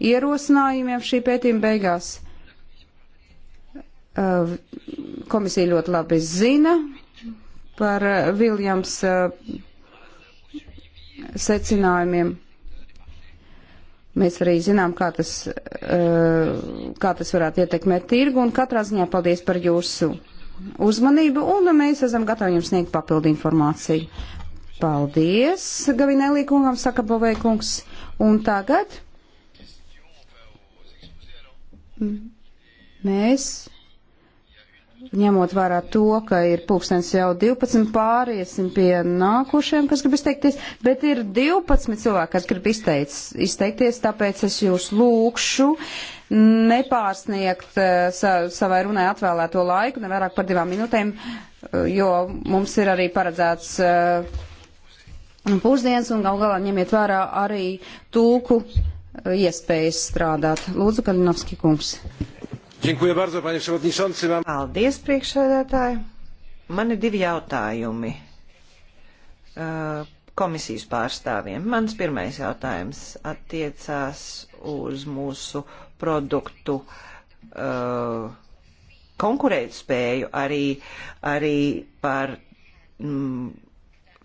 ierosinājumiem šī pētījuma beigās. Komisija ļoti labi zina par Viljams secinājumiem. Mēs arī zinām, kā tas, eh, kā tas varētu ietekmēt tirgu, un katrā ziņā paldies par jūsu uzmanību, un mēs esam gatavi jums sniegt papildu informāciju. Paldies, Gavinēlī kungam, saka Bovē kungs. Un tagad mēs ņemot vērā to, ka ir pulkstens jau 12 pāriesim pie nākošiem, kas grib izteikties, bet ir 12 cilvēki, kas grib izteic, izteikties, tāpēc es jūs lūkšu nepārsniegt eh, sa, savai runai atvēlēto laiku, nevairāk par divām minūtēm, eh, jo mums ir arī paredzēts eh, pusdienas un gal galā ņemiet vērā arī tulku iespējas strādāt. Lūdzu, Kalinovski kungs. Bardzo, Paldies, priekšsēdētāji. Man ir divi jautājumi eh, komisijas pārstāvjiem. Mans pirmais jautājums attiecās uz mūsu produktu eh, konkurētspēju arī, arī par, m, mm,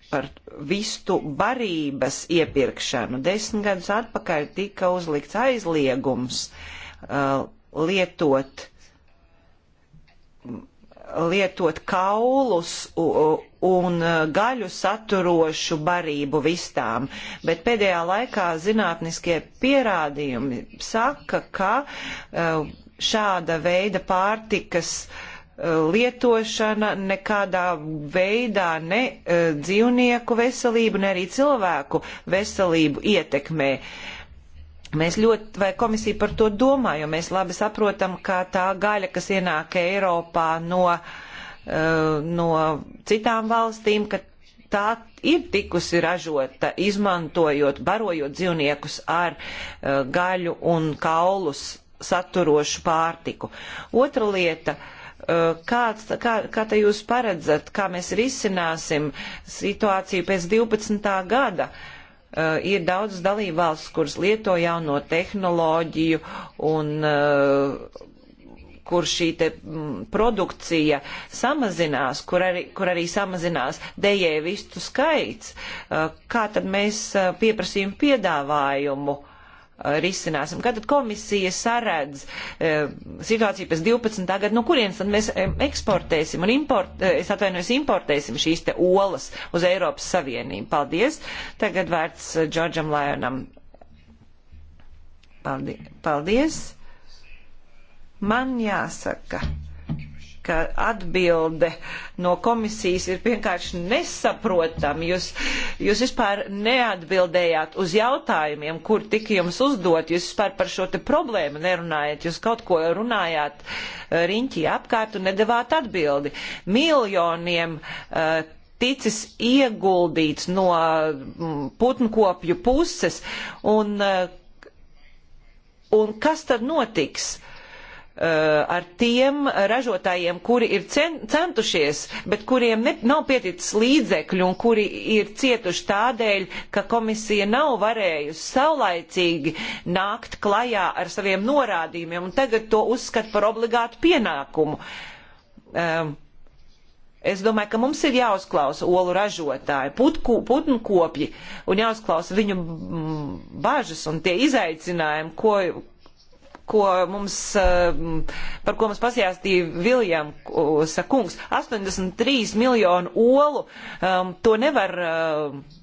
par vistu barības iepirkšanu. Desmit gadus atpakaļ tika uzlikts aizliegums uh, lietot, lietot kaulus un uh, gaļu saturošu barību vistām, bet pēdējā laikā zinātniskie pierādījumi saka, ka uh, šāda veida pārtikas uh, lietošana nekādā veidā ne dzīvnieku veselību, ne arī cilvēku veselību ietekmē. Uh, Mēs ļoti, vai komisija par to domā, jo mēs labi saprotam, ka tā gaļa, kas ienāk Eiropā no, uh, no citām valstīm, ka tā ir tikusi ražota, izmantojot, barojot dzīvniekus ar uh, gaļu un kaulus saturošu pārtiku. Otra lieta. Uh, Kāds, kā, kā te jūs paredzat, kā mēs risināsim situāciju pēc 12. gada? Uh, uh, ir daudzas dalībvalstis, kuras lieto jauno tehnoloģiju un uh, kur šī te mm, produkcija samazinās, kur arī, kur arī samazinās dejēvistu skaits, uh, kā tad mēs uh, pieprasījumu piedāvājumu uh, risināsim. Kad komisija saredz e, situāciju pēc 12. gada, no kurienes tad mēs e, eksportēsim un import, e, es atvainojos, importēsim šīs te olas uz Eiropas Savienību? Paldies. Tagad vērts e, Džordžam Lajonam. Paldies. Paldies. Man jāsaka ka atbilde no komisijas ir vienkārši nesaprotama. Jūs, jūs vispār neatbildējāt uz jautājumiem, kur tika jums uzdot. Jūs vispār par šo te problēmu nerunājat. Jūs kaut ko runājāt eh, riņķī apkārt un nedavāt atbildi. Miljoniem uh, ticis ieguldīts no mm, putnkopju puses, un, eh, un kas tad notiks? Uh, Uh, ar tiem ražotājiem, kuri ir centušies, bet kuriem ne, nav pieticis līdzekļu un kuri ir cietuši tādēļ, ka komisija nav varējusi saulaicīgi nākt klajā ar saviem norādījumiem un tagad to uzskata par obligātu pienākumu. Um, Es domāju, ka mums ir jāuzklausa olu ražotāji, putku, putnu kopji un jāuzklausa viņu bāžas un tie izaicinājumi, ko, ko mums, eh, par ko mums pasjāstīja Viljams kungs. 83 miljonu olu, um, to nevar eh,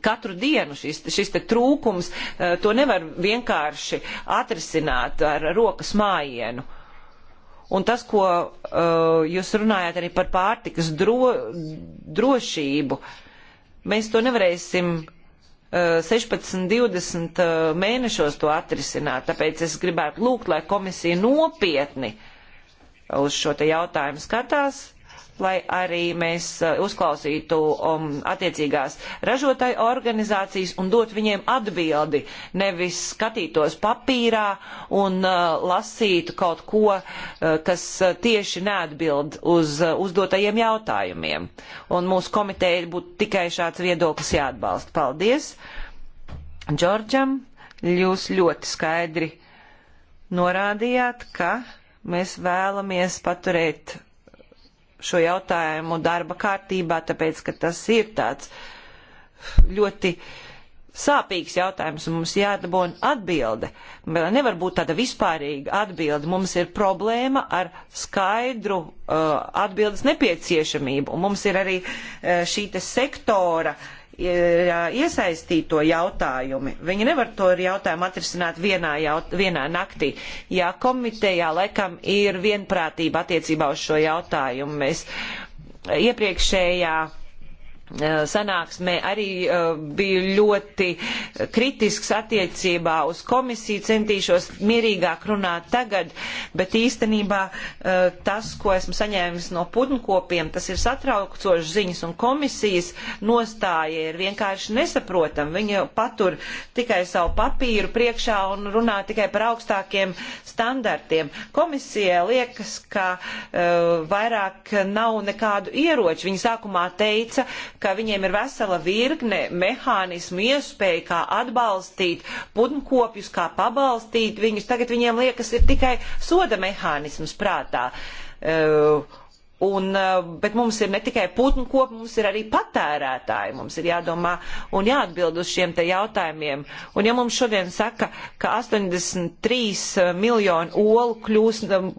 katru dienu šis, šis trūkums, eh, to nevar vienkārši atrisināt ar rokas mājienu. Un tas, ko uh, jūs runājat arī par pārtikas dro, drošību, mēs to nevarēsim uh, 16, eh, 20 eh, mēnešos to atrisināt. Tāpēc es gribētu lūgt, lai komisija nopietni uz šo te jautājumu skatās lai arī mēs eh, uzklausītu um, attiecīgās ražotāju organizācijas un dot viņiem atbildi, nevis skatītos papīrā un uh, eh, lasītu kaut ko, uh, kas tieši neatbild uz uh, uzdotajiem jautājumiem. Un mūsu komiteja būtu tikai šāds viedoklis jāatbalsta. Paldies! Džordžam, jūs ļoti skaidri norādījāt, ka mēs vēlamies paturēt šo jautājumu darba kārtībā, tāpēc, ka tas ir tāds ļoti sāpīgs jautājums un mums jādabūna atbilde. Nevar būt tāda vispārīga atbilde. Mums ir problēma ar skaidru uh, atbildes nepieciešamību. Un mums ir arī uh, šī sektora uh, E, iesaistīto jautājumi. Viņi nevar to jautājumu atrisināt vienā, jaut, vienā naktī. Ja komitejā laikam ir vienprātība attiecībā uz šo jautājumu, mēs iepriekšējā Eh, sanāksmē arī uh, eh, biju ļoti kritisks attiecībā uz komisiju, centīšos mierīgāk runāt tagad, bet īstenībā uh, tas, ko esmu saņēmis no putnkopiem, tas ir satraucošs ziņas un komisijas nostāja ir vienkārši nesaprotam. Viņi patur tikai savu papīru priekšā un runā tikai par augstākiem standartiem. Komisija liekas, ka uh, vairāk nav nekādu ieroču. Viņi sākumā teica, ka viņiem ir vesela virkne mehānismu iespēju, kā atbalstīt putnkopjus, kā pabalstīt viņus. Tagad viņiem liekas ir tikai soda mehānisms prātā. Uh, Un, eh, bet mums ir ne tikai putnu kopa, mums ir arī patērētāji. Mums ir jādomā un jāatbild uz šiem te jautājumiem. Un ja mums šodien saka, ka 83 eh, miljoni olu kļūs, eh,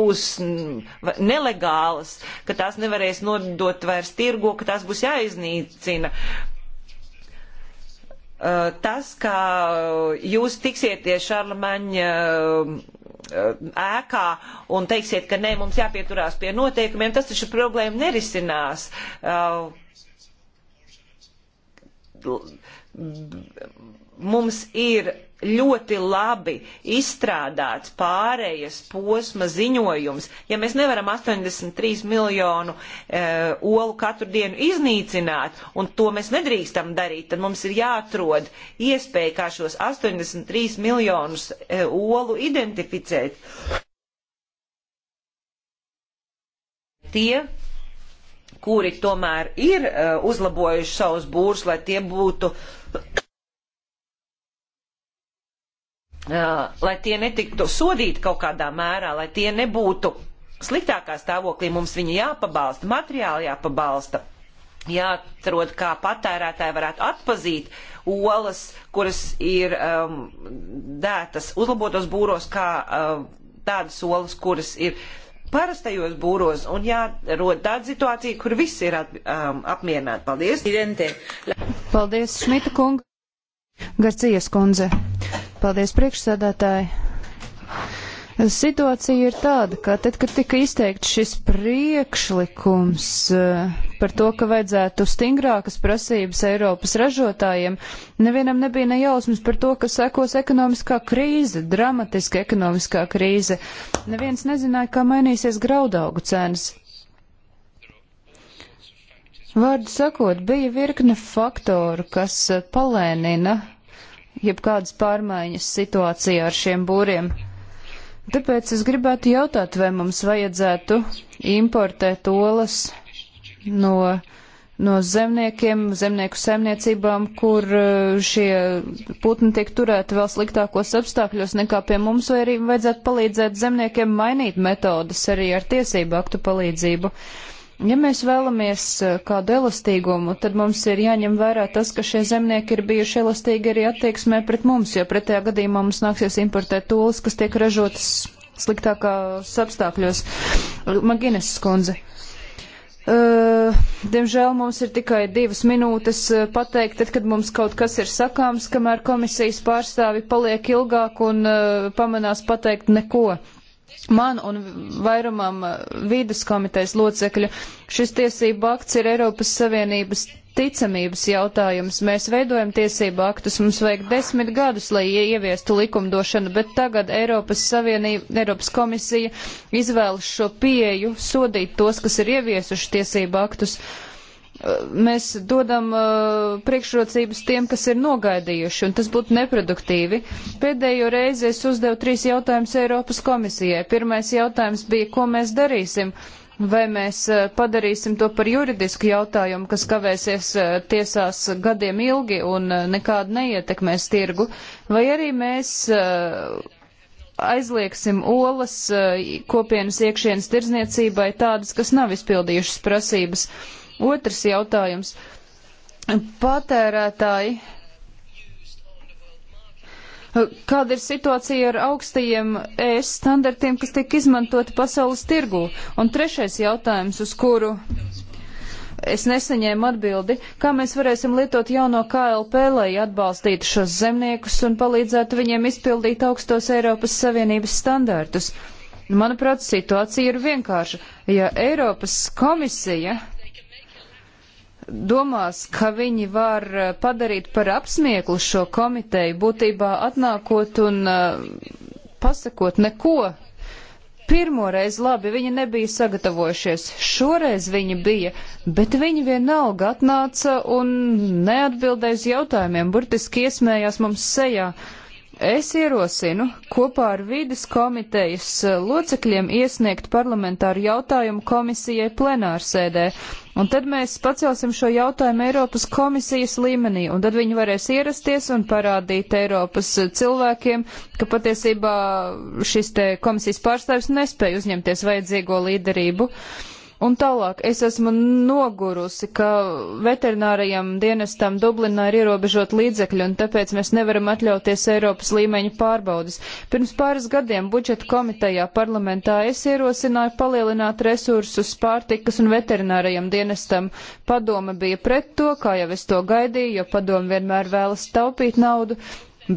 būs nelegālas, ka tās nevarēs nodot vairs tirgo, ka tās būs jāiznīcina, Eh, tas, ka jūs tiksieties Šarlamaņa eh, ēkā un teiksiet, ka nē, mums jāpieturās pie noteikumiem, tas taču problēmu nerisinās. Eh, mums ir ļoti labi izstrādāts pārējas posma ziņojums. Ja mēs nevaram 83 miljonu e, olu katru dienu iznīcināt, un to mēs nedrīkstam darīt, tad mums ir jāatrod iespēja, kā šos 83 miljonus e, olu identificēt. Tie, kuri tomēr ir uh, e, uzlabojuši savus būrus, lai tie būtu Uh, lai tie netiktu sodīti kaut kādā mērā, lai tie nebūtu sliktākā stāvoklī, mums viņi jāpabalsta, materiāli jāpabalsta. Jāatrod, kā patērētāji varētu atpazīt olas, kuras ir um, dētas uzlabotos būros, kā um, tādas olas, kuras ir parastajos būros, un jārod tāda situācija, kur viss ir at, um, apmierināti. Paldies! Paldies, Šmita kunga! Garcijas kundze! Paldies, priekšsēdētāji. Situācija ir tāda, ka tad, kad tika izteikts šis priekšlikums eh, par to, ka vajadzētu stingrākas prasības Eiropas ražotājiem, nevienam nebija nejausmas par to, ka sekos ekonomiskā krīze, dramatiska ekonomiskā krīze. Neviens nezināja, kā mainīsies graudaugu cenas. Vārdu sakot, bija virkne faktoru, kas palēnina jebkādas pārmaiņas situācijā ar šiem būriem. Tāpēc es gribētu jautāt, vai mums vajadzētu importēt olas no, no zemniekiem, zemnieku saimniecībām, kur eh, šie putni tiek turēti vēl sliktākos apstākļos nekā pie mums, vai arī vajadzētu palīdzēt zemniekiem mainīt metodas arī ar tiesību aktu palīdzību. Uh, Ja mēs vēlamies eh, kādu elastīgumu, tad mums ir jāņem vērā tas, ka šie zemnieki ir bijuši elastīgi arī attieksmē pret mums, jo pretējā gadījumā mums nāksies importēt tūles, kas tiek ražotas sliktākās apstākļos. Magines skundze. Uh, diemžēl mums ir tikai divas minūtes uh, pateikt, tad, kad mums kaut kas ir sakāms, kamēr komisijas pārstāvi paliek ilgāk un uh, pamanās pateikt neko man un vairumam vīdas komitejas locekļu. Šis tiesību akts ir Eiropas Savienības ticamības jautājums. Mēs veidojam tiesību aktus, mums vajag desmit gadus, lai ieviestu likumdošanu, bet tagad Eiropas Savienība, Eiropas komisija izvēlas šo pieju sodīt tos, kas ir ieviesuši tiesību aktus. Uh, Eh, mēs dodam uh, priekšrocības tiem, kas ir nogaidījuši, un tas būtu neproduktīvi. Pēdējo reizi es uzdevu trīs jautājumus Eiropas komisijai. Pirmais jautājums bija, ko mēs darīsim? Vai mēs uh, padarīsim to par juridisku jautājumu, kas kavēsies uh, tiesās gadiem ilgi un nekādu neietekmēs tirgu, vai arī mēs aizliegsim olas kopienas iekšienas tirdzniecībai tādas, kas nav izpildījušas prasības? Uh, Otrs jautājums. Patērētāji. Kāda ir situācija ar augstajiem ES standartiem, kas tiek izmantoti pasaules tirgū? Un trešais jautājums, uz kuru es nesaņēmu atbildi, kā mēs varēsim lietot jauno KLP, lai atbalstītu šos zemniekus un palīdzētu viņiem izpildīt augstos Eiropas Savienības standārtus. Manuprāt, situācija ir vienkārša. Ja Eiropas komisija domās, ka viņi var eh, padarīt par apsmieklu šo komiteju, būtībā atnākot un eh, pasakot neko. Pirmoreiz labi, viņi nebija sagatavojušies, šoreiz viņi bija, bet viņi vienalga atnāca un neatbildēja uz jautājumiem, burtiski iesmējās mums sejā. Es ierosinu kopā ar vīdes komitejas eh, locekļiem iesniegt parlamentāru jautājumu komisijai plenārsēdē, Un tad mēs pacelsim šo jautājumu Eiropas komisijas līmenī, un tad viņi varēs ierasties un parādīt Eiropas cilvēkiem, ka patiesībā šis te komisijas pārstāvis nespēja uzņemties vajadzīgo līderību. Uh, Un tālāk es esmu nogurusi, ka veterinārajam dienestam Dublinā ir ierobežot līdzekļi, un tāpēc mēs nevaram atļauties Eiropas līmeņa pārbaudas. Pirms pāris gadiem budžeta komitejā parlamentā es ierosināju palielināt resursus pārtikas un veterinārajam dienestam. Padome bija pret to, kā jau es to gaidīju, jo padome vienmēr vēlas taupīt naudu,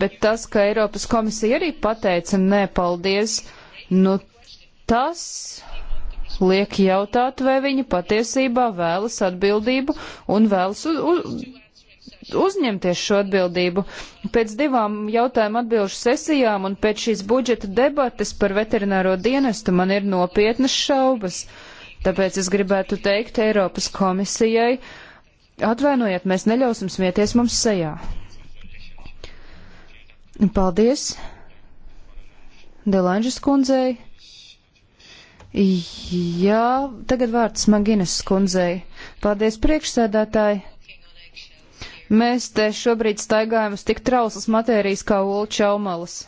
bet tas, ka Eiropas komisija arī pateica nē, paldies, nu tas liek jautāt, vai viņa patiesībā vēlas atbildību un vēlas uz, uz, uzņemties šo atbildību. Pēc divām jautājumu atbilžu sesijām un pēc šīs budžeta debates par veterināro dienestu man ir nopietnas šaubas. Tāpēc es gribētu teikt Eiropas komisijai, atvainojiet, mēs neļausim smieties mums sejā. Paldies Delanžas kundzei. Jā, tagad vārds Maginas skundzei. Paldies priekšsēdētāji. Mēs te šobrīd staigājam uz tik trauslas matērijas kā ulčaumalas.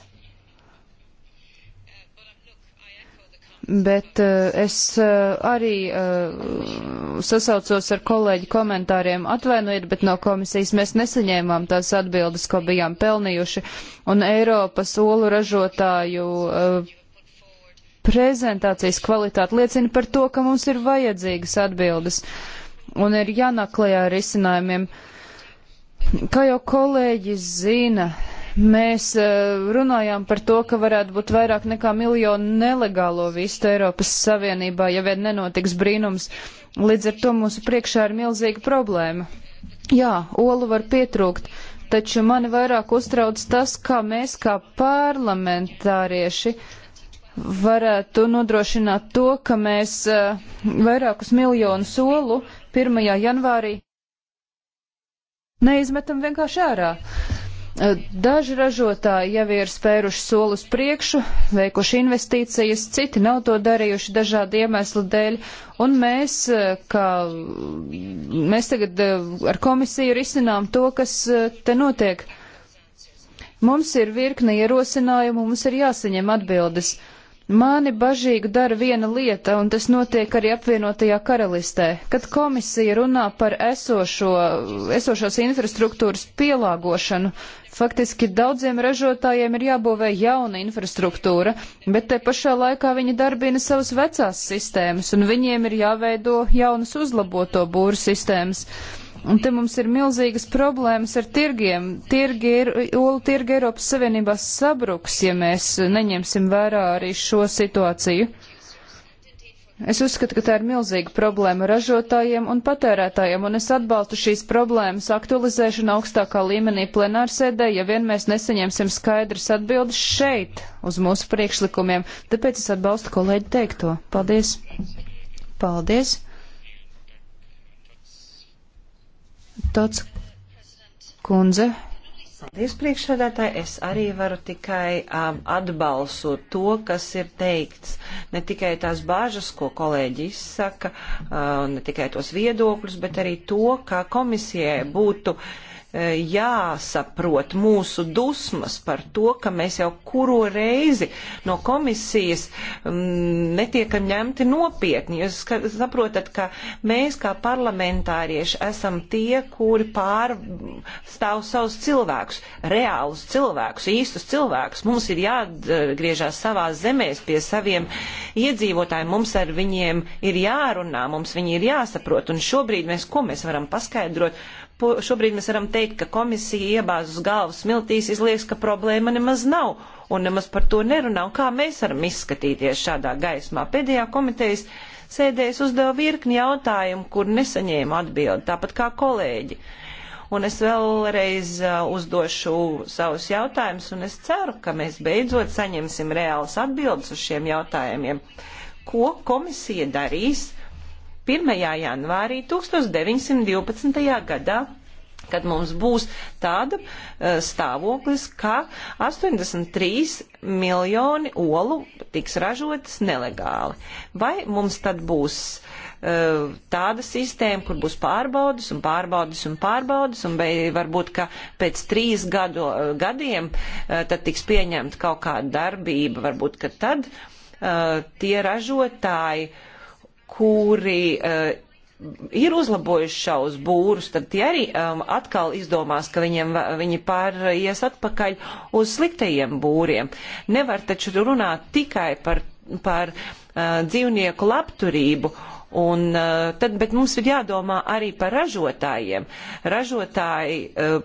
bet uh, es uh, arī uh, sasaucos ar kolēģi komentāriem atvainojiet, bet no komisijas mēs nesaņēmām tās atbildes, ko bijām pelnījuši, un Eiropas olu ražotāju uh, prezentācijas kvalitāte liecina par to, ka mums ir vajadzīgas atbildes un ir jānaklajā ar izcinājumiem. Kā jau kolēģis zina, mēs eh, runājām par to, ka varētu būt vairāk nekā miljonu nelegālo vistu Eiropas Savienībā, ja vien nenotiks brīnums. Līdz ar to mūsu priekšā ir milzīga problēma. Jā, olu var pietrūkt, taču mani vairāk uztrauc tas, kā mēs kā parlamentārieši uh, varētu nodrošināt to, ka mēs eh, vairākus miljonu solu 1. janvārī neizmetam vienkārši ārā. Eh, daži ražotāji jau ir spēruši solus priekšu, veikuši investīcijas, citi nav to darījuši dažādu iemeslu dēļ, un mēs, eh, kā mēs tagad ar komisiju risinām to, kas te notiek. Mums ir virkne ierosinājumu, mums ir jāsaņem atbildes. Uh, Mani bažīgu dara viena lieta, un tas notiek arī apvienotajā karalistē, kad komisija runā par esošo, esošos infrastruktūras pielāgošanu. Faktiski daudziem ražotājiem ir jābūvē jauna infrastruktūra, bet te pašā laikā viņi darbina savas vecās sistēmas, un viņiem ir jāveido jaunas uzlaboto būru sistēmas. Uh, Un te mums ir milzīgas problēmas ar tirgiem. Tirgi ir, olu tirgi Eiropas Savienībā sabruks, ja mēs neņemsim vērā arī šo situāciju. Es uzskatu, ka tā ir milzīga problēma ražotājiem un patērētājiem, un es atbalstu šīs problēmas aktualizēšanu augstākā līmenī plenārsēdē, ja vien mēs nesaņemsim skaidrs atbildes šeit uz mūsu priekšlikumiem. Tāpēc es atbalstu kolēģi teikto. Paldies! Paldies! deputāts Kundze. Paldies, priekšsēdētāji. Es arī varu tikai um, atbalsot to, kas ir teikts. Ne tikai tās bāžas, ko kolēģi izsaka, uh, ne tikai tos viedokļus, bet arī to, ka komisijai būtu uh, jāsaprot mūsu dusmas par to, ka mēs jau kuru reizi no komisijas m, mm, netiekam ņemti nopietni. Jūs saprotat, ka mēs kā parlamentārieši esam tie, kuri pārstāv savus cilvēkus, reālus cilvēkus, īstus cilvēkus. Mums ir jāatgriežās savā zemēs pie saviem iedzīvotājiem, mums ar viņiem ir jārunā, mums viņi ir jāsaprot. Un šobrīd mēs ko mēs varam paskaidrot? Šobrīd mēs varam teikt, ka komisija iebāz uz galvas smiltīs, izlieks, ka problēma nemaz nav un nemaz par to nerunā. Un kā mēs varam izskatīties šādā gaismā? Pēdējā komitejas sēdēs uzdeva virkni jautājumu, kur nesaņēma atbildi, tāpat kā kolēģi. Un es vēlreiz uh, uzdošu savus jautājumus, un es ceru, ka mēs beidzot saņemsim reālas atbildes uz šiem jautājumiem. Ko komisija darīs? 1. janvārī 1912. gadā kad mums būs tāda uh, stāvoklis, ka 83 miljoni olu tiks ražotas nelegāli. Vai mums tad būs uh, tāda sistēma, kur būs pārbaudas un pārbaudas un pārbaudas, un varbūt, ka pēc trīs gadu, uh, gadiem tad tiks pieņemta kaut kāda darbība, varbūt, ka tad tie ražotāji uh, kuri uh, ir uzlabojuši šaus būrus, tad tie arī um, atkal izdomās, ka viņiem, viņi pāries atpakaļ uz sliktajiem būriem. Nevar taču runāt tikai par, par uh, dzīvnieku labturību. Un, uh, tad, bet mums ir jādomā arī par ražotājiem. Ražotāji uh,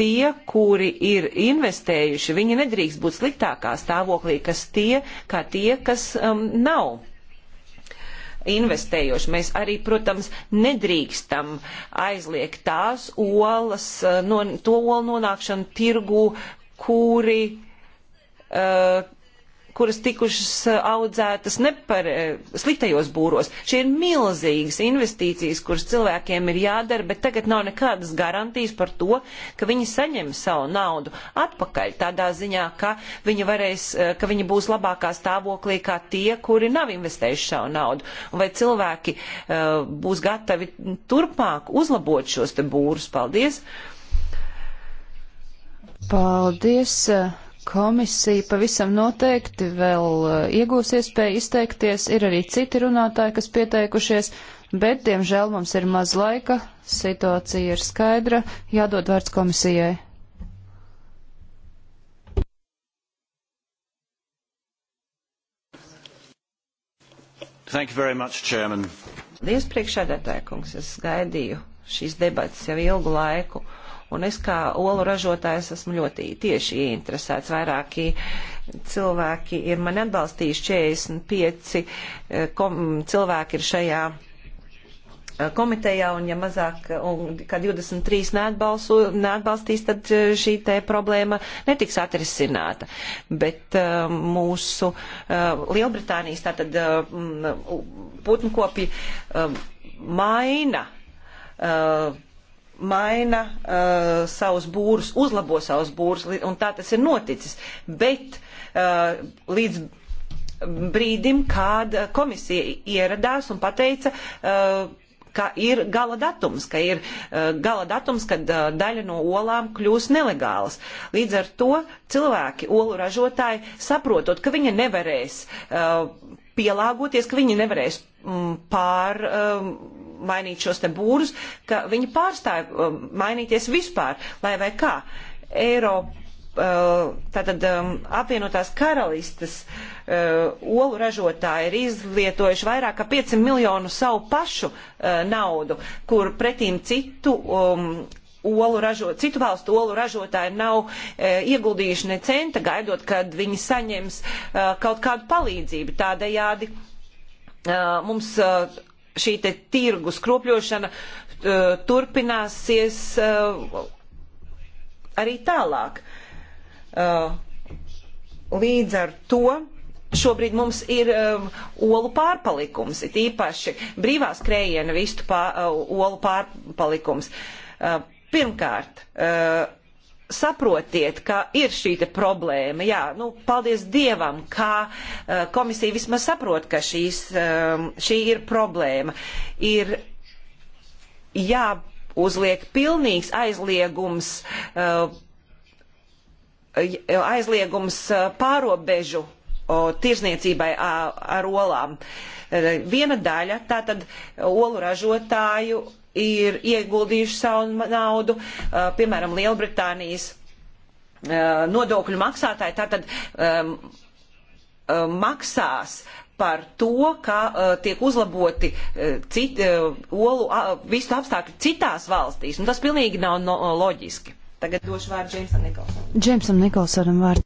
tie, kuri ir investējuši, viņi nedrīkst būt sliktākā stāvoklī, kas tie, kā tie, kas um, nav investējoši. Mēs arī, protams, nedrīkstam aizliegt tās olas, eh, no, to olu nonākšanu tirgu, kuri uh, kuras tikušas eh, audzētas nepar, eh, sliktajos būros. Šie ir milzīgas investīcijas, kuras cilvēkiem ir jādara, bet tagad nav nekādas garantijas par to, ka viņi saņem savu naudu atpakaļ tādā ziņā, ka viņi, varēs, eh, ka viņi būs labākā stāvoklī kā tie, kuri nav investējuši savu naudu. Un vai cilvēki uh, būs gatavi turpmāk uzlabot šos te būrus? Paldies! Paldies! Komisija pavisam noteikti vēl eh, iegūs iespēju izteikties, ir arī citi runātāji, kas pieteikušies, bet, diemžēl, mums ir maz laika, situācija ir skaidra, jādod vārds komisijai. Much, Paldies, priekšsēdētāji kungs, es gaidīju šīs debatas jau ilgu laiku. Un es kā olu ražotājs esmu ļoti tieši ieinteresēts. Vairāki cilvēki ir mani atbalstījuši, 45 eh, kom, cilvēki ir šajā eh, komitejā, un ja mazāk, eh, un, kā 23 neatbalsu, neatbalstīs, tad šī te problēma netiks atrisināta. Bet uh, mūsu uh, Lielbritānijas tātad uh, putnu kopji uh, maina. Uh, maina uh, savus būrus, uzlabo savus būrus, un tā tas ir noticis. Bet uh, līdz brīdim, kad komisija ieradās un pateica, uh, ka ir gala datums, ka ir uh, gala datums, kad uh, daļa no olām kļūs nelegālas. Līdz ar to cilvēki, olu ražotāji, saprotot, ka viņi nevarēs uh, pielāgoties, ka viņi nevarēs mm, pār. Um, mainīt šos te būrus, ka viņi pārstāja um, mainīties vispār, lai vai kā. Eiropa uh, tātad um, apvienotās karalistas uh, olu ražotāji ir izlietojuši vairāk kā 500 miljonu savu pašu uh, naudu, kur pretīm citu. Um, Olu ražo, citu valstu olu ražotāji nav e, ieguldījuši ne centa, gaidot, kad viņi saņems e, kaut kādu palīdzību. Tādējādi e, mums e, šī te tirgus kropļošana turpināsies uh, arī tālāk. Uh, līdz ar to šobrīd mums ir um, olu pārpalikums, it īpaši brīvā skrējiena vistu pār, uh, olu pārpalikums. Uh, pirmkārt, uh, saprotiet, ka ir šī problēma. Jā, nu, paldies Dievam, ka uh, komisija vismaz saprot, ka šīs, um, šī ir problēma. Ir jāuzliek pilnīgs aizliegums, uh, aizliegums pārobežu tirzniecībai ar olām. Viena daļa tātad olu ražotāju ir ieguldījuši savu naudu, piemēram, Lielbritānijas nodokļu maksātāji tātad um, maksās par to, ka uh, tiek uzlaboti uh, cit, uh, olu uh, vistu apstākļi citās valstīs, un tas pilnīgi nav no, no, loģiski. Tagad došu vārdu Džeimsam Nikolsonam. Džeimsam Nikolsonam vārdu.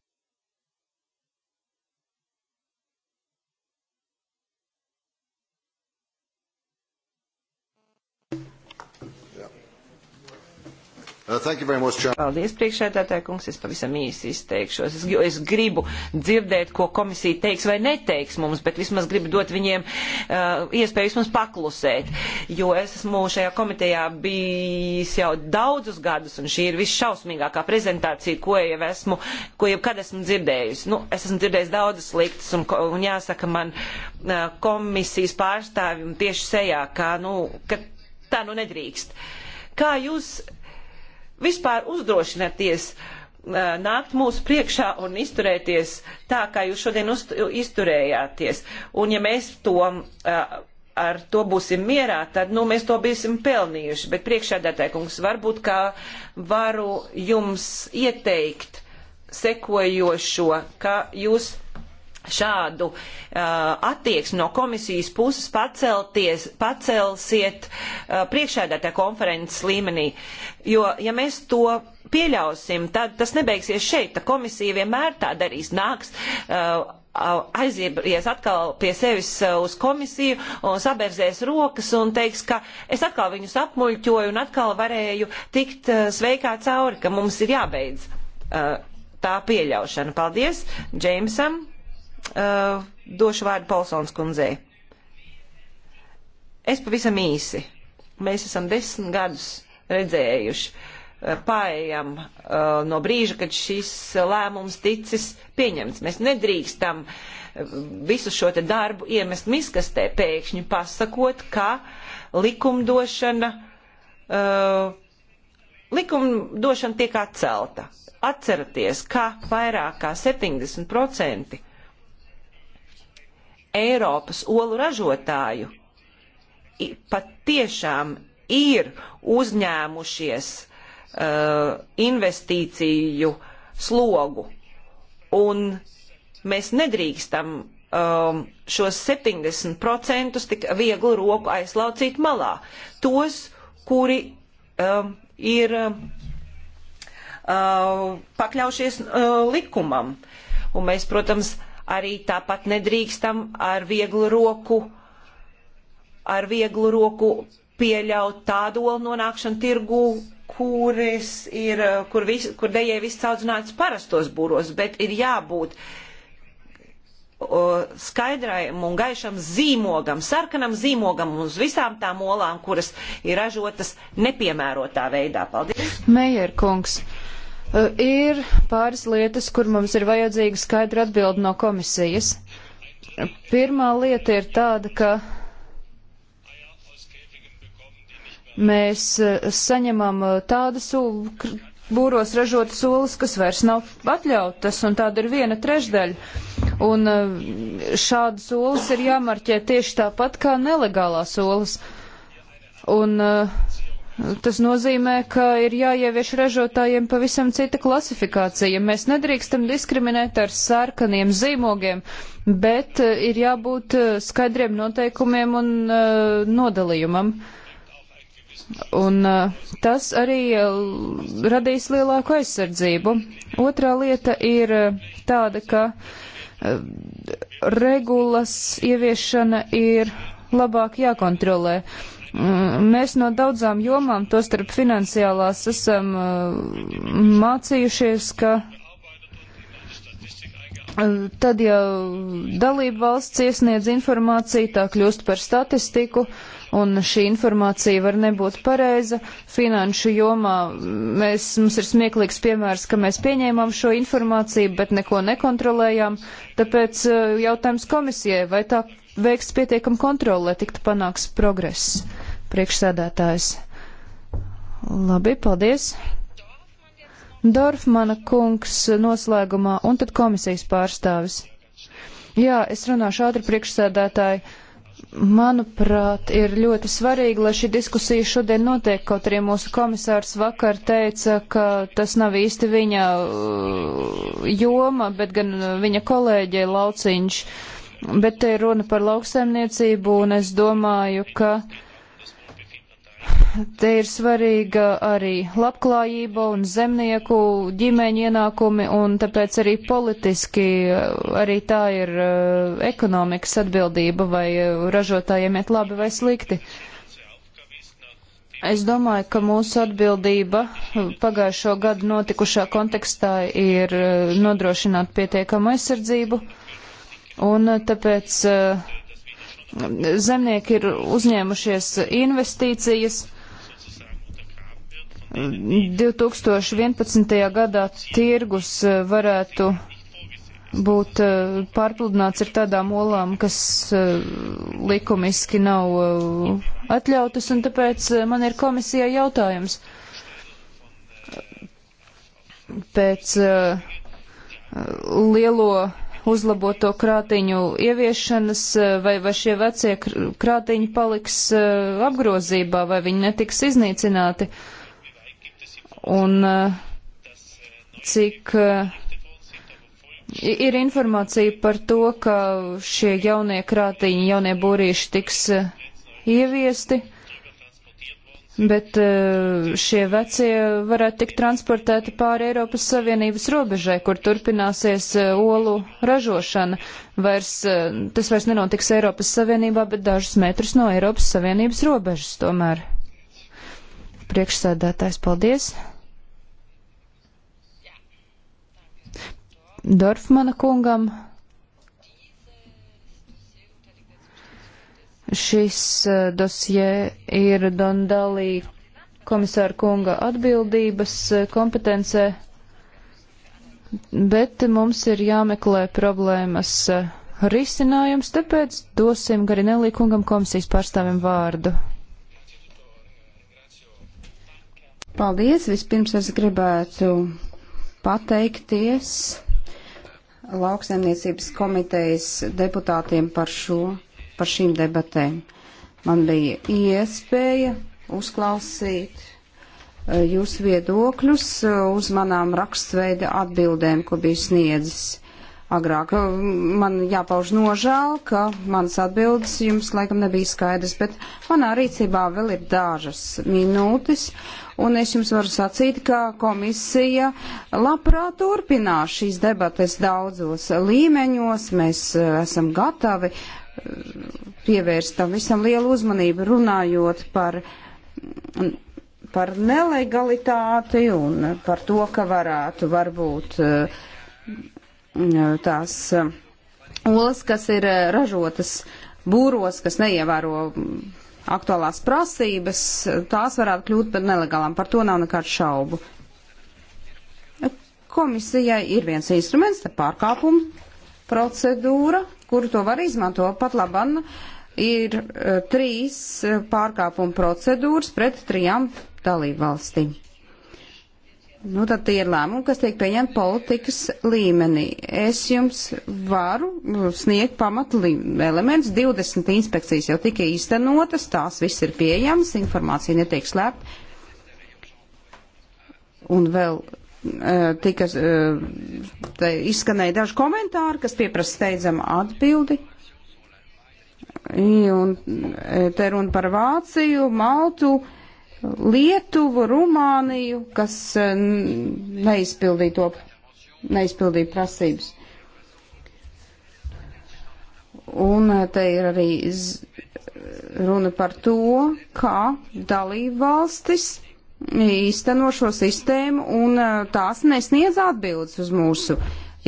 Much, Paldies, priekšētātāji kungs, es pavisam īsi izteikšos. Es, es gribu dzirdēt, ko komisija teiks vai neteiks mums, bet vismaz gribu dot viņiem uh, iespēju vismaz paklusēt, jo es esmu šajā komitejā bijis jau daudzus gadus, un šī ir visšausmīgākā prezentācija, ko jau esmu, ko jebkad esmu dzirdējusi. Nu, es esmu dzirdējis daudzas sliktas, un, un jāsaka man uh, komisijas pārstāvjum tieši sejā, ka, nu, ka tā nu nedrīkst. Kā jūs vispār uzdrošināties uh, nākt mūsu priekšā un izturēties tā, kā jūs šodien izturējāties. Un ja mēs to uh, ar to būsim mierā, tad nu, mēs to būsim pelnījuši. Bet priekšādātāja kungs, varbūt kā varu jums ieteikt sekojošo, ka jūs šādu uh, attieksmi no komisijas puses pacelties, pacelsiet uh, priekšēdētā konferences līmenī. Jo, ja mēs to pieļausim, tad tas nebeigsies šeit. Ta komisija vienmēr tā darīs, nāks. Uh, aizies atkal pie sevis uh, uz komisiju un sabērzēs rokas un teiks, ka es atkal viņus apmuļķoju un atkal varēju tikt uh, sveikā cauri, ka mums ir jābeidz uh, tā pieļaušana. Paldies, Džeimsam! uh, došu vārdu Polsons kundzei. Es pavisam īsi. Mēs esam desmit gadus redzējuši uh, eh, paējam uh, eh, no brīža, kad šis lēmums ticis pieņemts. Mēs nedrīkstam visu šo te darbu iemest miskastē pēkšņi pasakot, ka likumdošana uh, likumdošana tiek atcelta. Atceraties, ka vairāk kā 70% Eiropas olu ražotāju patiešām ir uzņēmušies uh, investīciju slogu. Un mēs nedrīkstam um, šos 70% tik viegli roku aizlaucīt malā. Tos, kuri um, ir um, uh, pakļaušies uh, likumam. Un mēs, protams, uh, arī tāpat nedrīkstam ar vieglu roku, ar vieglu roku pieļaut tādu olu nonākšanu tirgu, kuras ir, eh, kur, vis, kur dejē viss audzināts parastos būros, bet ir jābūt o, skaidrajam un gaišam zīmogam, sarkanam zīmogam uz visām tām olām, kuras ir ražotas nepiemērotā veidā. Paldies! Mejer kungs! Uh, ir pāris lietas, kur mums ir vajadzīga skaidra atbildi no komisijas. Pirmā lieta ir tāda, ka mēs uh, saņemam uh, tādas būros ražotas olas, kas vairs nav atļautas, un tāda ir viena trešdaļa. Un šādas olas ir jāmarķē tieši tāpat kā nelegālās olas. Un uh, Tas nozīmē, ka ir jāievieš ražotājiem pavisam cita klasifikācija. Mēs nedrīkstam diskriminēt ar sarkaniem zīmogiem, bet eh, ir jābūt eh, skaidriem noteikumiem un uh, nodalījumam. Un uh, tas arī uh, radīs lielāku aizsardzību. Otrā lieta ir tāda, ka regulas ieviešana ir labāk jākontrolē. Uh, Mm, mēs no daudzām jomām, tostarp finansiālās, esam mm, mācījušies, ka mm, tad, ja dalība valsts iesniedz informāciju, tā kļūst par statistiku, un šī informācija var nebūt pareiza. Finanšu jomā mēs, mums ir smieklīgs piemērs, ka mēs pieņēmām šo informāciju, bet neko nekontrolējām, tāpēc jautājums komisijai, vai tā veiks pietiekam kontroli, lai tiktu panāks progress priekšsēdētājs. Labi, paldies. Dorfmana kungs noslēgumā un tad komisijas pārstāvis. Jā, es runāšu ātri priekšsēdētāji. Manuprāt, ir ļoti svarīgi, lai šī diskusija šodien notiek, kaut arī mūsu komisārs vakar teica, ka tas nav īsti viņa uh, joma, bet gan viņa kolēģei Lauciņš. Bet te ir runa par lauksaimniecību, un es domāju, ka. Uh, Te ir svarīga arī labklājība un zemnieku ģimeņu ienākumi, un tāpēc arī politiski arī tā ir eh, ekonomikas atbildība, vai eh, ražotājiem iet labi vai slikti. Es domāju, ka mūsu atbildība pagājušo gadu notikušā kontekstā ir eh, nodrošināt pietiekamu aizsardzību, un tāpēc zemnieki ir uzņēmušies investīcijas 2011. gadā tirgus eh, varētu būt eh, pārpludināts ar tādām olām, kas eh, likumiski nav atļautas, un tāpēc man ir komisijai jautājums. Pēc lielo uzlaboto krātiņu ieviešanas, vai, vai šie vecie krātiņi paliks apgrozībā, vai viņi netiks iznīcināti. Uh, un eh, cik eh, ir informācija par to, ka šie jaunie krātiņi, jaunie būrīši tiks eh, ieviesti, bet šie vecie varētu tikt transportēti pāri Eiropas Savienības robežai, kur turpināsies olu ražošana. Vairs, tas vairs nenotiks Eiropas Savienībā, bet dažus metrus no Eiropas Savienības robežas tomēr. Priekšsēdētājs, paldies! Dorfmana kungam. Šis eh, dosie ir Dondalī komisāra kunga atbildības eh, kompetencē, bet mums ir jāmeklē problēmas eh, risinājums, tāpēc dosim Garinelī kungam komisijas pārstāvim vārdu. Paldies! Vispirms es gribētu pateikties lauksaimniecības komitejas deputātiem par, šo, par šīm debatēm. Man bija iespēja uzklausīt eh, jūsu viedokļus eh, uz manām rakstveida atbildēm, ko bija sniedzis agrāk. Man jāpauž nožēl, ka manas atbildes jums laikam nebija skaidrs, bet manā rīcībā vēl ir dažas minūtes, un es jums varu sacīt, ka komisija labprāt turpinās šīs debates daudzos līmeņos. Mēs e, esam gatavi e, pievērst tam visam lielu uzmanību, runājot par par nelegalitāti un par to, ka varētu varbūt uh, tās eh, olas, kas ir eh, ražotas būros, kas neievēro mm, aktuālās prasības, tās varētu kļūt par nelegālām. Par to nav nekādu šaubu. Komisijai ir viens instruments, tā pārkāpuma procedūra, kuru to var izmantot pat laban. Ir uh, trīs pārkāpuma procedūras pret trijām dalībvalstīm. Nu, tad tie ir lēmumi, kas tiek pieņemti politikas līmenī. Es jums varu sniegt pamatu elementus. 20 inspekcijas jau tika īstenotas, tās viss ir pieejamas, informācija netiek slēpta. Un vēl eh, tika eh, izskanēja daži komentāri, kas pieprasa steidzamu atbildi. Un eh, te runa par Vāciju, Maltu. Uh, Lietuvu, Rumāniju, kas eh, neizpildīja to, neizpildīja prasības. Un eh, te ir arī runa par to, kā dalību valstis īsteno šo sistēmu un eh, tās nesniedz atbildes uz mūsu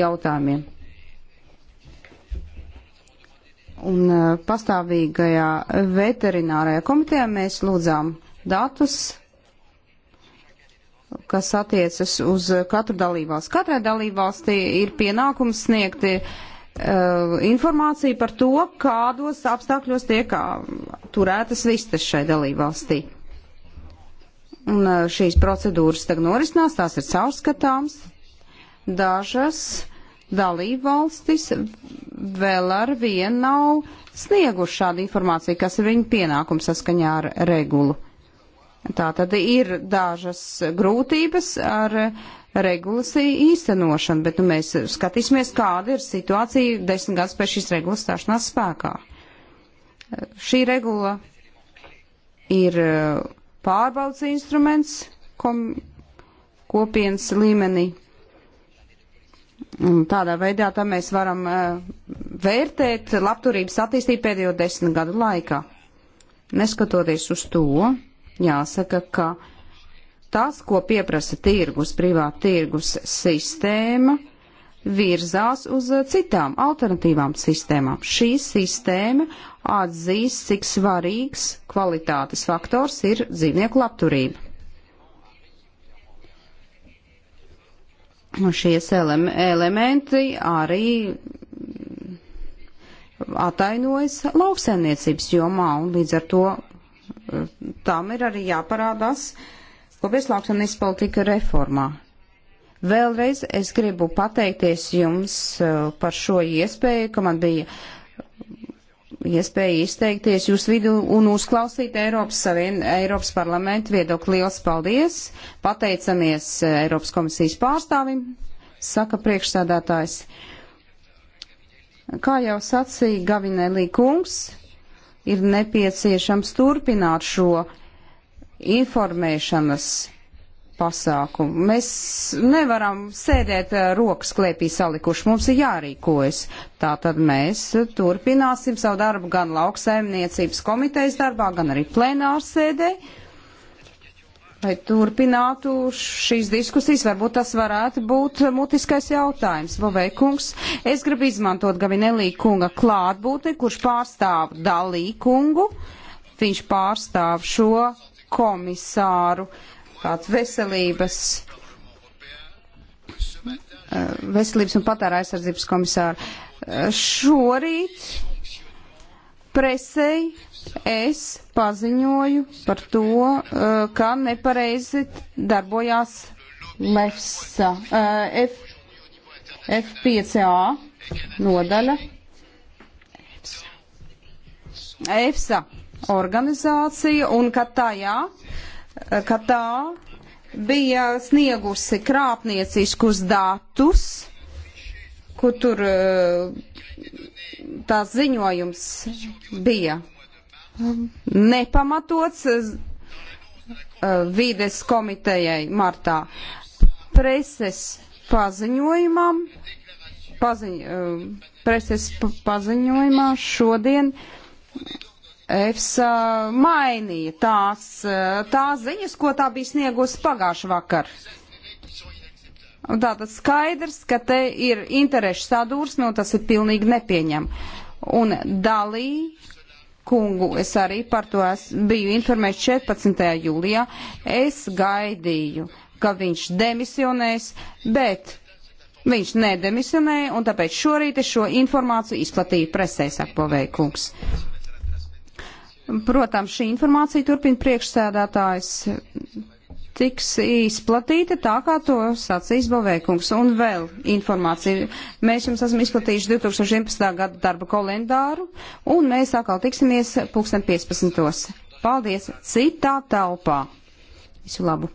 jautājumiem. Un pastāvīgajā veterinārajā komitejā mēs lūdzām uh, datus, kas attiecas uz katru dalībvalstu. Katrai dalībvalstī ir pienākums sniegt uh, informāciju par to, kādos apstākļos tiek turētas vistas šai dalībvalstī. Un uh, šīs procedūras tagad norisinās, tās ir caurskatāms. Dažas dalībvalstis vēl ar vienu nav snieguši šādu informāciju, kas ir viņu pienākums saskaņā ar regulu. Tā tad ir dažas grūtības ar regulas īstenošanu, bet nu, mēs skatīsimies, kāda ir situācija desmit gadus pēc šīs regulas stāšanās spēkā. Šī regula ir uh, pārbaudas instruments kom, kopienas līmenī. Un tādā veidā tā mēs varam uh, vērtēt labturības attīstību pēdējo desmit gadu laikā. Neskatoties uz to, jāsaka, ka tas, ko pieprasa tirgus, privāta tirgus sistēma, virzās uz eh, citām alternatīvām sistēmām. Šī sistēma atzīst, cik svarīgs kvalitātes faktors ir dzīvnieku labturība. Šies ele elementi arī atainojas lauksaimniecības jomā un līdz ar to tam ir arī jāparādās kopies lauksamnīs politika reformā. Vēlreiz es gribu pateikties jums uh, par šo iespēju, ka man bija iespēja izteikties jūs vidu un uzklausīt Eiropas, savien, Eiropas parlamentu viedokli. Liels paldies! Pateicamies uh, Eiropas komisijas pārstāvim, saka priekšsādātājs. Kā jau sacīja Gavinēlī kungs, ir nepieciešams turpināt šo informēšanas pasākumu. Mēs nevaram sēdēt eh, rokas klēpī salikuši, mums ir jārīkojas. Tātad mēs turpināsim savu darbu gan lauksaimniecības komitejas darbā, gan arī plenārsēdē. Ar lai turpinātu šīs diskusijas, varbūt tas varētu būt mutiskais jautājums. Boveikungs, es gribu izmantot Gavinelī kunga klātbūtni, kurš pārstāv Dalī kungu, viņš pārstāv šo komisāru kāds veselības. Eh, veselības un patērā aizsardzības komisāru. Eh, šorīt presei es paziņoju par to, eh, ka nepareizi darbojās LEFSA, eh, F, F5A nodaļa. EFSA organizācija un ka tajā, eh, ka tā bija sniegusi krāpnieciskus datus, kur tur tās ziņojums bija nepamatots eh, eh, vides komitejai martā. Preses paziņojumam, paziņ, eh, preses paziņojumā šodien EFSA mainīja tās, tās ziņas, ko tā bija sniegusi pagājušā vakar. Tātad skaidrs, ka te ir interešu sadūrsme, un tas ir pilnīgi nepieņem. Un dalī kungu es arī par to es biju informēts 14. jūlijā. Es gaidīju, ka viņš demisionēs, bet viņš nedemisionēja, un tāpēc šorīt es šo informāciju izplatīju presē, saka Poveikungs. Protams, šī informācija turpina priekšsēdētājs tiks izplatīta tā, kā to sacīs Bovēkungs. Un vēl informācija. Mēs jums esam izplatījuši 2011. gada darba kalendāru, un mēs atkal tiksimies 2015. Paldies! Citā telpā. Visu labu!